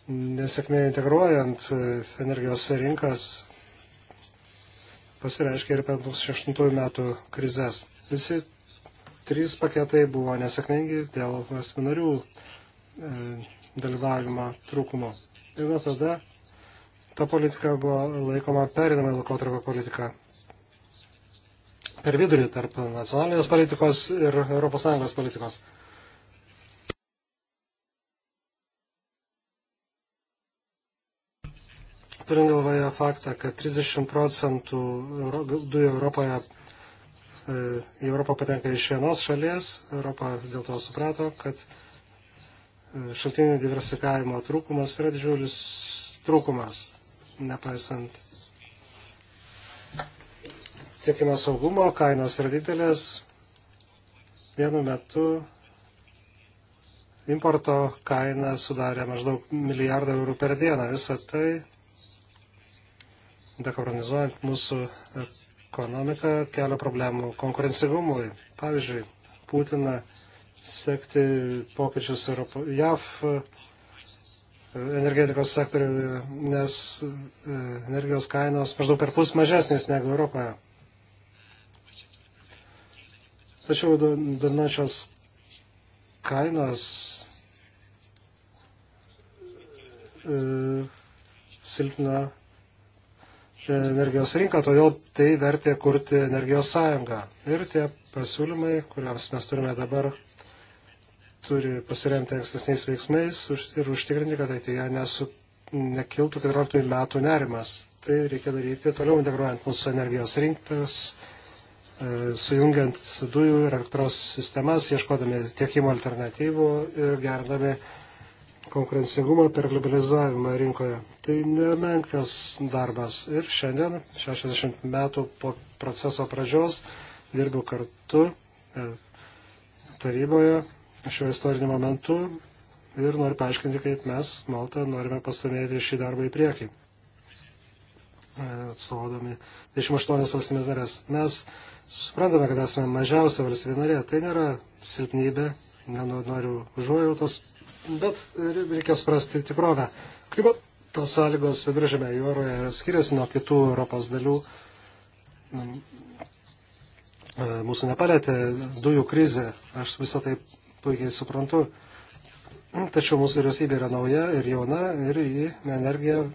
nesėkmė integruojant e, energijos rinkas pasireiškia ir per 2008 metų krizės. Visi trys paketai buvo nesėkmingi dėl asmenarių e, dalyvavimo trūkumo. Ir nuo tada ta politika buvo laikoma perinamai laikotarpio politika. Per vidurį tarp nacionalinės politikos ir ES politikos. turint galvoje faktą, kad 30 procentų dujų Europoje e, į Europą patenka iš vienos šalies, Europą dėl to suprato, kad e, šaltinių diversifikavimo trūkumas yra didžiulis trūkumas, nepaisant tiekimo saugumo, kainos yra didelės. Vienu metu importo kaina sudarė maždaug milijardą eurų per dieną. Visą tai dekoronizuojant mūsų ekonomiką kelia problemų konkurencingumui. Pavyzdžiui, Putina sekti pokyčius Europo, JAV e, energetikos sektoriuje, nes e, energijos kainos maždaug per pus mažesnės negu Europoje. Tačiau dominuojančios kainos e, silpna energijos rinką, todėl tai vertė kurti energijos sąjungą. Ir tie pasiūlymai, kuriams mes turime dabar, turi pasiremti ankstesniais veiksmais ir užtikrinti, kad ateityje nesu, nekiltų 14 metų nerimas. Tai reikia daryti toliau integruojant mūsų energijos rinktas, e, sujungiant dujų ir elektros sistemas, ieškodami tiekimo alternatyvų ir gerdami konkurencingumą per globalizavimą rinkoje. Tai nemenkas darbas. Ir šiandien, 60 metų po proceso pradžios, dirbu kartu e, taryboje šiuo istoriniu momentu ir noriu paaiškinti, kaip mes, Malta, norime pastumėti šį darbą į priekį, e, atsavodami 28 valstybės narės. Mes suprantame, kad esame mažiausia valstybė narė, tai nėra silpnybė, nenoriu užuojautos, Bet reikia suprasti tikrovę. Klimato sąlygos viduržėme jūroje skiriasi nuo kitų Europos dalių. Mūsų nepalėtė dujų krizė, aš visą tai puikiai suprantu. Tačiau mūsų vyriausybė yra nauja ir jauna ir į energiją e,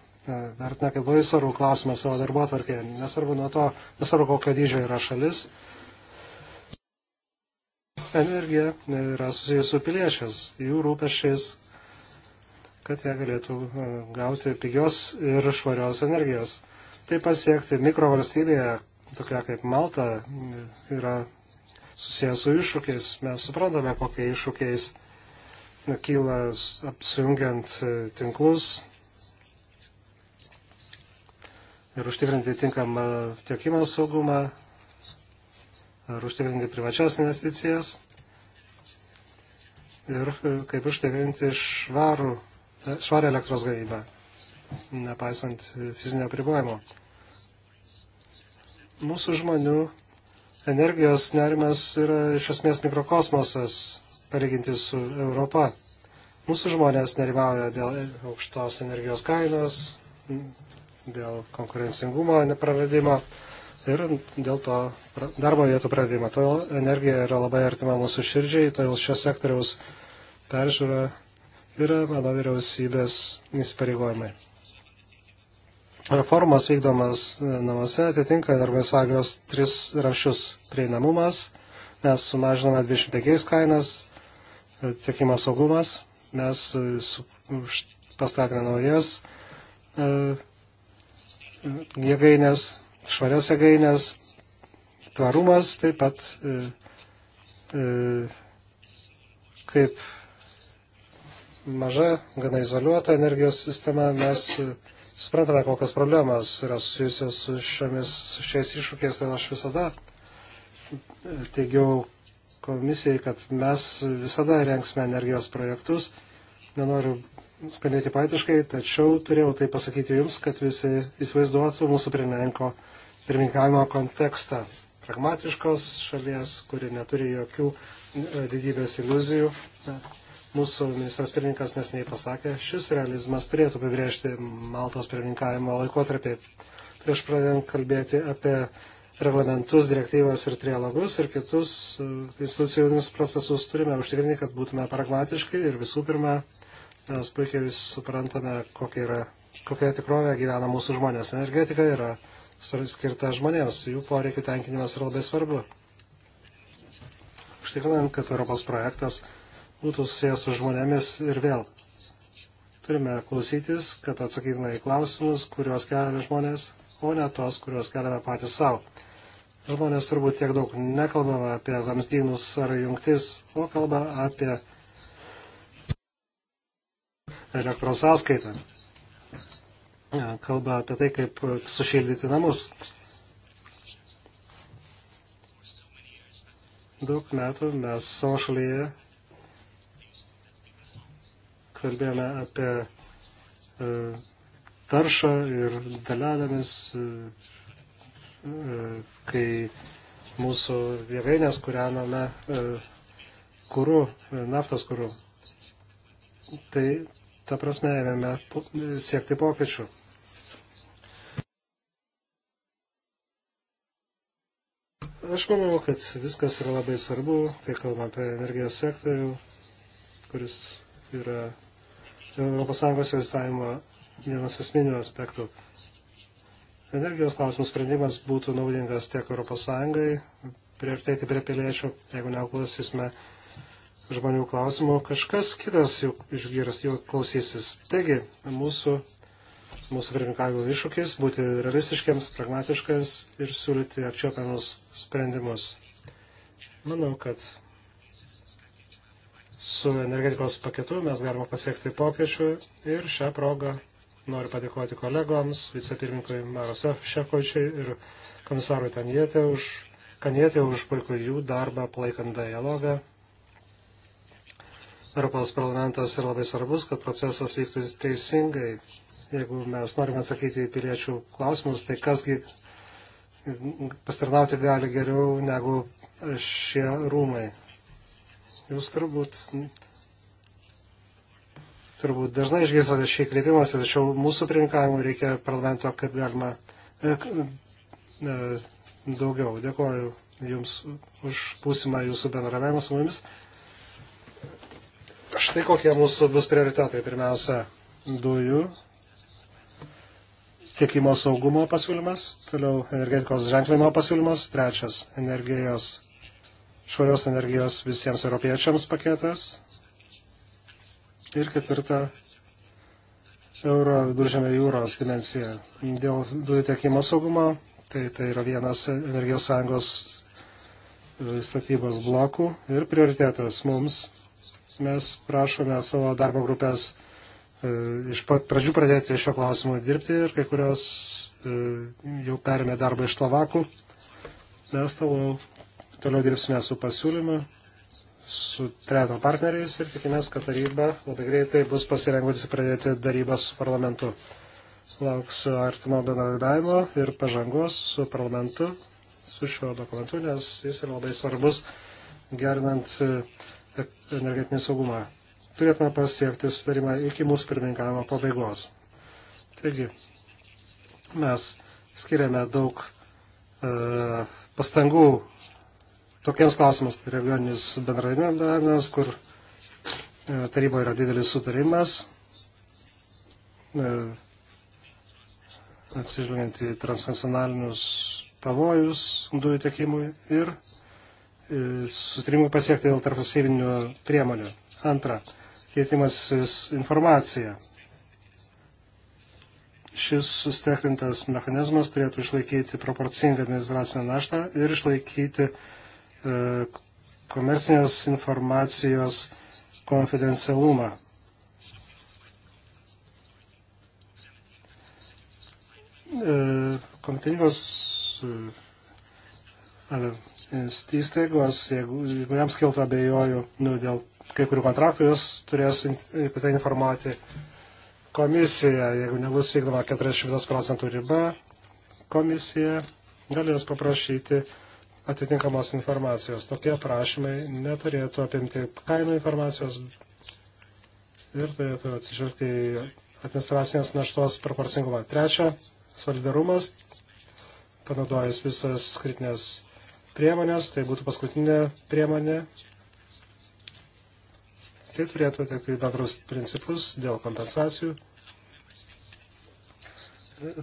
vertina kaip labai svarbu klausimą savo darbo atvarkėje. Nesvarbu nuo to, nesvarbu kokio dydžio yra šalis, energija yra susijusi su piliečiais, jų rūpešiais, kad jie galėtų e, gauti pigios ir švarios energijos. Tai pasiekti mikrovalstybėje, tokia kaip Malta, e, yra susijęs su iššūkiais. Mes suprantame, kokie iššūkiais e, kyla apsijungiant tinklus, ir užtikrinti tinkamą tiekimo saugumą, ar užtikrinti privačias investicijas ir e, kaip užtikrinti švarų, e, švarę elektros gavybą, nepaisant e, fizinio pribojimo. Mūsų žmonių energijos nerimas yra iš esmės mikrokosmosas, palyginti su Europa. Mūsų žmonės nerimauja dėl aukštos energijos kainos, dėl konkurencingumo nepraradimo ir dėl to darbo vietų pradėjimą. Todėl energija yra labai artima mūsų širdžiai, todėl šios sektoriaus peržiūra yra mano vyriausybės įsipareigojimai. Reformas vykdomas e, namuose atitinka ES tris rašius prieinamumas, mes sumažiname 25 kainas, e, tiekimo saugumas, mes e, pastatėme naujas jėgainės švarias jėgainės, tvarumas taip pat e, e, kaip maža, gana izoliuota energijos sistema, mes e, suprantame, kokios problemas yra susijusios su, šiomis, su šiais iššūkiais ir aš visada e, teigiau komisijai, kad mes visada renksime energijos projektus. Nenoriu skambėti patiškai, tačiau turėjau tai pasakyti jums, kad visi įsivaizduotų mūsų pirmininko pirmininkavimo kontekstą. Pragmatiškos šalies, kuri neturi jokių didybės e, iliuzijų. Mūsų ministras pirmininkas nesnei pasakė, šis realizmas turėtų apibrėžti Maltos pirmininkavimo laikotarpį. Prieš pradedant kalbėti apie reglamentus, direktyvas ir trialogus ir kitus e, institucijinius procesus turime užtikrinti, kad būtume pragmatiški ir visų pirma, mes puikiai suprantame, kokia yra kokia tikrovė gyvena mūsų žmonės. Energetika yra skirta žmonėms. Jų poreikių tenkinimas yra labai svarbu. Užtikrinant, kad Europos projektas būtų susijęs su žmonėmis ir vėl. Turime klausytis, kad atsakytume į klausimus, kuriuos kelia žmonės, o ne tos, kuriuos keliame patys savo. Žmonės turbūt tiek daug nekalbama apie vamzdynus ar jungtis, o kalba apie elektros sąskaitą kalba apie tai, kaip sušildyti namus. Daug metų mes savo šalyje kalbėjome apie e, taršą ir dalelėmis, e, kai mūsų jėgainės kūrename e, kūrų, naftos kūrų. Tai ta prasme ėmėme siekti pokyčių. Aš manau, kad viskas yra labai svarbu, kai kalbam apie energijos sektorių, kuris yra ES investavimo vienas esminių aspektų. Energijos klausimų sprendimas būtų naudingas tiek ES, priartėti prie piliečių, jeigu neklausysime žmonių klausimų, kažkas kitas juk išgirs, juk klausysis. Taigi, mūsų mūsų pirmininkavimo iššūkis - būti realistiškiams, pragmatiškiams ir siūlyti apčiopiamus sprendimus. Manau, kad su energetikos paketu mes galime pasiekti pokyčių ir šią progą noriu padėkoti kolegoms, vicepirminkui Marose Šekočiai ir komisarui Tanietė už, Kanietė už puikų jų darbą palaikant dialogą Europos parlamentas yra labai svarbus, kad procesas vyktų teisingai jeigu mes norime atsakyti į piliečių klausimus, tai kasgi pasitarnauti gali geriau negu šie rūmai. Jūs turbūt, turbūt dažnai išgirstate šį kreipimąsi, tačiau mūsų pirmininkavimui reikia parlamento kaip galima e, e, daugiau. Dėkuoju Jums už būsimą Jūsų bendravimą su mumis. Štai kokie mūsų bus prioritetai. Pirmiausia, dujų tiekimo saugumo pasiūlymas, toliau energetikos ženklinimo pasiūlymas, trečias energijos, švarios energijos visiems europiečiams paketas ir ketvirta euro viduržėmio jūros dimensija. Dėl dujų tiekimo saugumo, tai tai yra vienas energijos sąjungos e, statybos blokų ir prioritetas mums. Mes prašome savo darbo grupės E, iš pat pradžių pradėti šio klausimo dirbti ir kai kurios e, jau perėmė darbą iš Slovakų. Mes toliau, toliau dirbsime su pasiūlymu, su treto partneriais ir tikimės, kad taryba labai greitai bus pasirengusi pradėti darybą su parlamentu. Lauksiu artimo bendradarbiavimo ir pažangos su parlamentu, su šiuo dokumentu, nes jis yra labai svarbus gerinant e, energetinį saugumą turėtume pasiekti sudarimą iki mūsų pirmininkavimo pabaigos. Taigi, mes skiriame daug e, pastangų tokiems klausimams, kaip regioninis bendradarbiavimas, kur e, taryboje yra didelis sutarimas, e, atsižvelgiant į transnacionalinius pavojus dujų tiekimui ir e, sutarimų pasiekti dėl tarpusavinių priemonių. Antra, keitimasis informacija. Šis sustekrintas mechanizmas turėtų išlaikyti proporcingą administracinę naštą ir išlaikyti e, komercinės informacijos konfidencialumą. E, kompetingos e, e, įstaigos, jeigu, jeigu jiems kiltų abejojų nu, dėl kai kurių kontraktų jos turės apie tai informuoti komisiją. Jeigu nebus vykdoma 40 procentų riba, komisija galės paprašyti atitinkamos informacijos. Tokie prašymai neturėtų apimti kainų informacijos ir turėtų atsižvelgti į administracinės naštos proporcingumą. Trečia, solidarumas, panaudojus visas kritinės priemonės, tai būtų paskutinė priemonė, Tai turėtų atitikti bendrus principus dėl kompensacijų.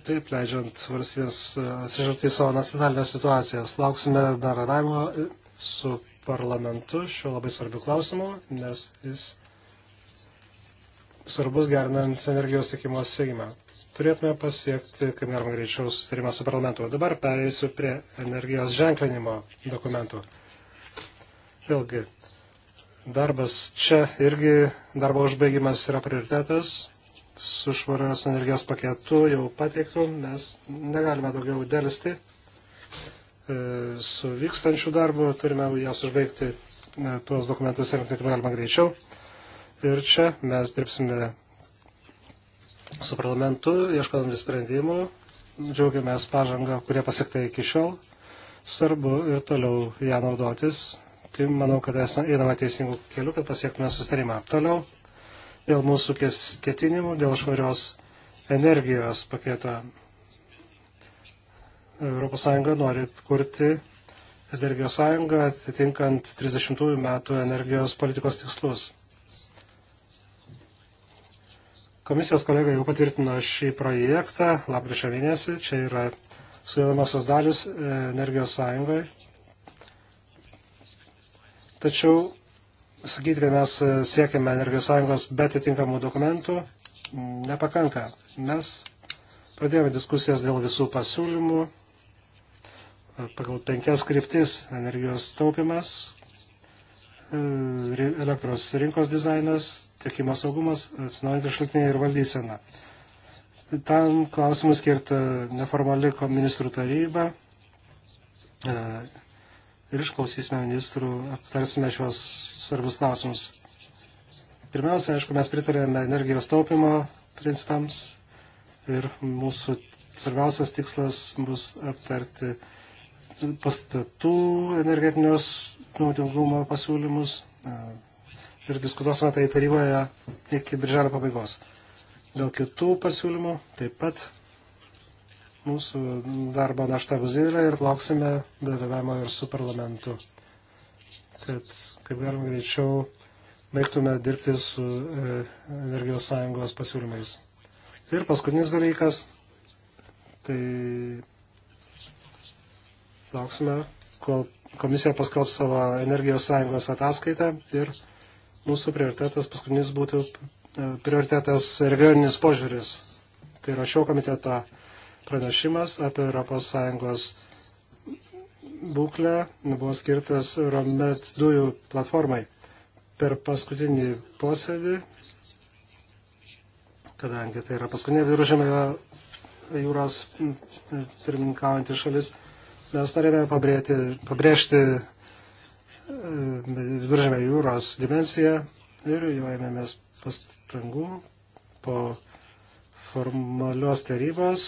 Taip, leidžiant valstybės atsižvelgti į savo nacionalinę situaciją. Lauksime bendravimo su parlamentu šiuo labai svarbiu klausimu, nes jis svarbus gerinant energijos tikimo sėgimą. Turėtume pasiekti, kaip galima greičiau, sutarimą su parlamentu. Dabar pereisiu prie energijos ženklinimo dokumentų. Vėlgi, Darbas čia irgi darbo užbaigimas yra prioritetas. Su švarios energijos paketu jau pateiktų, mes negalime daugiau dėlisti. E, su vykstančiu darbu turime jas užbaigti e, tuos dokumentus ir kaip galima greičiau. Ir čia mes dirbsime su parlamentu, ieškodami sprendimų, džiaugiamės pažangą, kurie pasiektai iki šiol. Svarbu ir toliau ją naudotis, tai manau, kad einame teisingų kelių, kad pasiektume sustarimą. Toliau dėl mūsų ketinimų, dėl švarios energijos paketo. ES nori kurti energijos sąjungą atitinkant 30 metų energijos politikos tikslus. Komisijos kolega jau patvirtino šį projektą lapkričio mėnesį. Čia yra sudėdamasios dalis e, energijos sąjungai. Tačiau sakyti, kad mes siekiame energijos sąjungos be atitinkamų dokumentų, nepakanka. Mes pradėjome diskusijas dėl visų pasiūlymų pagal penkias kryptis - energijos taupimas, e, elektros rinkos dizainas, tiekimo saugumas, atsinaujantys šaltiniai ir valdysena. Tam klausimui skirta neformali ministrų taryba, e, ir išklausysime ministrų, aptarsime šios svarbius klausimus. Pirmiausia, aišku, mes pritarėme energijos taupimo principams ir mūsų svarbiausias tikslas bus aptarti pastatų energetinius naudingumo pasiūlymus e, ir diskutuosime tai taryboje iki birželio pabaigos. Dėl kitų pasiūlymų taip pat mūsų darbo našta bus didelė ir lauksime dalyvavimo ir su parlamentu, kad kaip galima greičiau baigtume dirbti su e, Energijos sąjungos pasiūlymais. Ir paskutinis dalykas, tai lauksime, kol komisija paskelbs savo Energijos sąjungos ataskaitą ir mūsų prioritetas paskutinis būtų e, prioritetas regioninis požiūris. Tai yra šio komiteto pranešimas apie ES būklę buvo skirtas Romet dujų platformai. Per paskutinį posėdį, kadangi tai yra paskutinė viduržėmė jūros pirmininkaujantį šalis, mes norėjome pabrėti, pabrėžti e, viduržėmė jūros dimensiją ir jo ėmėmės pastangų po formalios tarybos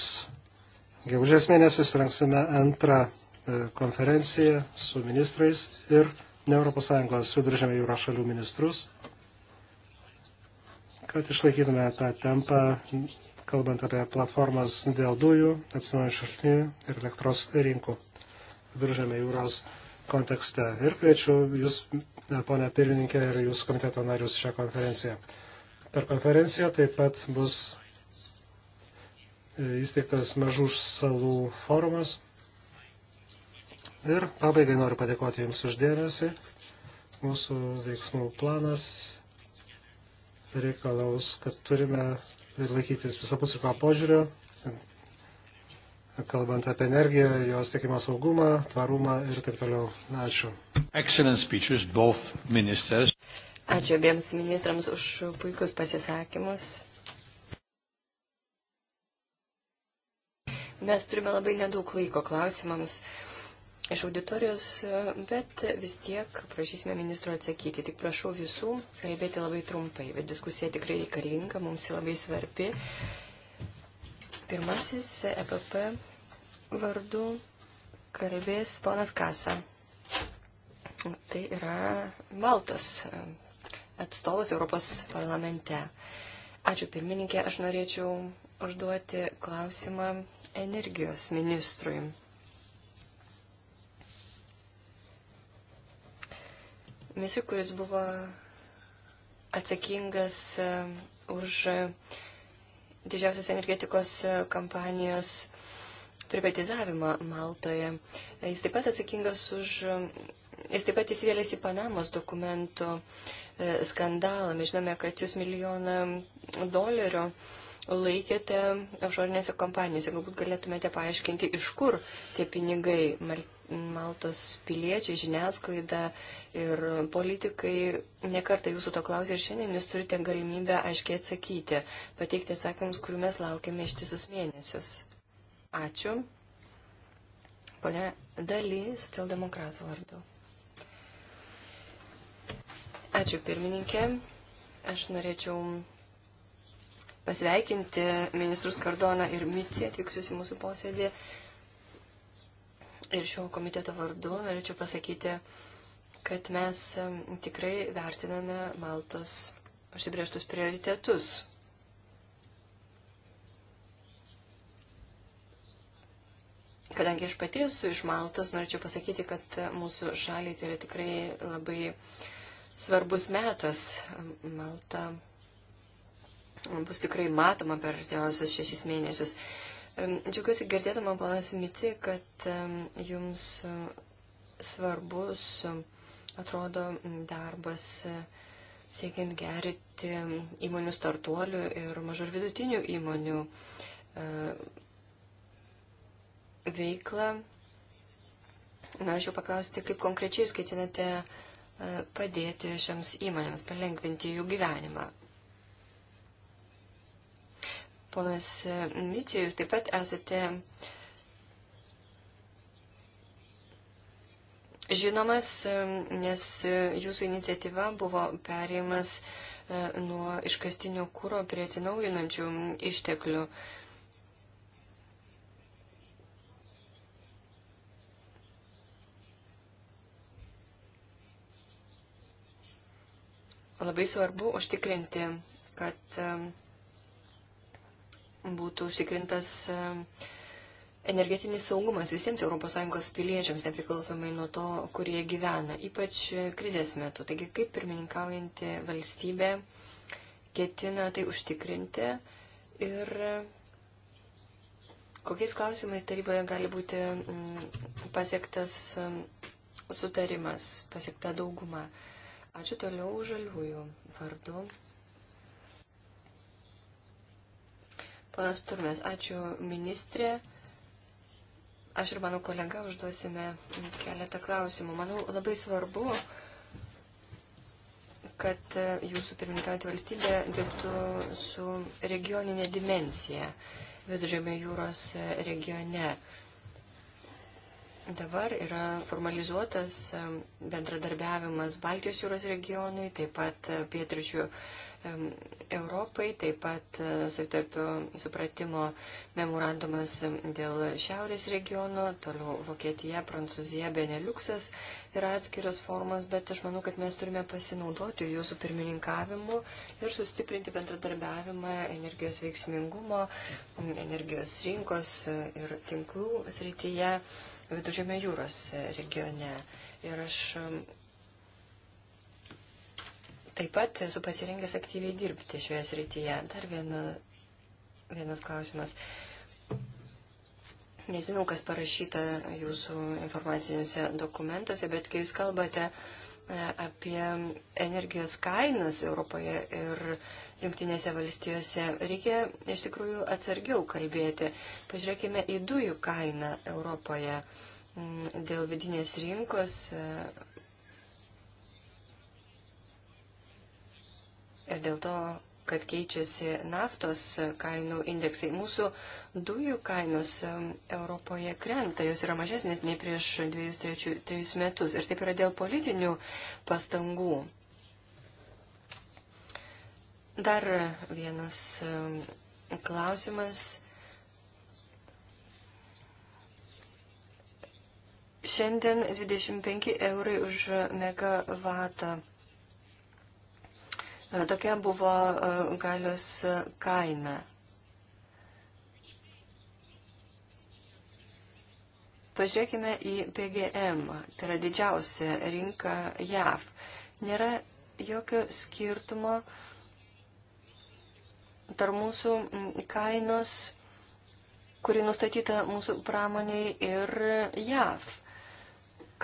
Gegužės mėnesį surinksime antrą e, konferenciją su ministrais ir ne ES viduržėmio jūros šalių ministrus, kad išlaikytume tą tempą, kalbant apie platformas dėl dujų, atsinaujančių šaltinių ir elektros rinkų viduržėmio jūros kontekste. Ir kviečiu Jūs, e, ponė pirmininkė, ir Jūsų komiteto narius šią konferenciją. Per konferenciją taip pat bus E, įsteigtas mažų salų forumas. Ir pabaigai noriu padėkoti Jums uždėmesi. Mūsų veiksmų planas reikalaus, kad turime ir laikytis visapusiško požiūrio, kalbant apie energiją, jos tiekimo saugumą, tvarumą ir taip toliau. Ačiū. Speeches, Ačiū abiems ministrams už puikus pasisakymus. Mes turime labai nedaug laiko klausimams iš auditorijos, bet vis tiek prašysime ministro atsakyti. Tik prašau visų kalbėti labai trumpai, bet diskusija tikrai reikalinga, mums labai svarbi. Pirmasis EPP vardu kalbės ponas Kasa. Tai yra Maltos atstovas Europos parlamente. Ačiū pirmininkė, aš norėčiau užduoti klausimą energijos ministrui. Misi, kuris buvo atsakingas e, už e, didžiausios energetikos e, kampanijos privatizavimą Maltoje. Jis taip pat atsakingas už. Jis taip pat įsivėlės į Panamos dokumentų skandalą. Mes žinome, kad jūs milijoną dolerių uh, laikėte ašorinėse kompanijose. Galbūt galėtumėte paaiškinti, iš kur tie pinigai Mal Maltos piliečiai, žiniasklaida ir politikai. Nekartą jūsų to klausė ir šiandien jūs turite galimybę aiškiai atsakyti, pateikti atsakymus, kurių mes laukiame ištisus mėnesius. Ačiū. Pone Daly, socialdemokratų vardu. Ačiū pirmininkė. Aš norėčiau pasveikinti ministrus Kardoną ir Micį atvykusius į mūsų posėdį. Ir šio komiteto vardu norėčiau pasakyti, kad mes tikrai vertiname Maltos užsibrieštus prioritetus. Kadangi aš pati esu iš Maltos, norėčiau pasakyti, kad mūsų šaliai tai yra tikrai labai svarbus metas. Malta bus tikrai matoma per artimiausius šešis mėnesius. Džiaugiuosi girdėdama, panas Miti, kad jums svarbus atrodo darbas e, siekiant gerinti įmonių startuolių ir mažų ir vidutinių įmonių e, veiklą. Norėčiau paklausti, kaip konkrečiai jūs ketinate e, padėti šiams įmonėms, palengvinti jų gyvenimą. Ponas Micija, jūs taip pat esate žinomas, nes jūsų iniciatyva buvo perėjimas e, nuo iškastinio kūro prie atsinaujinančių išteklių. Labai svarbu užtikrinti, kad e, būtų užtikrintas e, energetinis saugumas visiems ES piliečiams, nepriklausomai nuo to, kur jie gyvena, ypač e, krizės metu. Taigi, kaip pirmininkaujanti valstybė ketina tai užtikrinti ir e, kokiais klausimais taryboje gali būti mm, pasiektas sutarimas, pasiekta dauguma. Ačiū toliau žaliųjų vardu. Panas Turmės, ačiū ministrė. Aš ir mano kolega užduosime keletą klausimų. Manau, labai svarbu, kad jūsų pirmininkauti valstybė dirbtų su regioninė dimensija Viduržėmio jūros regione. Dabar yra formalizuotas bendradarbiavimas Baltijos jūros regionui, taip pat e, pietričių Europai, taip pat e, savitarpio supratimo memorandumas dėl šiaurės regiono, toliau Vokietija, Prancūzija, Beneliuksas yra atskiras formas, bet aš manau, kad mes turime pasinaudoti jūsų pirmininkavimu ir sustiprinti bendradarbiavimą energijos veiksmingumo, energijos rinkos e, ir tinklų srityje. Viduržėmio jūros e, regione. Ir aš taip pat esu pasirengęs aktyviai dirbti šioje srityje. Dar viena, vienas klausimas. Nežinau, kas parašyta jūsų informacinėse dokumentuose, bet kai jūs kalbate e, apie energijos kainas Europoje ir Junktinėse valstijose. Reikia iš tikrųjų atsargiau kalbėti. Pažiūrėkime į dujų kainą Europoje mm, dėl vidinės rinkos. E, ir dėl to, kad keičiasi naftos kainų indeksai. Mūsų dujų kainos e, Europoje krenta, jos yra mažesnės nei prieš dviejus, trečius metus. Ir taip yra dėl politinių pastangų Dar vienas klausimas. Šiandien 25 eurai už megavatą. Tokia buvo e, galios kaina. Pažiūrėkime į PGM, tai yra didžiausia rinka JAV. Nėra jokio skirtumo uh, tarp mūsų kainos, kuri nustatyta mūsų pramoniai ir JAV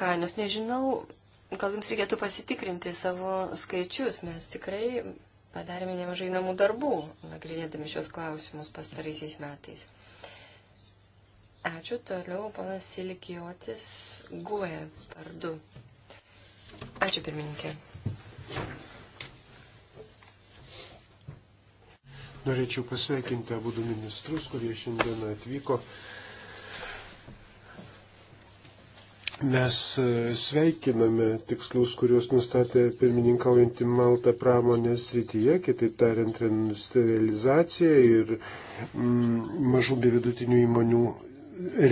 kainos. Nežinau, gal jums reikėtų pasitikrinti savo skaičius, mes tikrai padarėme nemažai namų darbų, nagrinėdami šios klausimus pastaraisiais metais. Ačiū toliau, panas Silikijotis Guė, vardu. Ačiū pirmininkė. Norėčiau pasveikinti abu du ministrus, kurie šiandieną atvyko. Mes e, sveikiname tikslus, kuriuos nustatė pirmininkaujantį Maltą pramonės rytyje, kitaip tariant, renacionalizacija ir mm, mažų bei vidutinių įmonių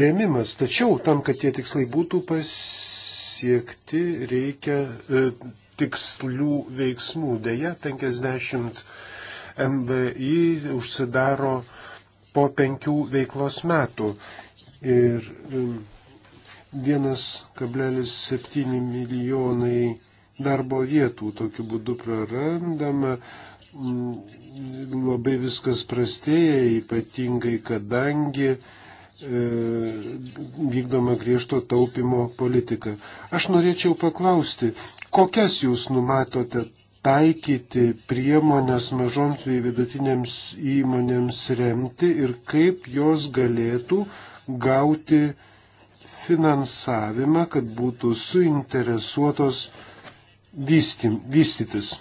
rėmimas. Tačiau tam, kad tie tikslai būtų pasiekti, reikia e, tikslių veiksmų. Deja, 50 MVI užsidaro po penkių veiklos metų. Ir 1,7 um, milijonai darbo vietų tokiu būdu prarandama. Mm, labai viskas prastėja, ypatingai kadangi e, vykdoma griežto taupimo politika. Aš norėčiau paklausti, kokias jūs numatote taikyti priemonės mažoms bei vidutinėms įmonėms remti ir kaip jos galėtų gauti finansavimą, kad būtų suinteresuotos vystym, vystytis.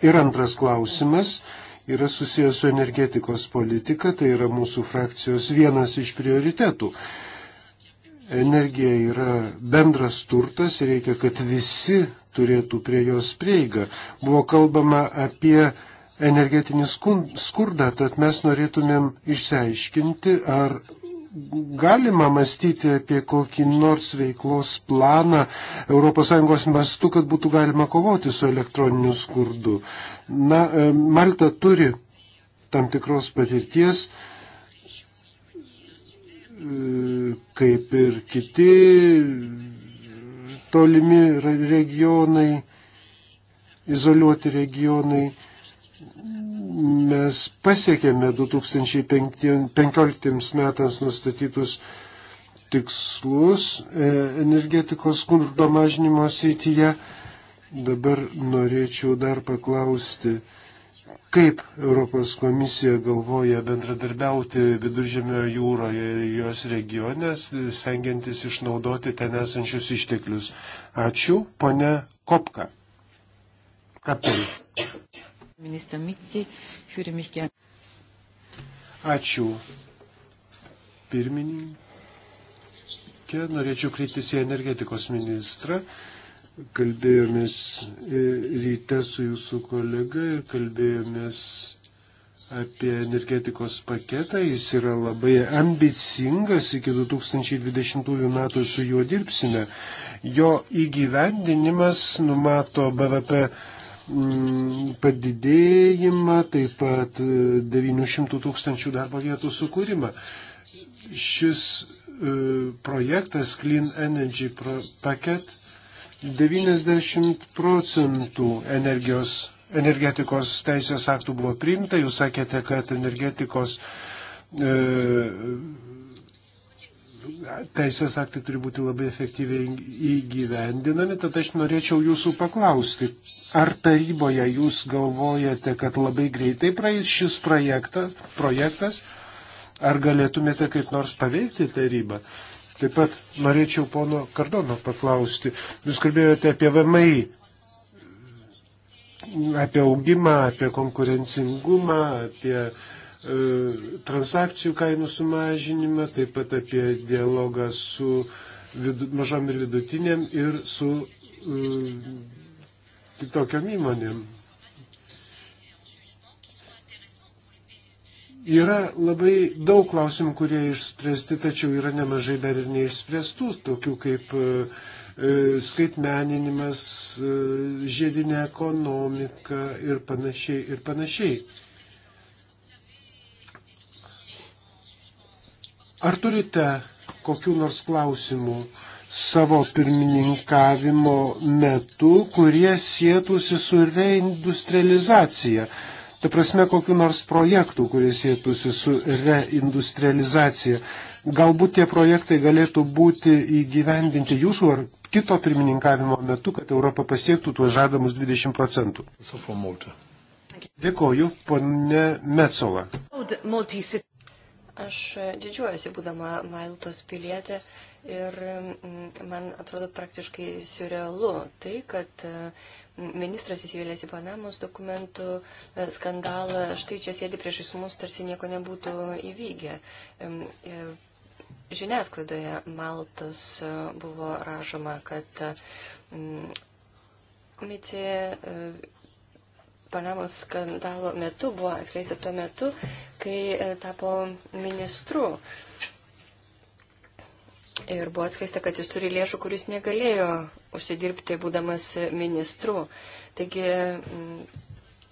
Ir antras klausimas yra susijęs su energetikos politika, tai yra mūsų frakcijos vienas iš prioritetų. Energija yra bendras turtas ir reikia, kad visi turėtų prie jos prieigą. Buvo kalbama apie energetinį skurdą, tad mes norėtumėm išsiaiškinti, ar galima mąstyti apie kokį nors veiklos planą ES mastu, kad būtų galima kovoti su elektroniniu skurdu. Na, e, Malta turi tam tikros patirties, e, kaip ir kiti tolimi regionai, izoliuoti regionai. Mes pasiekėme 2015 metams nustatytus tikslus e, energetikos skurdo mažinimo srityje. Dabar norėčiau dar paklausti, Kaip Europos komisija galvoja bendradarbiauti viduržėmio jūroje ir jos regionės, stengiantis išnaudoti ten esančius išteklius? Ačiū, ponė Kopka. Apel. Ačiū, pirmininkė. Norėčiau kreiptis į energetikos ministrą kalbėjomės e, ryte su jūsų kolega ir kalbėjomės apie energetikos paketą. Jis yra labai ambicingas, iki 2020 metų su juo dirbsime. Jo įgyvendinimas numato BVP mm, padidėjimą, taip pat 900 e, tūkstančių darbo vietų sukūrimą. Šis e, projektas Clean Energy Packet 90 procentų energijos, energetikos teisės aktų buvo priimta. Jūs sakėte, kad energetikos e, teisės aktai turi būti labai efektyviai įgyvendinami. Tad aš norėčiau jūsų paklausti, ar taryboje jūs galvojate, kad labai greitai praeis šis projektas, projektas ar galėtumėte kaip nors paveikti tarybą? E, Taip pat norėčiau pono Kardono paklausti. Jūs kalbėjote apie VMI, apie augimą, apie konkurencingumą, apie e, transakcijų kainų sumažinimą, taip pat apie dialogą su vidu, mažom ir vidutinėm ir su e, kitokiam įmonėm. Yra labai daug klausimų, kurie išspręsti, tačiau yra nemažai dar ir neišspręstų, tokių kaip e, e, skaitmeninimas, e, žiedinė ekonomika ir panašiai. Ir panašiai. Ar turite kokiu nors klausimu savo pirmininkavimo metu, kurie sėtųsi su reindustrializacija? Ta prasme, kokiu nors projektu, kuris sėtųsi su reindustrializacija. Galbūt tie projektai galėtų būti įgyvendinti jūsų ar kito pirmininkavimo metu, kad Europa pasiektų tuos žadamus 20 procentų. Dėkoju, ponė Metzola. Aš didžiuojasi, būdama Maltos pilietė, ir mm, man atrodo praktiškai surrealu tai, kad uh, ministras įsivėlėsi Panamos dokumentų e, skandalą, štai čia sėdi priešais mus, tarsi nieko nebūtų įvykę. E, žiniasklaidoje Maltos e, buvo rašoma, kad Mici Panamos skandalo metu buvo atskleista tuo metu, kai tapo ministru ir buvo atskaista, kad jis turi lėšų, kuris negalėjo užsidirbti, būdamas ministru. Taigi mm,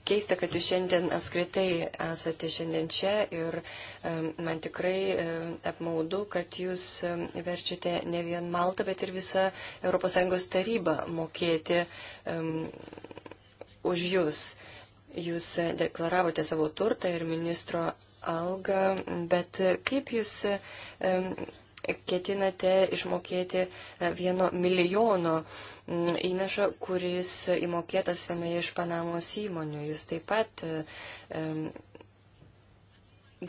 keista, kad jūs šiandien apskritai esate šiandien čia ir man tikrai apmaudu, kad jūs verčiate ne vien Maltą, bet ir visą ES tarybą mokėti um, už jūs. Jūs deklaravote savo turtą ir ministro algą, bet kaip jūs um, ketinate išmokėti e, vieno milijono mm, įnašą, kuris įmokėtas vienoje iš Panamos įmonių. Jūs taip pat e,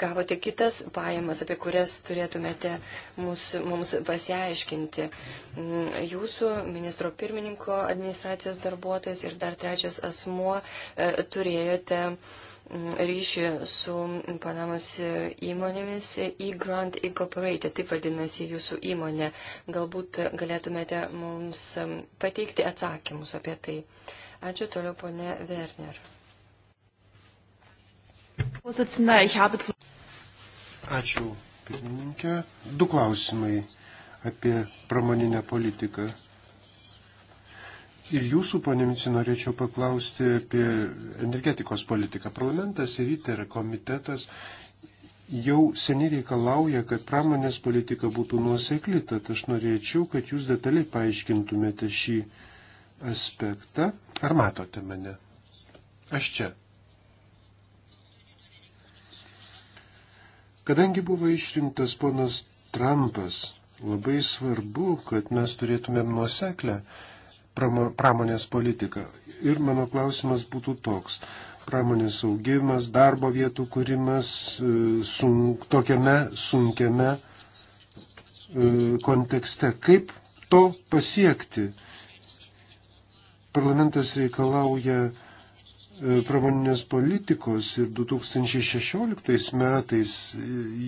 gavote kitas pajamas, apie kurias turėtumėte mus, mums pasiaiškinti. Mm, jūsų ministro pirmininko administracijos darbuotojas ir dar trečias asmuo e, turėjote ryšį su Panamos įmonėmis e-Grant Incorporated, taip vadinasi jūsų įmonė. Galbūt galėtumėte mums pateikti atsakymus apie tai. Ačiū toliau, ponė Werner. Ačiū, pirmininkė. Du klausimai apie pramoninę politiką. Ir jūsų, ponė Mici, norėčiau paklausti apie energetikos politiką. Parlamentas ir ITER komitetas jau seniai reikalauja, kad pramonės politika būtų nuosekli, tad aš norėčiau, kad jūs detaliai paaiškintumėte šį aspektą. Ar matote mane? Aš čia. Kadangi buvo išrinktas ponas Trumpas, labai svarbu, kad mes turėtumėm nuoseklę pramonės politiką. Ir mano klausimas būtų toks. Pramonės augimas, darbo vietų kūrimas e, sunk, tokiame sunkiame e, kontekste. Kaip to pasiekti? Parlamentas reikalauja e, pramoninės politikos ir 2016 metais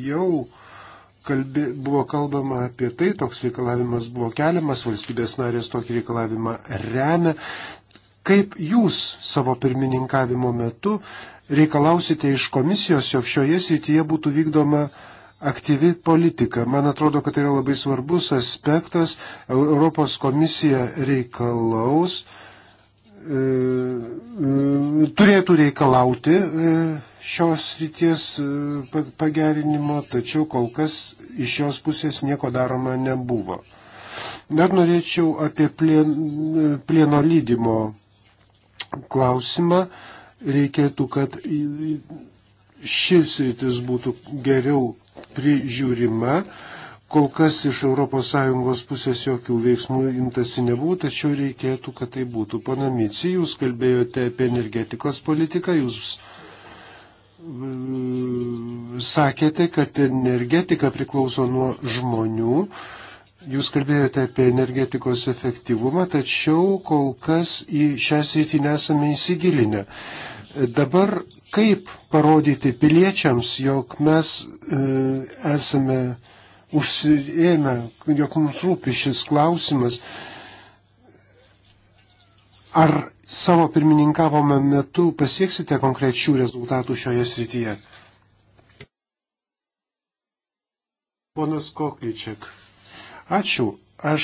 jau uh, kalbė, buvo kalbama apie tai, toks reikalavimas buvo keliamas, valstybės narės tokį reikalavimą remia. Kaip jūs savo pirmininkavimo metu reikalausite iš komisijos, jog šioje srityje būtų vykdoma aktyvi politika. Man atrodo, kad tai yra labai svarbus aspektas. Europos komisija reikalaus uh, E, e, turėtų reikalauti e, šios ryties pagerinimo, tačiau kol kas iš jos pusės nieko daroma nebuvo. Dar norėčiau apie plien, plieno lydimo klausimą. Reikėtų, kad šis rytis būtų geriau prižiūrima. E, Kol kas iš ES pusės jokių veiksmų imtasi nebuvo, tačiau reikėtų, kad tai būtų. Pana Mici, jūs kalbėjote apie energetikos politiką, jūs e, sakėte, kad energetika priklauso nuo žmonių. Jūs kalbėjote apie energetikos efektyvumą, tačiau kol kas į šią sritį nesame įsigilinę. Dabar kaip parodyti piliečiams, jog mes e, esame užsirėmę, jog mums rūpi šis klausimas. Ar savo pirmininkavome metu pasieksite konkrečių rezultatų šioje srityje? Ponas Koklyčiak. Ačiū. Aš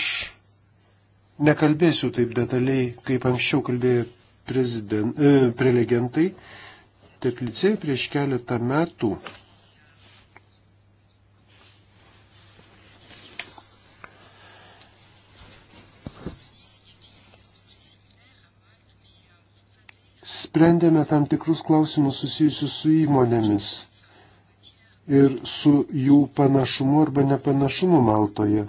nekalbėsiu taip detaliai, kaip anksčiau kalbėjo prezident, e, prelegentai. Teklicė prieš keletą metų sprendėme tam tikrus klausimus susijusius su įmonėmis ir su jų panašumu arba nepanašumu Maltoje.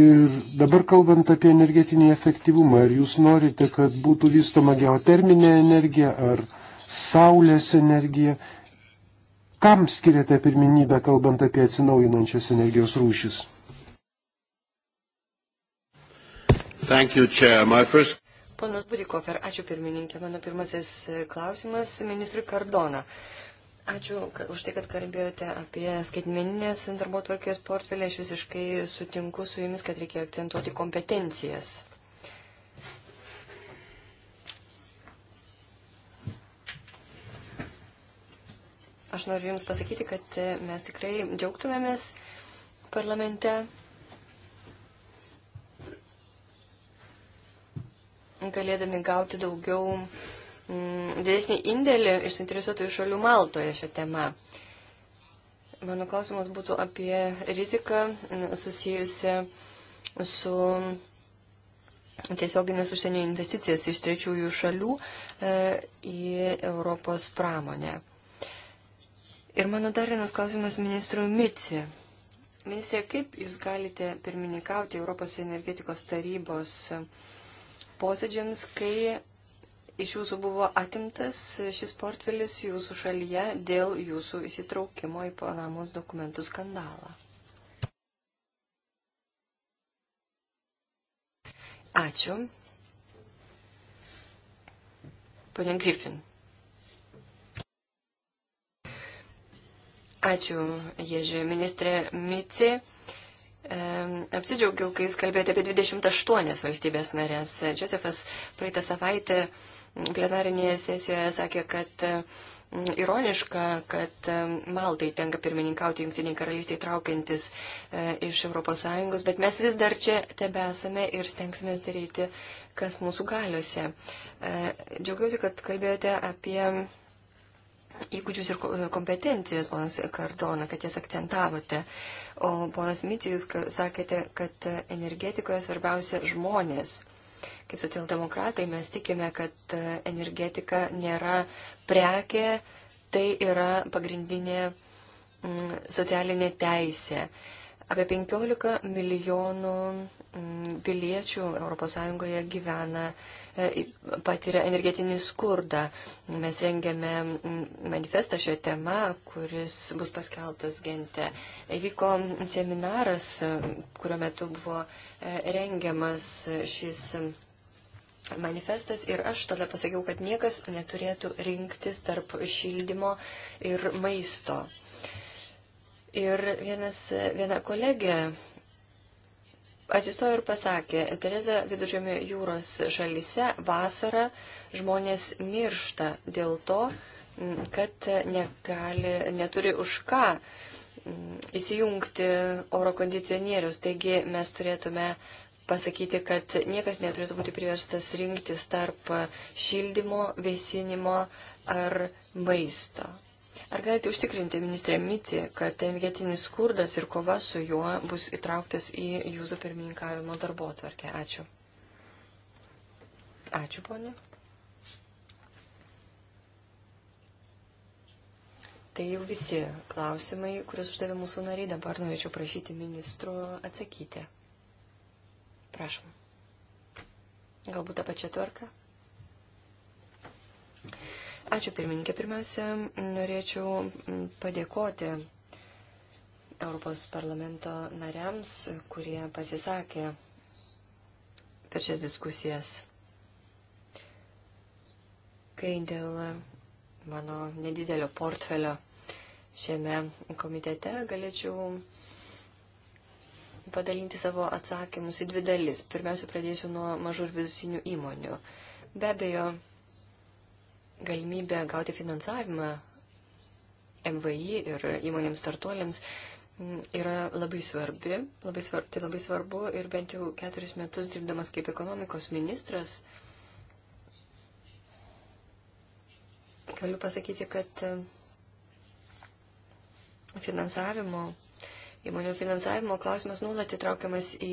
Ir dabar kalbant apie energetinį efektyvumą, ar jūs norite, kad būtų vystoma geoterminė energija ar saulės energija, kam skiriate pirminybę, kalbant apie atsinaujinančias energijos rūšis? Thank you, Chair. My first... Ponas Budikofer, ačiū pirmininkė. Mano pirmasis e, klausimas ministrui Kardona. Ačiū už tai, kad kalbėjote apie skaitmeninės darbo tvarkės portfelį. Aš visiškai sutinku su jumis, kad reikia akcentuoti kompetencijas. Aš noriu Jums pasakyti, kad e, mes tikrai džiaugtumėmės parlamente galėdami gauti daugiau mm, didesnį indėlį iš suinteresuotųjų šalių Maltoje šią temą. Mano klausimas būtų apie riziką susijusią su tiesioginės užsienio investicijas iš trečiųjų šalių e, į Europos pramonę. Ir mano dar vienas klausimas ministrui Mici. Ministrė, kaip Jūs galite pirmininkauti Europos energetikos tarybos uh, posėdžiams, kai iš jūsų buvo atimtas šis portfelis jūsų šalyje dėl jūsų įsitraukimo į Panamos dokumentų skandalą. Ačiū. Pane Griffin. Ačiū, Ježiui, ministrė Mici apsidžiaugiau, kai jūs kalbėjote apie 28 valstybės narės. Josefas praeitą savaitę plenarinėje sesijoje sakė, kad ironiška, kad Maltai tenka pirmininkauti Junktiniai karalystiai traukiantis e, iš ES, bet mes vis dar čia tebesame ir stengsime daryti, kas mūsų galiuose. E, džiaugiuosi, kad kalbėjote apie įgūdžius ir kompetencijas, ponas Kardona, kad jas akcentavote. O ponas Mitijus sakėte, kad energetikoje svarbiausia žmonės. Kaip socialdemokratai mes tikime, kad energetika nėra prekė, tai yra pagrindinė mm, socialinė teisė. Apie 15 milijonų Mm, piliečių ES gyvena, e, patiria energetinį skurdą. Mes rengiame mm, manifestą šią temą, kuris bus paskeltas gente. Įvyko seminaras, kuriuo metu buvo e, rengiamas šis manifestas ir aš tada pasakiau, kad niekas neturėtų rinktis tarp šildymo ir maisto. Ir vienas, viena kolegė atsistojo ir pasakė, Tereza viduržėmio jūros šalyse vasarą žmonės miršta dėl to, kad negali, neturi už ką įsijungti oro kondicionierius. Taigi mes turėtume pasakyti, kad niekas neturėtų būti priverstas rinktis tarp šildymo, vėsinimo ar maisto. Ar galite užtikrinti, ministrė Mici, kad energetinis skurdas ir kova su juo bus įtrauktas į jūsų pirmininkavimo darbo atvarkę? Ačiū. Ačiū, ponė. Tai jau visi klausimai, kuriuos uždavė mūsų nariai, dabar norėčiau prašyti ministro atsakyti. Prašom. Galbūt tą pačią tvarką. Ačiū pirmininkė. Pirmiausia, norėčiau mm, padėkoti Europos parlamento nariams, kurie pasisakė per šias diskusijas. Kai dėl mano nedidelio portfelio šiame komitete galėčiau padalinti savo atsakymus į dvi dalis. Pirmiausia, pradėsiu nuo mažų ir vidutinių įmonių. Be abejo, galimybė gauti finansavimą MVI ir įmonėms startuoliams yra labai svarbi, labai svarb, tai labai svarbu ir bent jau keturis metus dirbdamas kaip ekonomikos ministras galiu pasakyti, kad e, finansavimo Įmonių finansavimo klausimas nuolat įtraukiamas į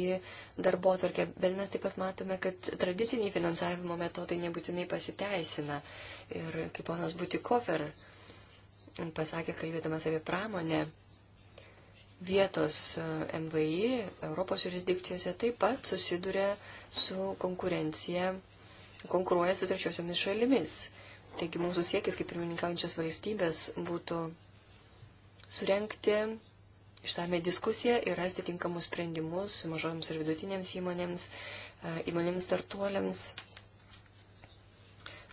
darbo tvarkę, bet mes taip pat matome, kad tradiciniai finansavimo metodai nebūtinai pasiteisina. Ir kaip ponas Butikofer pasakė, kalbėdamas apie pramonę, vietos e, MVI Europos jurisdikcijose taip pat susiduria su konkurencija, konkuruoja su trečiosiomis šalimis. Taigi mūsų siekis kaip pirmininkaujančios valstybės būtų surenkti išsame diskusiją ir rasti tinkamus sprendimus mažoms ir vidutinėms įmonėms, e, įmonėms startuoliams.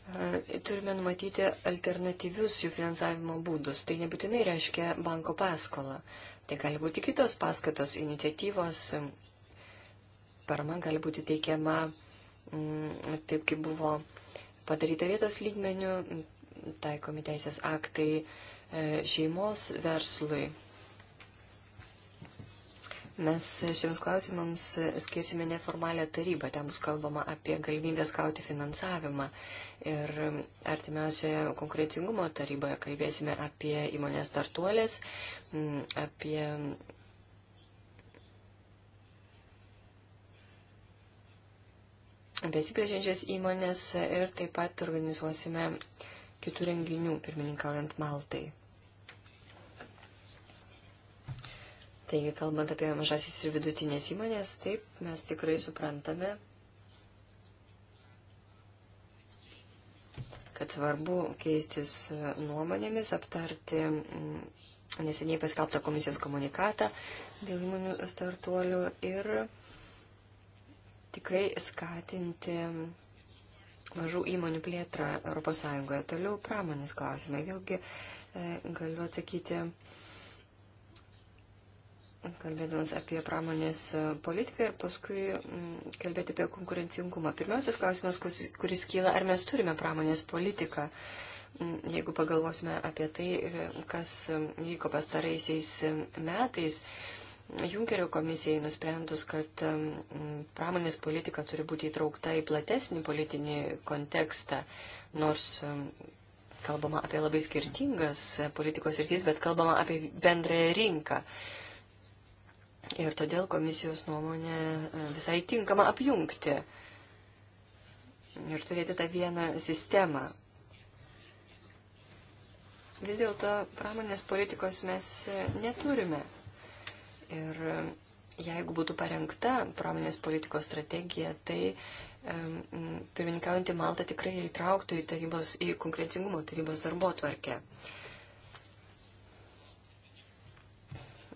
E, turime numatyti alternatyvius jų finansavimo būdus. Tai nebūtinai reiškia banko paskolą. Tai gali būti kitos paskatos, iniciatyvos. Parama gali būti teikiama mm, taip, kaip buvo padaryta vietos lygmenių, taikomi teisės aktai e, šeimos verslui. Mes šiems klausimams skirsime neformalią tarybą, ten bus kalbama apie galimybės gauti finansavimą. Ir artimiausioje konkurencingumo taryboje kalbėsime apie įmonės startuolės, apie besiplėčiančias įmonės ir taip pat organizuosime kitų renginių, pirmininkaujant Maltai. Taigi, kalbant apie mažasis ir vidutinės įmonės, taip, mes tikrai suprantame, kad svarbu keistis nuomonėmis, aptarti mm, neseniai paskelbtą komisijos komunikatą dėl įmonių startuolių ir tikrai skatinti mažų įmonių plėtrą ES. Toliau pramonės klausimai. Vėlgi e, galiu atsakyti kalbėdamas apie pramonės e, politiką ir paskui mm, kalbėti apie konkurencingumą. Pirmiausias klausimas, kuris kyla, ar mes turime pramonės politiką. Mm, jeigu pagalvosime apie tai, e, kas e, vyko pastaraisiais metais, Junkerio komisijai nusprendus, kad pramonės politika turi būti įtraukta į platesnį politinį kontekstą, nors kalbama apie labai skirtingas politikos rytis, bet kalbama apie bendrąją rinką. Ir todėl komisijos nuomonė e, visai tinkama apjungti ir turėti tą vieną sistemą. Vis dėlto pramonės politikos mes e, neturime. Ir e, jeigu būtų parengta pramonės politikos strategija, tai pirmininkaujantį Maltą tikrai įtrauktų į, tarybos, į konkurencingumo tarybos darbo tvarkę. Uh,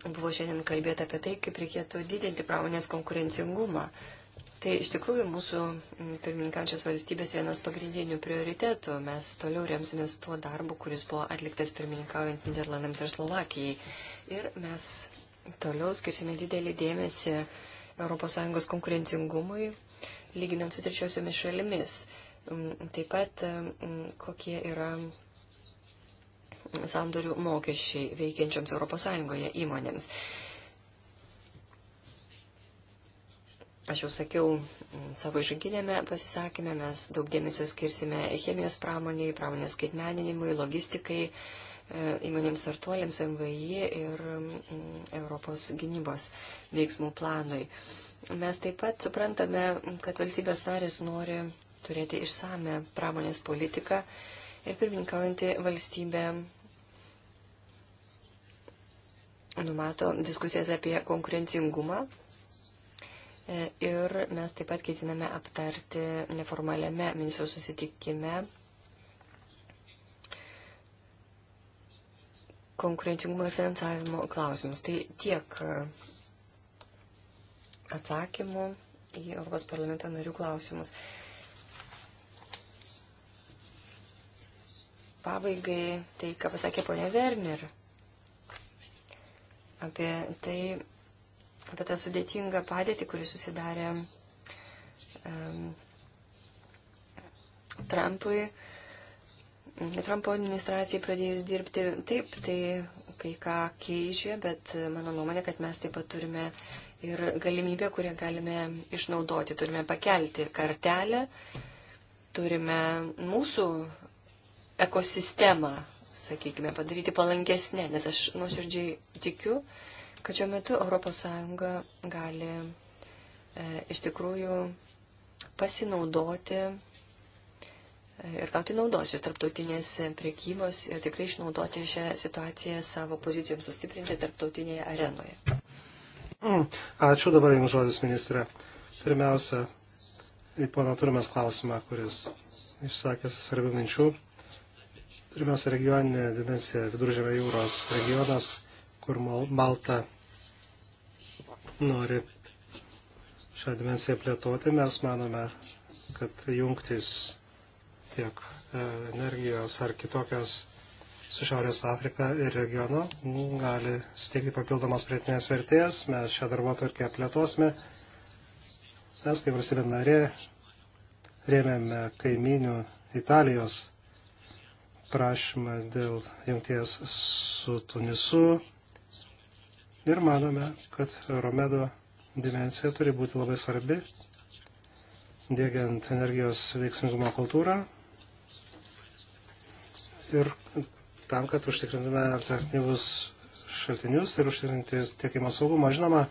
Buvo šiandien kalbėta apie tai, kaip reikėtų didinti pramonės konkurencingumą. Tai iš tikrųjų mūsų mm, pirmininkančios valstybės vienas pagrindinių prioritetų. Mes toliau remsimės tuo darbu, kuris buvo atliktas pirmininkaujant Niderlandams ir Slovakijai. Ir mes toliau skirsime didelį dėmesį ES konkurencingumui, lyginant su trečiosiomis šalimis. Mm, taip pat mm, kokie yra sandorių mokesčiai veikiančioms ES įmonėms. Aš jau sakiau savo žinkinėme pasisakymė, mes daug dėmesio skirsime chemijos pramoniai, pramonės skaitmeninimui, logistikai, e, įmonėms startuoliams, MVI ir Europos gynybos veiksmų planui. Mes taip pat suprantame, kad valstybės narės nori turėti išsame pramonės politiką ir pirmininkaujantį valstybę numato diskusijas apie konkurencingumą. E, ir mes taip pat ketiname aptarti neformaliame ministrų susitikime konkurencingumo ir finansavimo klausimus. Tai tiek e, atsakymų į Europos parlamento narių klausimus. Pabaigai tai, ką pasakė ponia Werner apie tai, apie tą sudėtingą padėtį, kuri susidarė um, Trumpui. Trumpo administracijai pradėjus dirbti, taip, tai kai ką keičia, bet mano nuomonė, kad mes taip pat turime ir galimybę, kurią galime išnaudoti. Turime pakelti kartelę, turime mūsų ekosistemą, sakykime, padaryti palankesnę, nes aš nuoširdžiai tikiu, kad šiuo metu ES gali e, iš tikrųjų pasinaudoti e, ir gauti naudos iš tarptautinės priekybos ir tikrai išnaudoti šią situaciją savo pozicijoms sustiprinti tarptautinėje arenoje. Mm, ačiū dabar Jums žodis, ministrė. Pirmiausia, į pono turimas klausimą, kuris išsakė svarbių minčių. Pirmiausia, regioninė dimensija, viduržėmio jūros regionas, kur Malta nori šią dimensiją plėtoti. Mes manome, kad jungtis tiek e, energijos ar kitokios su Šiaurės Afrika ir regionu gali suteikti papildomas prietinės vertės. Mes šią darbo tvarkę plėtosime. Mes kaip valstybė narė rėmėme kaiminių Italijos prašymą dėl jungties su Tunisu ir manome, kad Romedo dimensija turi būti labai svarbi, dėgiant energijos veiksmingumo kultūrą ir tam, kad užtikrintume alternatyvus šaltinius ir užtikrinti tiekimo saugumą. Žinoma,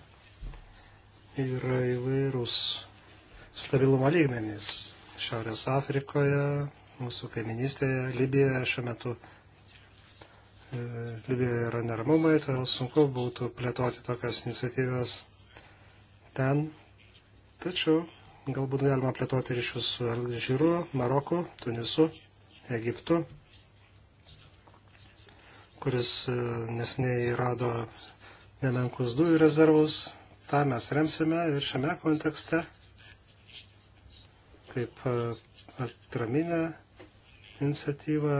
yra įvairūs stabilumo lygmenys Šiaurės Afrikoje, mūsų kaiminystėje Libijoje šiuo metu. E, Libijoje yra neramumai, todėl sunku būtų plėtoti tokias iniciatyvas ten. Tačiau galbūt galima plėtoti ryšius su Alžyru, Maroku, Tunisu, Egiptu, kuris e, nesnei rado nemenkus dujų rezervus. Ta mes remsime ir šiame kontekste kaip e, atraminę iniciatyvą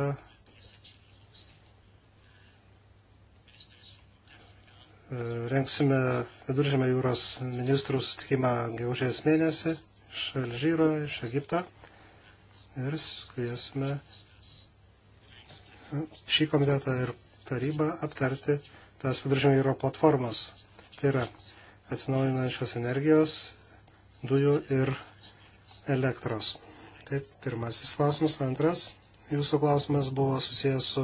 rengsime Viduržėmio jūros ministrų sustikimą gegužės mėnesį iš Alžyro, iš Egipto ir kviesime šį komitetą ir tarybą aptarti tas Viduržėmio jūro platformas. Tai yra atsinaujinančios energijos, dujų ir elektros. Tai pirmasis klausimas. Antras. Jūsų klausimas buvo susijęs su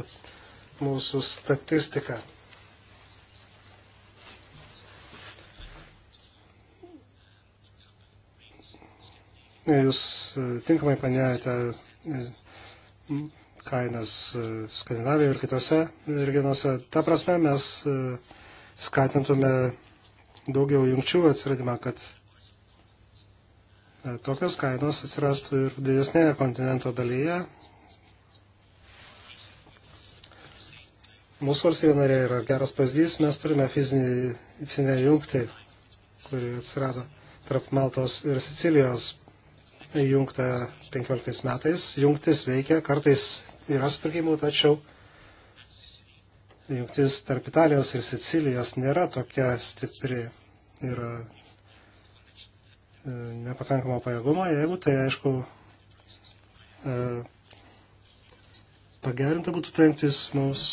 mūsų statistika. Jūs e, tinkamai panėjote e, kainas e, Skandinavijoje ir kitose regionuose. Ta prasme mes skatintume daugiau jungčių atsiradimą, kad tokios kainos atsirastų ir didesnėje kontinento dalyje, Mūsų valstybė narė yra geras pavyzdys, mes turime fizinį, fizinę jungtį, kuri atsirado tarp Maltos ir Sicilijos jungta 15 metais. Jungtis veikia, kartais yra sutrikimų, tačiau jungtis tarp Italijos ir Sicilijos nėra tokia stipri. Yra e, nepakankamo pajėgumo, jeigu tai aišku e, pagerinta būtų tenktis mums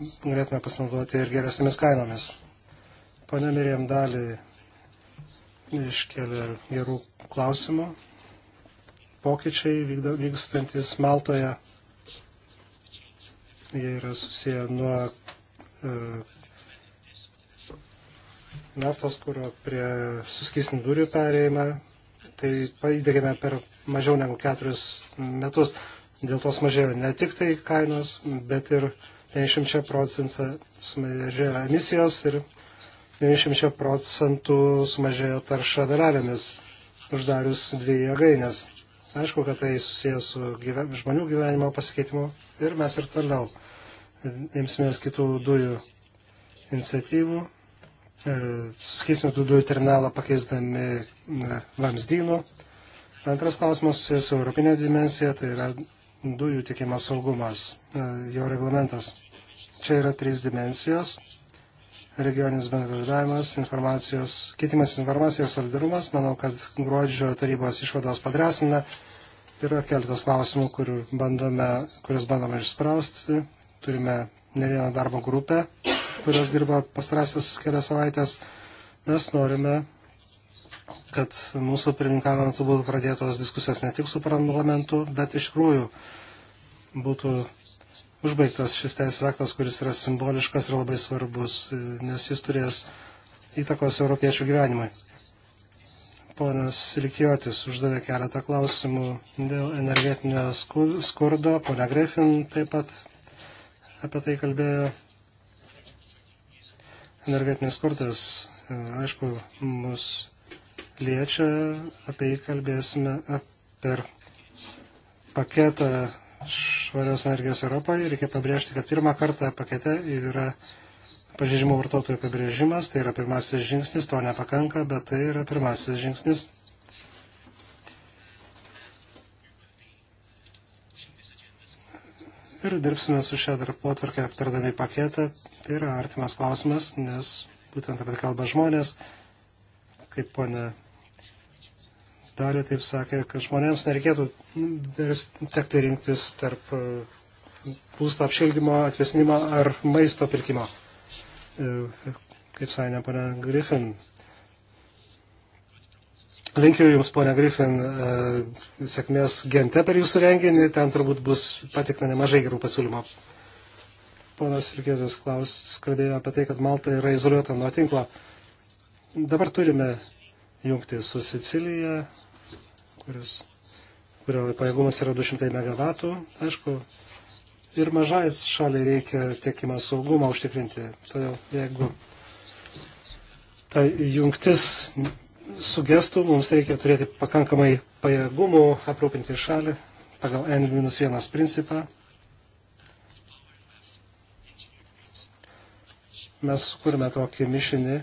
galėtume pasinaudoti ir geresnėmis kainomis. Pane Mirėm dalį iškelia gerų klausimų. Pokyčiai vykstantis Maltoje, jie yra susiję nuo e, naftos, kurio prie suskystintų durių perėjimą. Tai įdėgėme per mažiau negu keturis metus. Dėl to sumažėjo ne tik tai kainos, bet ir e, 90 procentų sumažėjo emisijos ir 90 procentų sumažėjo tarša dalelėmis, uždarius dvi jėgainės. Aišku, kad tai susijęs su gyve, žmonių gyvenimo pasikeitimu ir mes ir toliau imsimės kitų dujų iniciatyvų, e, suskysime dujų terminalą pakeisdami vamzdynų. Antras klausimas susijęs su Europinė dimensija, tai yra dujų tikimas saugumas, e, jo reglamentas. Čia yra trys dimensijos - regioninis bendradarbiavimas, informacijos, keitimas informacijos solidarumas. Manau, kad gruodžio tarybos išvados padresina. Yra keletas klausimų, kur bandome, kurias bandome išsprausti. Turime ne vieną darbo grupę, kurios dirba pastarasis kelias savaitės. Mes norime kad mūsų pirmininkavimo metu būtų pradėtos diskusijos ne tik su parlamentu, bet iš tikrųjų būtų užbaigtas šis teisės aktas, kuris yra simboliškas ir labai svarbus, e, nes jis turės įtakos europiečių gyvenimui. Ponas Likijotis uždavė keletą klausimų dėl energetinio skurdo, ponia Grefin taip pat apie tai kalbėjo. Energetinis skurdas, e, aišku, mus liečia, apie jį kalbėsime per paketą švarios energijos Europoje. Reikia pabrėžti, kad pirmą kartą pakete yra pažeidžiamų vartotojų apibrėžimas, tai yra pirmasis žingsnis, to nepakanka, bet tai yra pirmasis žingsnis. Ir dirbsime su šią darbo atvarkę aptardami paketą. Tai yra artimas klausimas, nes būtent apie tai kalba žmonės, kaip ponė darė, taip sakė, kad žmonėms nereikėtų tekti rinktis tarp e, būsto apšildymo, atvesinimo ar maisto pirkimo. E, kaip sakė pana Griffin. Linkiu Jums, ponia Griffin, e, sėkmės gente per Jūsų renginį, ten turbūt bus patikta nemažai gerų pasiūlymų. Ponas Rikėtis Klaus kalbėjo apie tai, kad Malta yra izoliuota nuo tinklo. Dabar turime jungti su Sicilija, kuris, kurio pajėgumas yra 200 MW. Aišku, ir mažai šaliai reikia tiekimą saugumą užtikrinti. Todėl jeigu ta jungtis sugestų, mums reikia turėti pakankamai pajėgumų aprūpinti šalį pagal N-1 principą. Mes sukūrėme tokį mišinį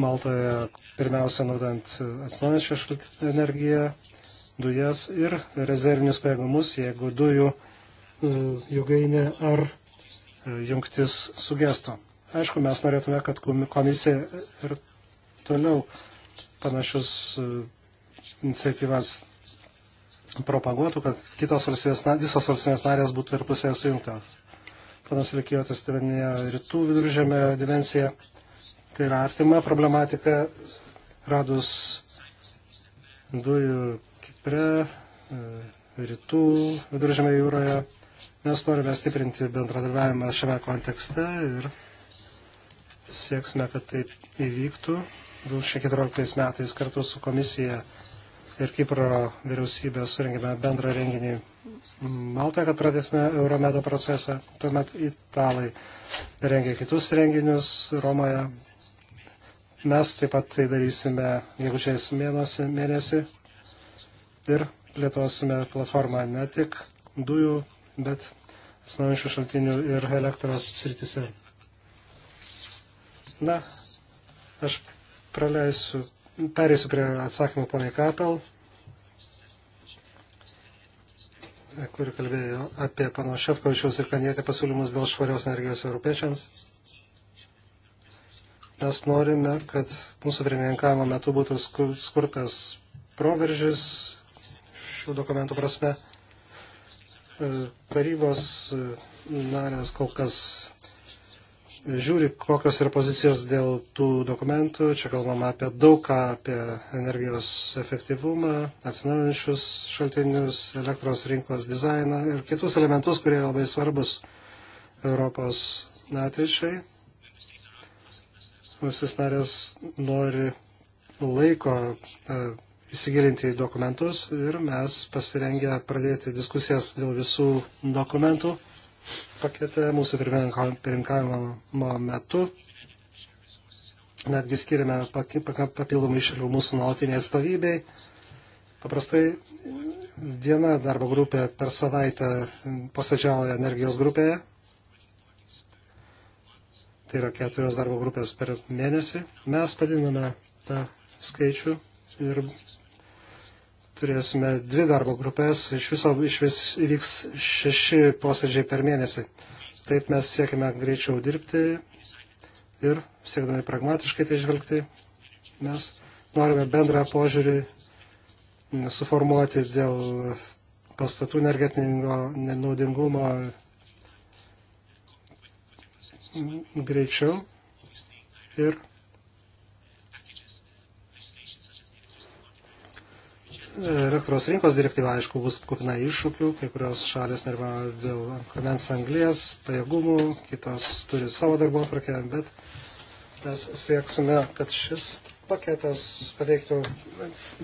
Maltoje, pirmiausia, naudant atsinaujančią energiją, dujas ir rezervinius pajėgumus, jeigu dujų e, jėgainė ar e, jungtis sugesto. Aišku, mes norėtume, kad komisija ir toliau panašius e, iniciatyvas propaguotų, kad kitos valstybės, visos valstybės narės būtų ir pusėje sujungta. Panas Likijotis tyrinėjo tai rytų viduržėmio dimensiją. Tai yra artima problematika radus dujų Kipre, e, rytų viduržėme jūroje. Mes norime stiprinti bendradarbiavimą šiame kontekste ir sieksime, kad taip įvyktų. 2014 metais kartu su komisija ir Kipro vyriausybė surinkime bendrą renginį Maltoje, kad pradėtume Euromedo procesą. Tuomet italai rengia kitus renginius Romoje. Mes taip pat tai darysime gegužės mėnesį, mėnesį ir plėtosime platformą ne tik dujų, bet atsinaujančių šaltinių ir elektros sritise. Na, aš praleisiu, perėsiu prie atsakymų poniai Kapel, kuri kalbėjo apie pano Šefkovičiaus ir Kanietė pasiūlymus dėl švarios energijos europiečiams. Mes norime, kad mūsų pirmininkavimo metu būtų skurtas proveržis šių dokumentų prasme. E, tarybos e, narės kol kas žiūri, kokios yra pozicijos dėl tų dokumentų. Čia kalbama apie daugą, apie energijos efektyvumą, atsinaujančius šaltinius, elektros rinkos dizainą ir kitus elementus, kurie labai svarbus Europos ateičiai. Visis narės nori laiko e, įsigilinti į dokumentus ir mes pasirengę pradėti diskusijas dėl visų dokumentų pakete mūsų pirmininkavimo metu. Netgi skiriame papildomų išėlių mūsų nuolatiniai atstovybei. Paprastai viena darbo grupė per savaitę posėdžiauja energijos grupėje. Tai yra keturios darbo grupės per mėnesį. Mes padiname tą skaičių ir turėsime dvi darbo grupės, iš viso iš vis įvyks šeši posėdžiai per mėnesį. Taip mes siekime greičiau dirbti ir siekdami pragmatiškai tai žvelgti, mes norime bendrą požiūrį suformuoti dėl pastatų energetinio nenaudingumo greičiau ir elektros rinkos direktyva, aišku, bus kupina iššūkių, kai kurios šalės nerva dėl kamens anglės, pajėgumų, kitos turi savo darbo atvarkę, bet mes sieksime, kad šis paketas pateiktų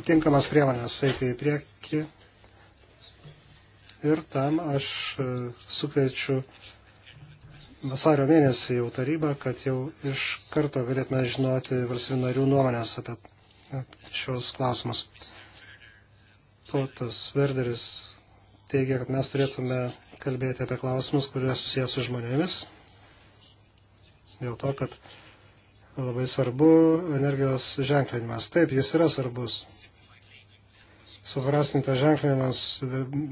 tinkamas priemonės eiti į priekį. Ir tam aš e, sukviečiu vasario mėnesį jau tarybą, kad jau iš karto galėtume žinoti valstybių narių nuomonės apie šios klausimus. Totas Verderis teigia, kad mes turėtume kalbėti apie klausimus, kurie susijęs su žmonėmis. Dėl to, kad labai svarbu energijos ženklinimas. Taip, jis yra svarbus. Suprastintas ženklinimas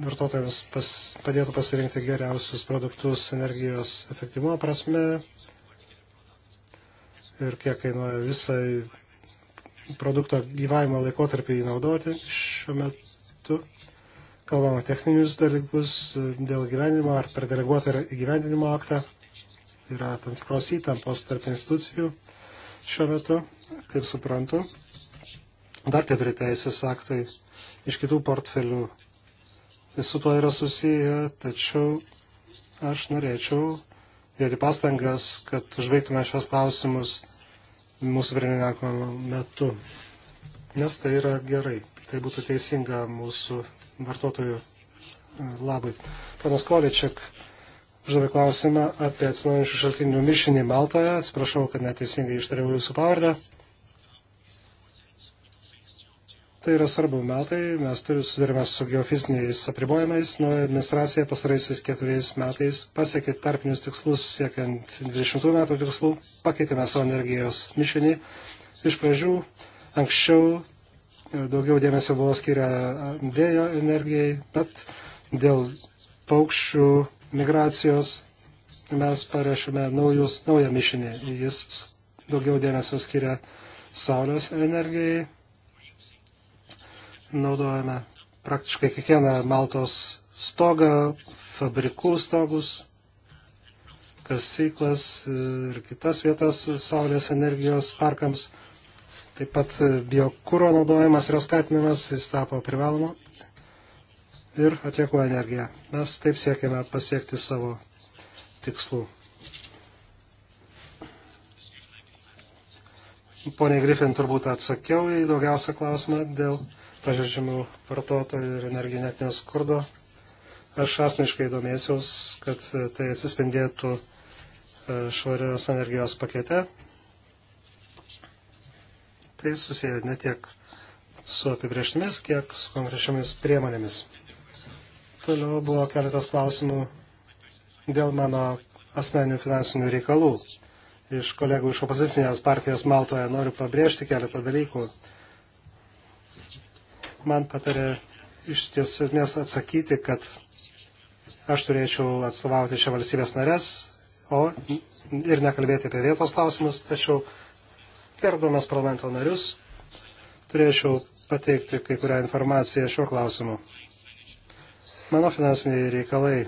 vartotojams pas, padėtų pasirinkti geriausius produktus energijos efektyvumo prasme ir kiek kainuoja visai produkto gyvavimo laikotarpį įnaudoti. Šiuo metu metu kalbama techninius dalykus e, dėl gyvenimo ar per deleguotą ir įgyvendinimo aktą. Yra tam tikros įtampos tarp institucijų šiuo metu, kaip suprantu. Dar keturi teisės aktai iš kitų portfelių su tuo yra susiję, tačiau aš norėčiau dėti pastangas, kad užbaigtume šios klausimus mūsų pirmininkavimo metu, nes tai yra gerai tai būtų teisinga mūsų vartotojų e, labai. Panas Količiak uždavė klausimą apie atsinaujančių šaltinių mišinį Maltoje. Atsiprašau, kad neteisingai ištariau jūsų pavardę. Tai yra svarbu metai, mes sudarėme su geofiziniais apribojimais, nuo administracija pastaraisiais keturiais metais pasiekė tarpinius tikslus siekiant 20 metų tikslų, pakeitėme savo energijos mišinį. Iš pradžių anksčiau daugiau dėmesio buvo skiria vėjo energijai, bet dėl paukščių migracijos mes parašėme naujus, naują mišinį. Jis daugiau dėmesio skiria saulės energijai. Naudojame praktiškai kiekvieną Maltos stogą, fabrikų stogus, kasyklas ir kitas vietas saulės energijos parkams. Taip pat e, biokūro naudojimas yra skatinamas, jis tapo privaloma ir atliekų energija. Mes taip siekiame pasiekti savo tikslų. Pone Grifin, turbūt atsakiau į daugiausią klausimą dėl pažeidžiamų vartotojų ir energetinio skurdo. Aš asmeniškai domėsiaus, kad tai atsispindėtų e, švarios energijos pakete tai susiję ne tiek su apibrieštimis, kiek su konkrečiamis priemonėmis. Toliau buvo keletas klausimų dėl mano asmeninių finansinių reikalų. Iš kolegų iš opozicinės partijos Maltoje noriu pabrėžti keletą dalykų. Man patarė iš tiesmės atsakyti, kad aš turėčiau atstovauti čia valstybės narės o, ir nekalbėti apie vietos klausimus, tačiau gerbdamas parlamento narius, turėčiau pateikti kai kurią informaciją šiuo klausimu. Mano finansiniai reikalai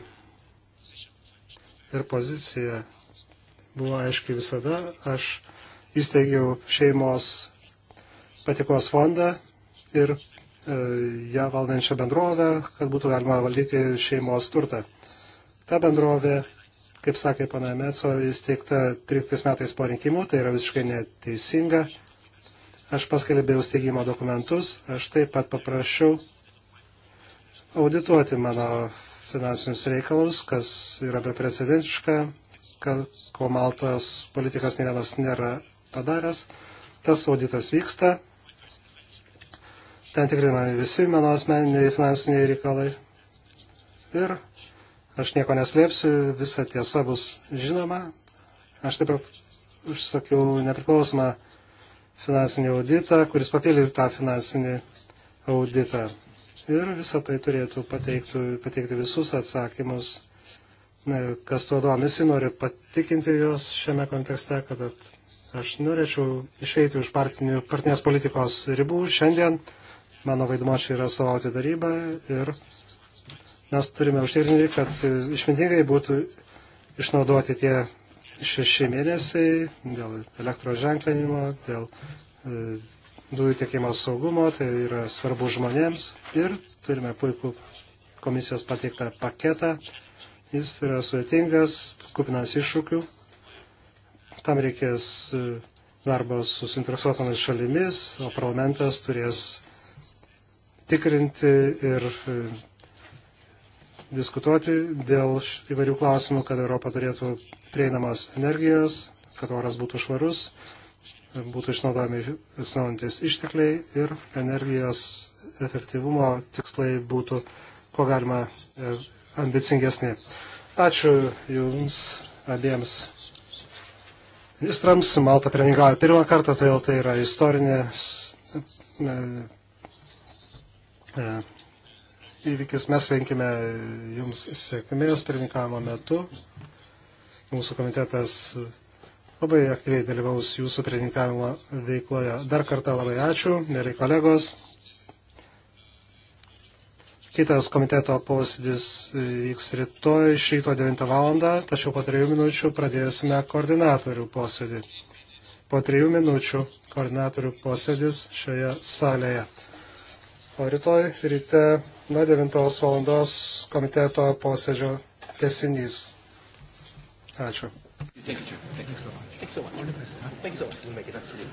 ir pozicija buvo aiškiai visada. Aš įsteigiau šeimos patikos fondą ir e, ją valdančią bendrovę, kad būtų galima valdyti šeimos turtą. Ta bendrovė kaip sakė pana Metso, įsteigta 13 metais po rinkimų, tai yra visiškai neteisinga. Aš paskelbėjau steigimo dokumentus, aš taip pat paprašiau audituoti mano finansinius reikalus, kas yra beprecedentiška, ko Maltos politikas ne vienas nėra padaręs. Tas auditas vyksta, ten tikrinami visi mano asmeniniai finansiniai reikalai. Ir Aš nieko neslėpsiu, visa tiesa bus žinoma. Aš taip pat užsakiau nepriklausomą finansinį auditą, kuris papildė tą finansinį auditą. Ir visą tai turėtų pateikti, pateikti visus atsakymus, kas tuo domisi, noriu patikinti jos šiame kontekste, kad aš norėčiau išeiti už partinių, partinės politikos ribų. Šiandien mano vaidmo čia yra savauti darybą ir mes turime užtikrinti, kad išmintingai būtų išnaudoti tie šeši mėnesiai dėl elektros ženklinimo, dėl e, dujų tiekimo saugumo, tai yra svarbu žmonėms ir turime puikų komisijos pateiktą paketą. Jis yra sudėtingas, kupinas iššūkių. Tam reikės e, darbas su suinteresuotomis šalimis, o parlamentas turės tikrinti ir e, diskutuoti dėl įvairių klausimų, kad Europa turėtų prieinamos energijos, kad oras būtų švarus, būtų išnaudojami atsinaujantis ištekliai ir energijos efektyvumo tikslai būtų ko galima e, ambicingesni. Ačiū Jums abiems ministrams. Malta pirmininkavo pirmą kartą, todėl tai yra istorinės e, e, įvykis. Mes linkime Jums sėkmės pirmininkavimo metu. Mūsų komitetas labai aktyviai dalyvaus Jūsų pirmininkavimo veikloje. Dar kartą labai ačiū, mėly kolegos. Kitas komiteto posėdis vyks rytoj iš ryto 9 val. tačiau po 3 minučių pradėsime koordinatorių posėdį. Po 3 minučių koordinatorių posėdis šioje salėje. O rytoj ryte nuo 9 valandos komiteto posėdžio tesinys. Ačiū. Thank you, Chair. Thank you so much. Thank you so much. All the best. Thank you so much. We'll make it. That's it.